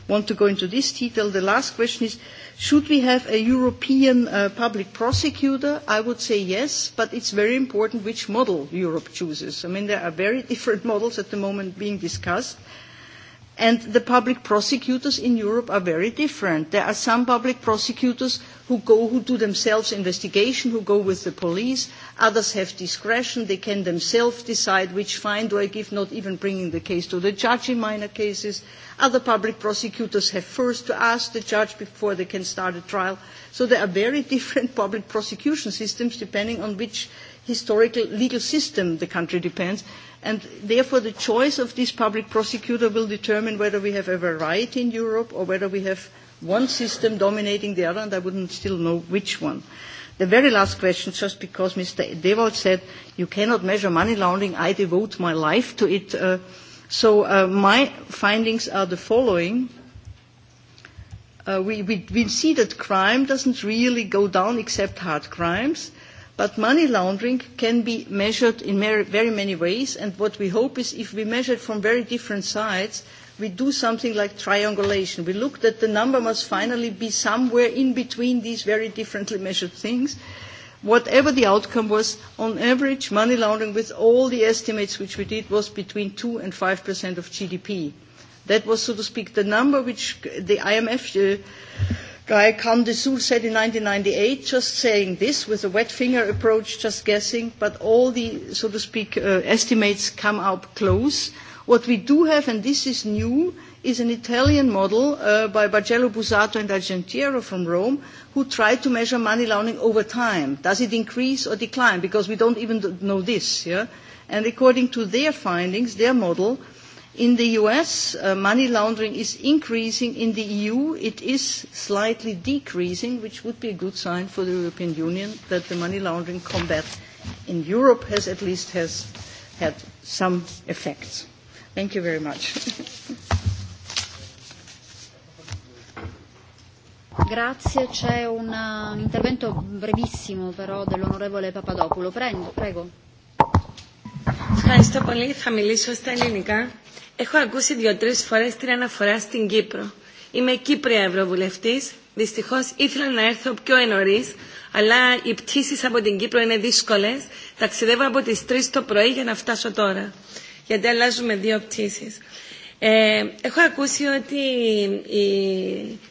want to go into this detail. The last question is, should we have a European uh, public prosecutor? I would say yes, but it's very important which model Europe chooses. I mean, there are very different models at the moment being discussed And the public prosecutors in Europe are very different. There are some public prosecutors who go, who do themselves investigation, who go with the police. Others have discretion. They can themselves decide which fine do I give, not even bringing the case to the judge in minor cases. Other public prosecutors have first to ask the judge before they can start a trial. So there are very different public prosecution systems depending on which historical legal system the country depends And therefore, the choice of this public prosecutor will determine whether we have a variety in Europe or whether we have one system dominating the other, and I wouldn't still know which one. The very last question, just because Mr. Dewald said you cannot measure money laundering, I devote my life to it. Uh, so uh, my findings are the following. Uh, we, we, we see that crime doesn't really go down except hard crimes But money laundering can be measured in very many ways, and what we hope is if we measure it from very different sides, we do something like triangulation. We look that the number must finally be somewhere in between these very differently measured things. Whatever the outcome was, on average, money laundering with all the estimates which we did was between 2 and 5% of GDP. That was, so to speak, the number which the IMF uh, Guy Khan Candesul said in 1998, just saying this with a wet finger approach, just guessing, but all the, so to speak, uh, estimates come up close. What we do have, and this is new, is an Italian model uh, by Bargello Busato and Argentiero from Rome, who tried to measure money laundering over time. Does it increase or decline? Because we don't even know this. Yeah? And according to their findings, their model, uh, In the US, uh, money laundering is increasing. In the EU, it is slightly decreasing, which would be a good sign for the European Union that the money laundering combat in Europe has at least has had some effects. Thank you very much. Grazie, c'è un uh, intervento brevissimo però dell'onorevole Papadopoulou. Prego. Ευχαριστώ πολύ. Θα μιλήσω στα ελληνικά. Έχω ακούσει δύο-τρεις φορές την αναφορά στην Κύπρο. Είμαι Κύπρια Ευρωβουλευτής. Δυστυχώς ήθελα να έρθω πιο νωρίς, αλλά οι πτήσεις από την Κύπρο είναι δύσκολες. Ταξιδεύω από τις 3 το πρωί για να φτάσω τώρα, γιατί αλλάζουμε δύο πτήσεις. Ε, έχω ακούσει ότι η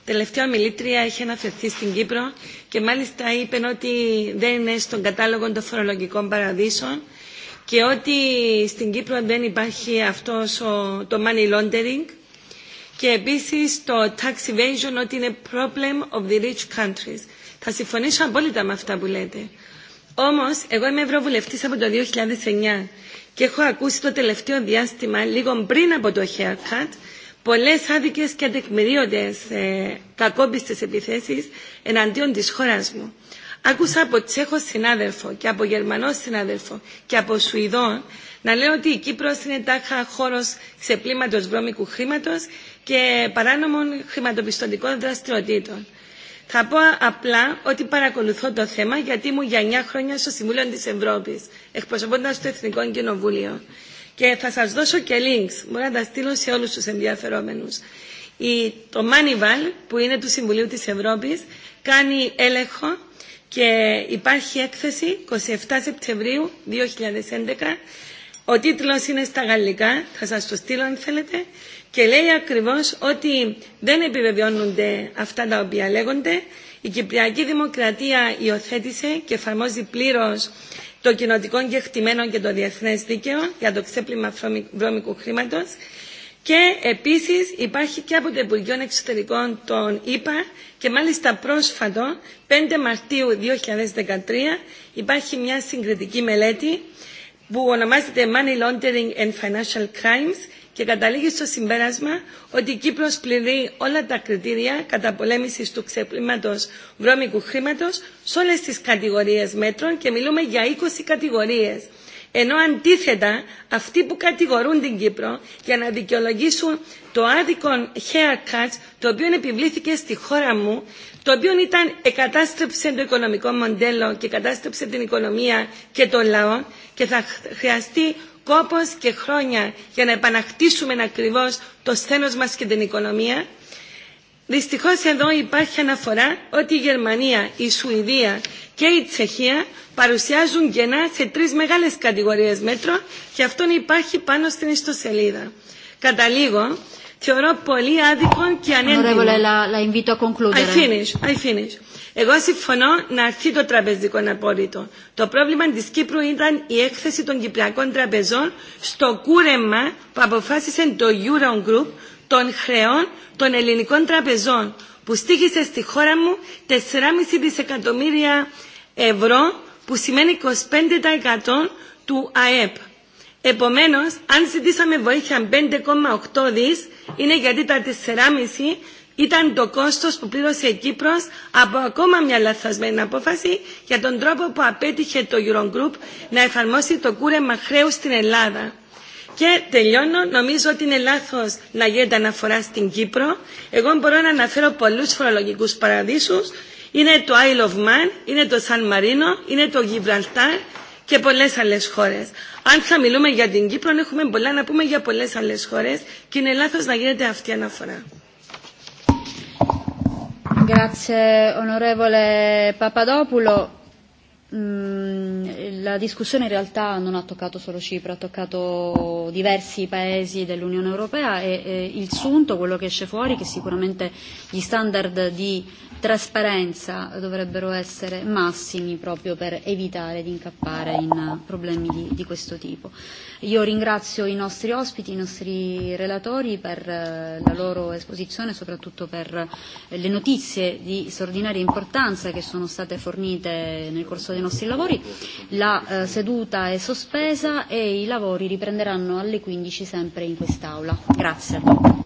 τελευταία ομιλήτρια είχε αναφερθεί στην Κύπρο και μάλιστα είπε ότι δεν είναι στον κατάλογο των φορολογικών παραδείσων και ότι στην Κύπρο δεν υπάρχει αυτό το money laundering και επίση το tax evasion ότι είναι problem of the rich countries. Θα συμφωνήσω απόλυτα με αυτά που λέτε. Όμω, εγώ είμαι Ευρωβουλευτή από το 2009 και έχω ακούσει το τελευταίο διάστημα, λίγο πριν από το haircut, πολλέ άδικε και ατεκμηρίωτε ε, κακόπιστες επιθέσεις εναντίον τη χώρα μου. Άκουσα από Τσέχο συνάδελφο και από Γερμανό συνάδελφο και από Σουηδό να λένε ότι η Κύπρος είναι τάχα χώρος ξεπλήματος βρώμικου χρήματος και παράνομων χρηματοπιστωτικών δραστηριοτήτων. Θα πω απλά ότι παρακολουθώ το θέμα γιατί ήμουν για 9 χρόνια στο Συμβούλιο της Ευρώπης, εκπροσωπώντας το Εθνικό Κοινοβούλιο. Και θα σας δώσω και links, μπορώ να τα στείλω σε όλους τους ενδιαφερόμενους. Η, το Manival, που είναι του Συμβουλίου της Ευρώπης, κάνει έλεγχο και υπάρχει έκθεση 27 Σεπτεμβρίου 2011. Ο τίτλος είναι στα γαλλικά, θα σας το στείλω αν θέλετε, και λέει ακριβώς ότι δεν επιβεβαιώνονται αυτά τα οποία λέγονται. Η Κυπριακή Δημοκρατία υιοθέτησε και εφαρμόζει πλήρως το κοινοτικό κεκτημένο και το διεθνές δίκαιο για το ξέπλυμα βρώμικου χρήματος Και επίσης υπάρχει και από το Υπουργείο Εξωτερικών των ΗΠΑ και μάλιστα πρόσφατο, 5 Μαρτίου 2013, υπάρχει μια συγκριτική μελέτη που ονομάζεται Money Laundering and Financial Crimes και καταλήγει στο συμπέρασμα ότι η Κύπρος πληρεί όλα τα κριτήρια καταπολέμησης του ξεπλήματος βρώμικου χρήματος σε όλες τις κατηγορίες μέτρων και μιλούμε για 20 κατηγορίες ενώ αντίθετα αυτοί που κατηγορούν την Κύπρο για να δικαιολογήσουν το άδικο haircut το οποίο επιβλήθηκε στη χώρα μου, το οποίο ήταν εκατάστρεψε το οικονομικό μοντέλο και κατάστρεψε την οικονομία και τον λαό και θα χρειαστεί κόπος και χρόνια για να επαναχτίσουμε ακριβώς το σθένος μας και την οικονομία Δυστυχώς εδώ υπάρχει αναφορά ότι η Γερμανία, η Σουηδία και η Τσεχία παρουσιάζουν κενά σε τρεις μεγάλες κατηγορίες μέτρων και αυτό υπάρχει πάνω στην ιστοσελίδα. Καταλήγω, θεωρώ πολύ άδικο και ανέντιμο. I finish, I finish. Εγώ συμφωνώ να αρθεί το τραπεζικό απόρριτο. Το πρόβλημα τη Κύπρου ήταν η έκθεση των Κυπριακών τραπεζών στο κούρεμα που αποφάσισε το Eurogroup των χρεών των ελληνικών τραπεζών που στήχησε στη χώρα μου 4,5 δισεκατομμύρια ευρώ που σημαίνει 25% του ΑΕΠ. Επομένως, αν ζητήσαμε βοήθεια 5,8 δις, είναι γιατί τα 4,5 ήταν το κόστος που πλήρωσε η Κύπρος από ακόμα μια λαθασμένη απόφαση για τον τρόπο που απέτυχε το Eurogroup να εφαρμόσει το κούρεμα χρέους στην Ελλάδα. Και τελειώνω, νομίζω ότι είναι λάθο να γίνεται αναφορά στην Κύπρο. Εγώ μπορώ να αναφέρω πολλού φορολογικού παραδείσου. Είναι το Isle of Man, είναι το Σαν Μαρίνο, είναι το Γιβραλτάρ και πολλέ άλλε χώρε. Αν θα μιλούμε για την Κύπρο, έχουμε πολλά να πούμε για πολλέ άλλε χώρε και είναι λάθο να γίνεται αυτή η αναφορά. Grazie onorevole Papadopulo. Mm, la discussione in realtà non ha toccato solo Cipro, ha toccato diversi paesi dell'Unione Europea e, e il sunto, quello che esce fuori, che sicuramente gli standard di trasparenza dovrebbero essere massimi proprio per evitare di incappare in problemi di, di questo tipo. Io ringrazio i nostri ospiti, i nostri relatori per eh, la loro esposizione e soprattutto per eh, le notizie di straordinaria importanza che sono state fornite nel corso dei nostri lavori. La eh, seduta è sospesa e i lavori riprenderanno alle 15 sempre in quest'Aula. Grazie.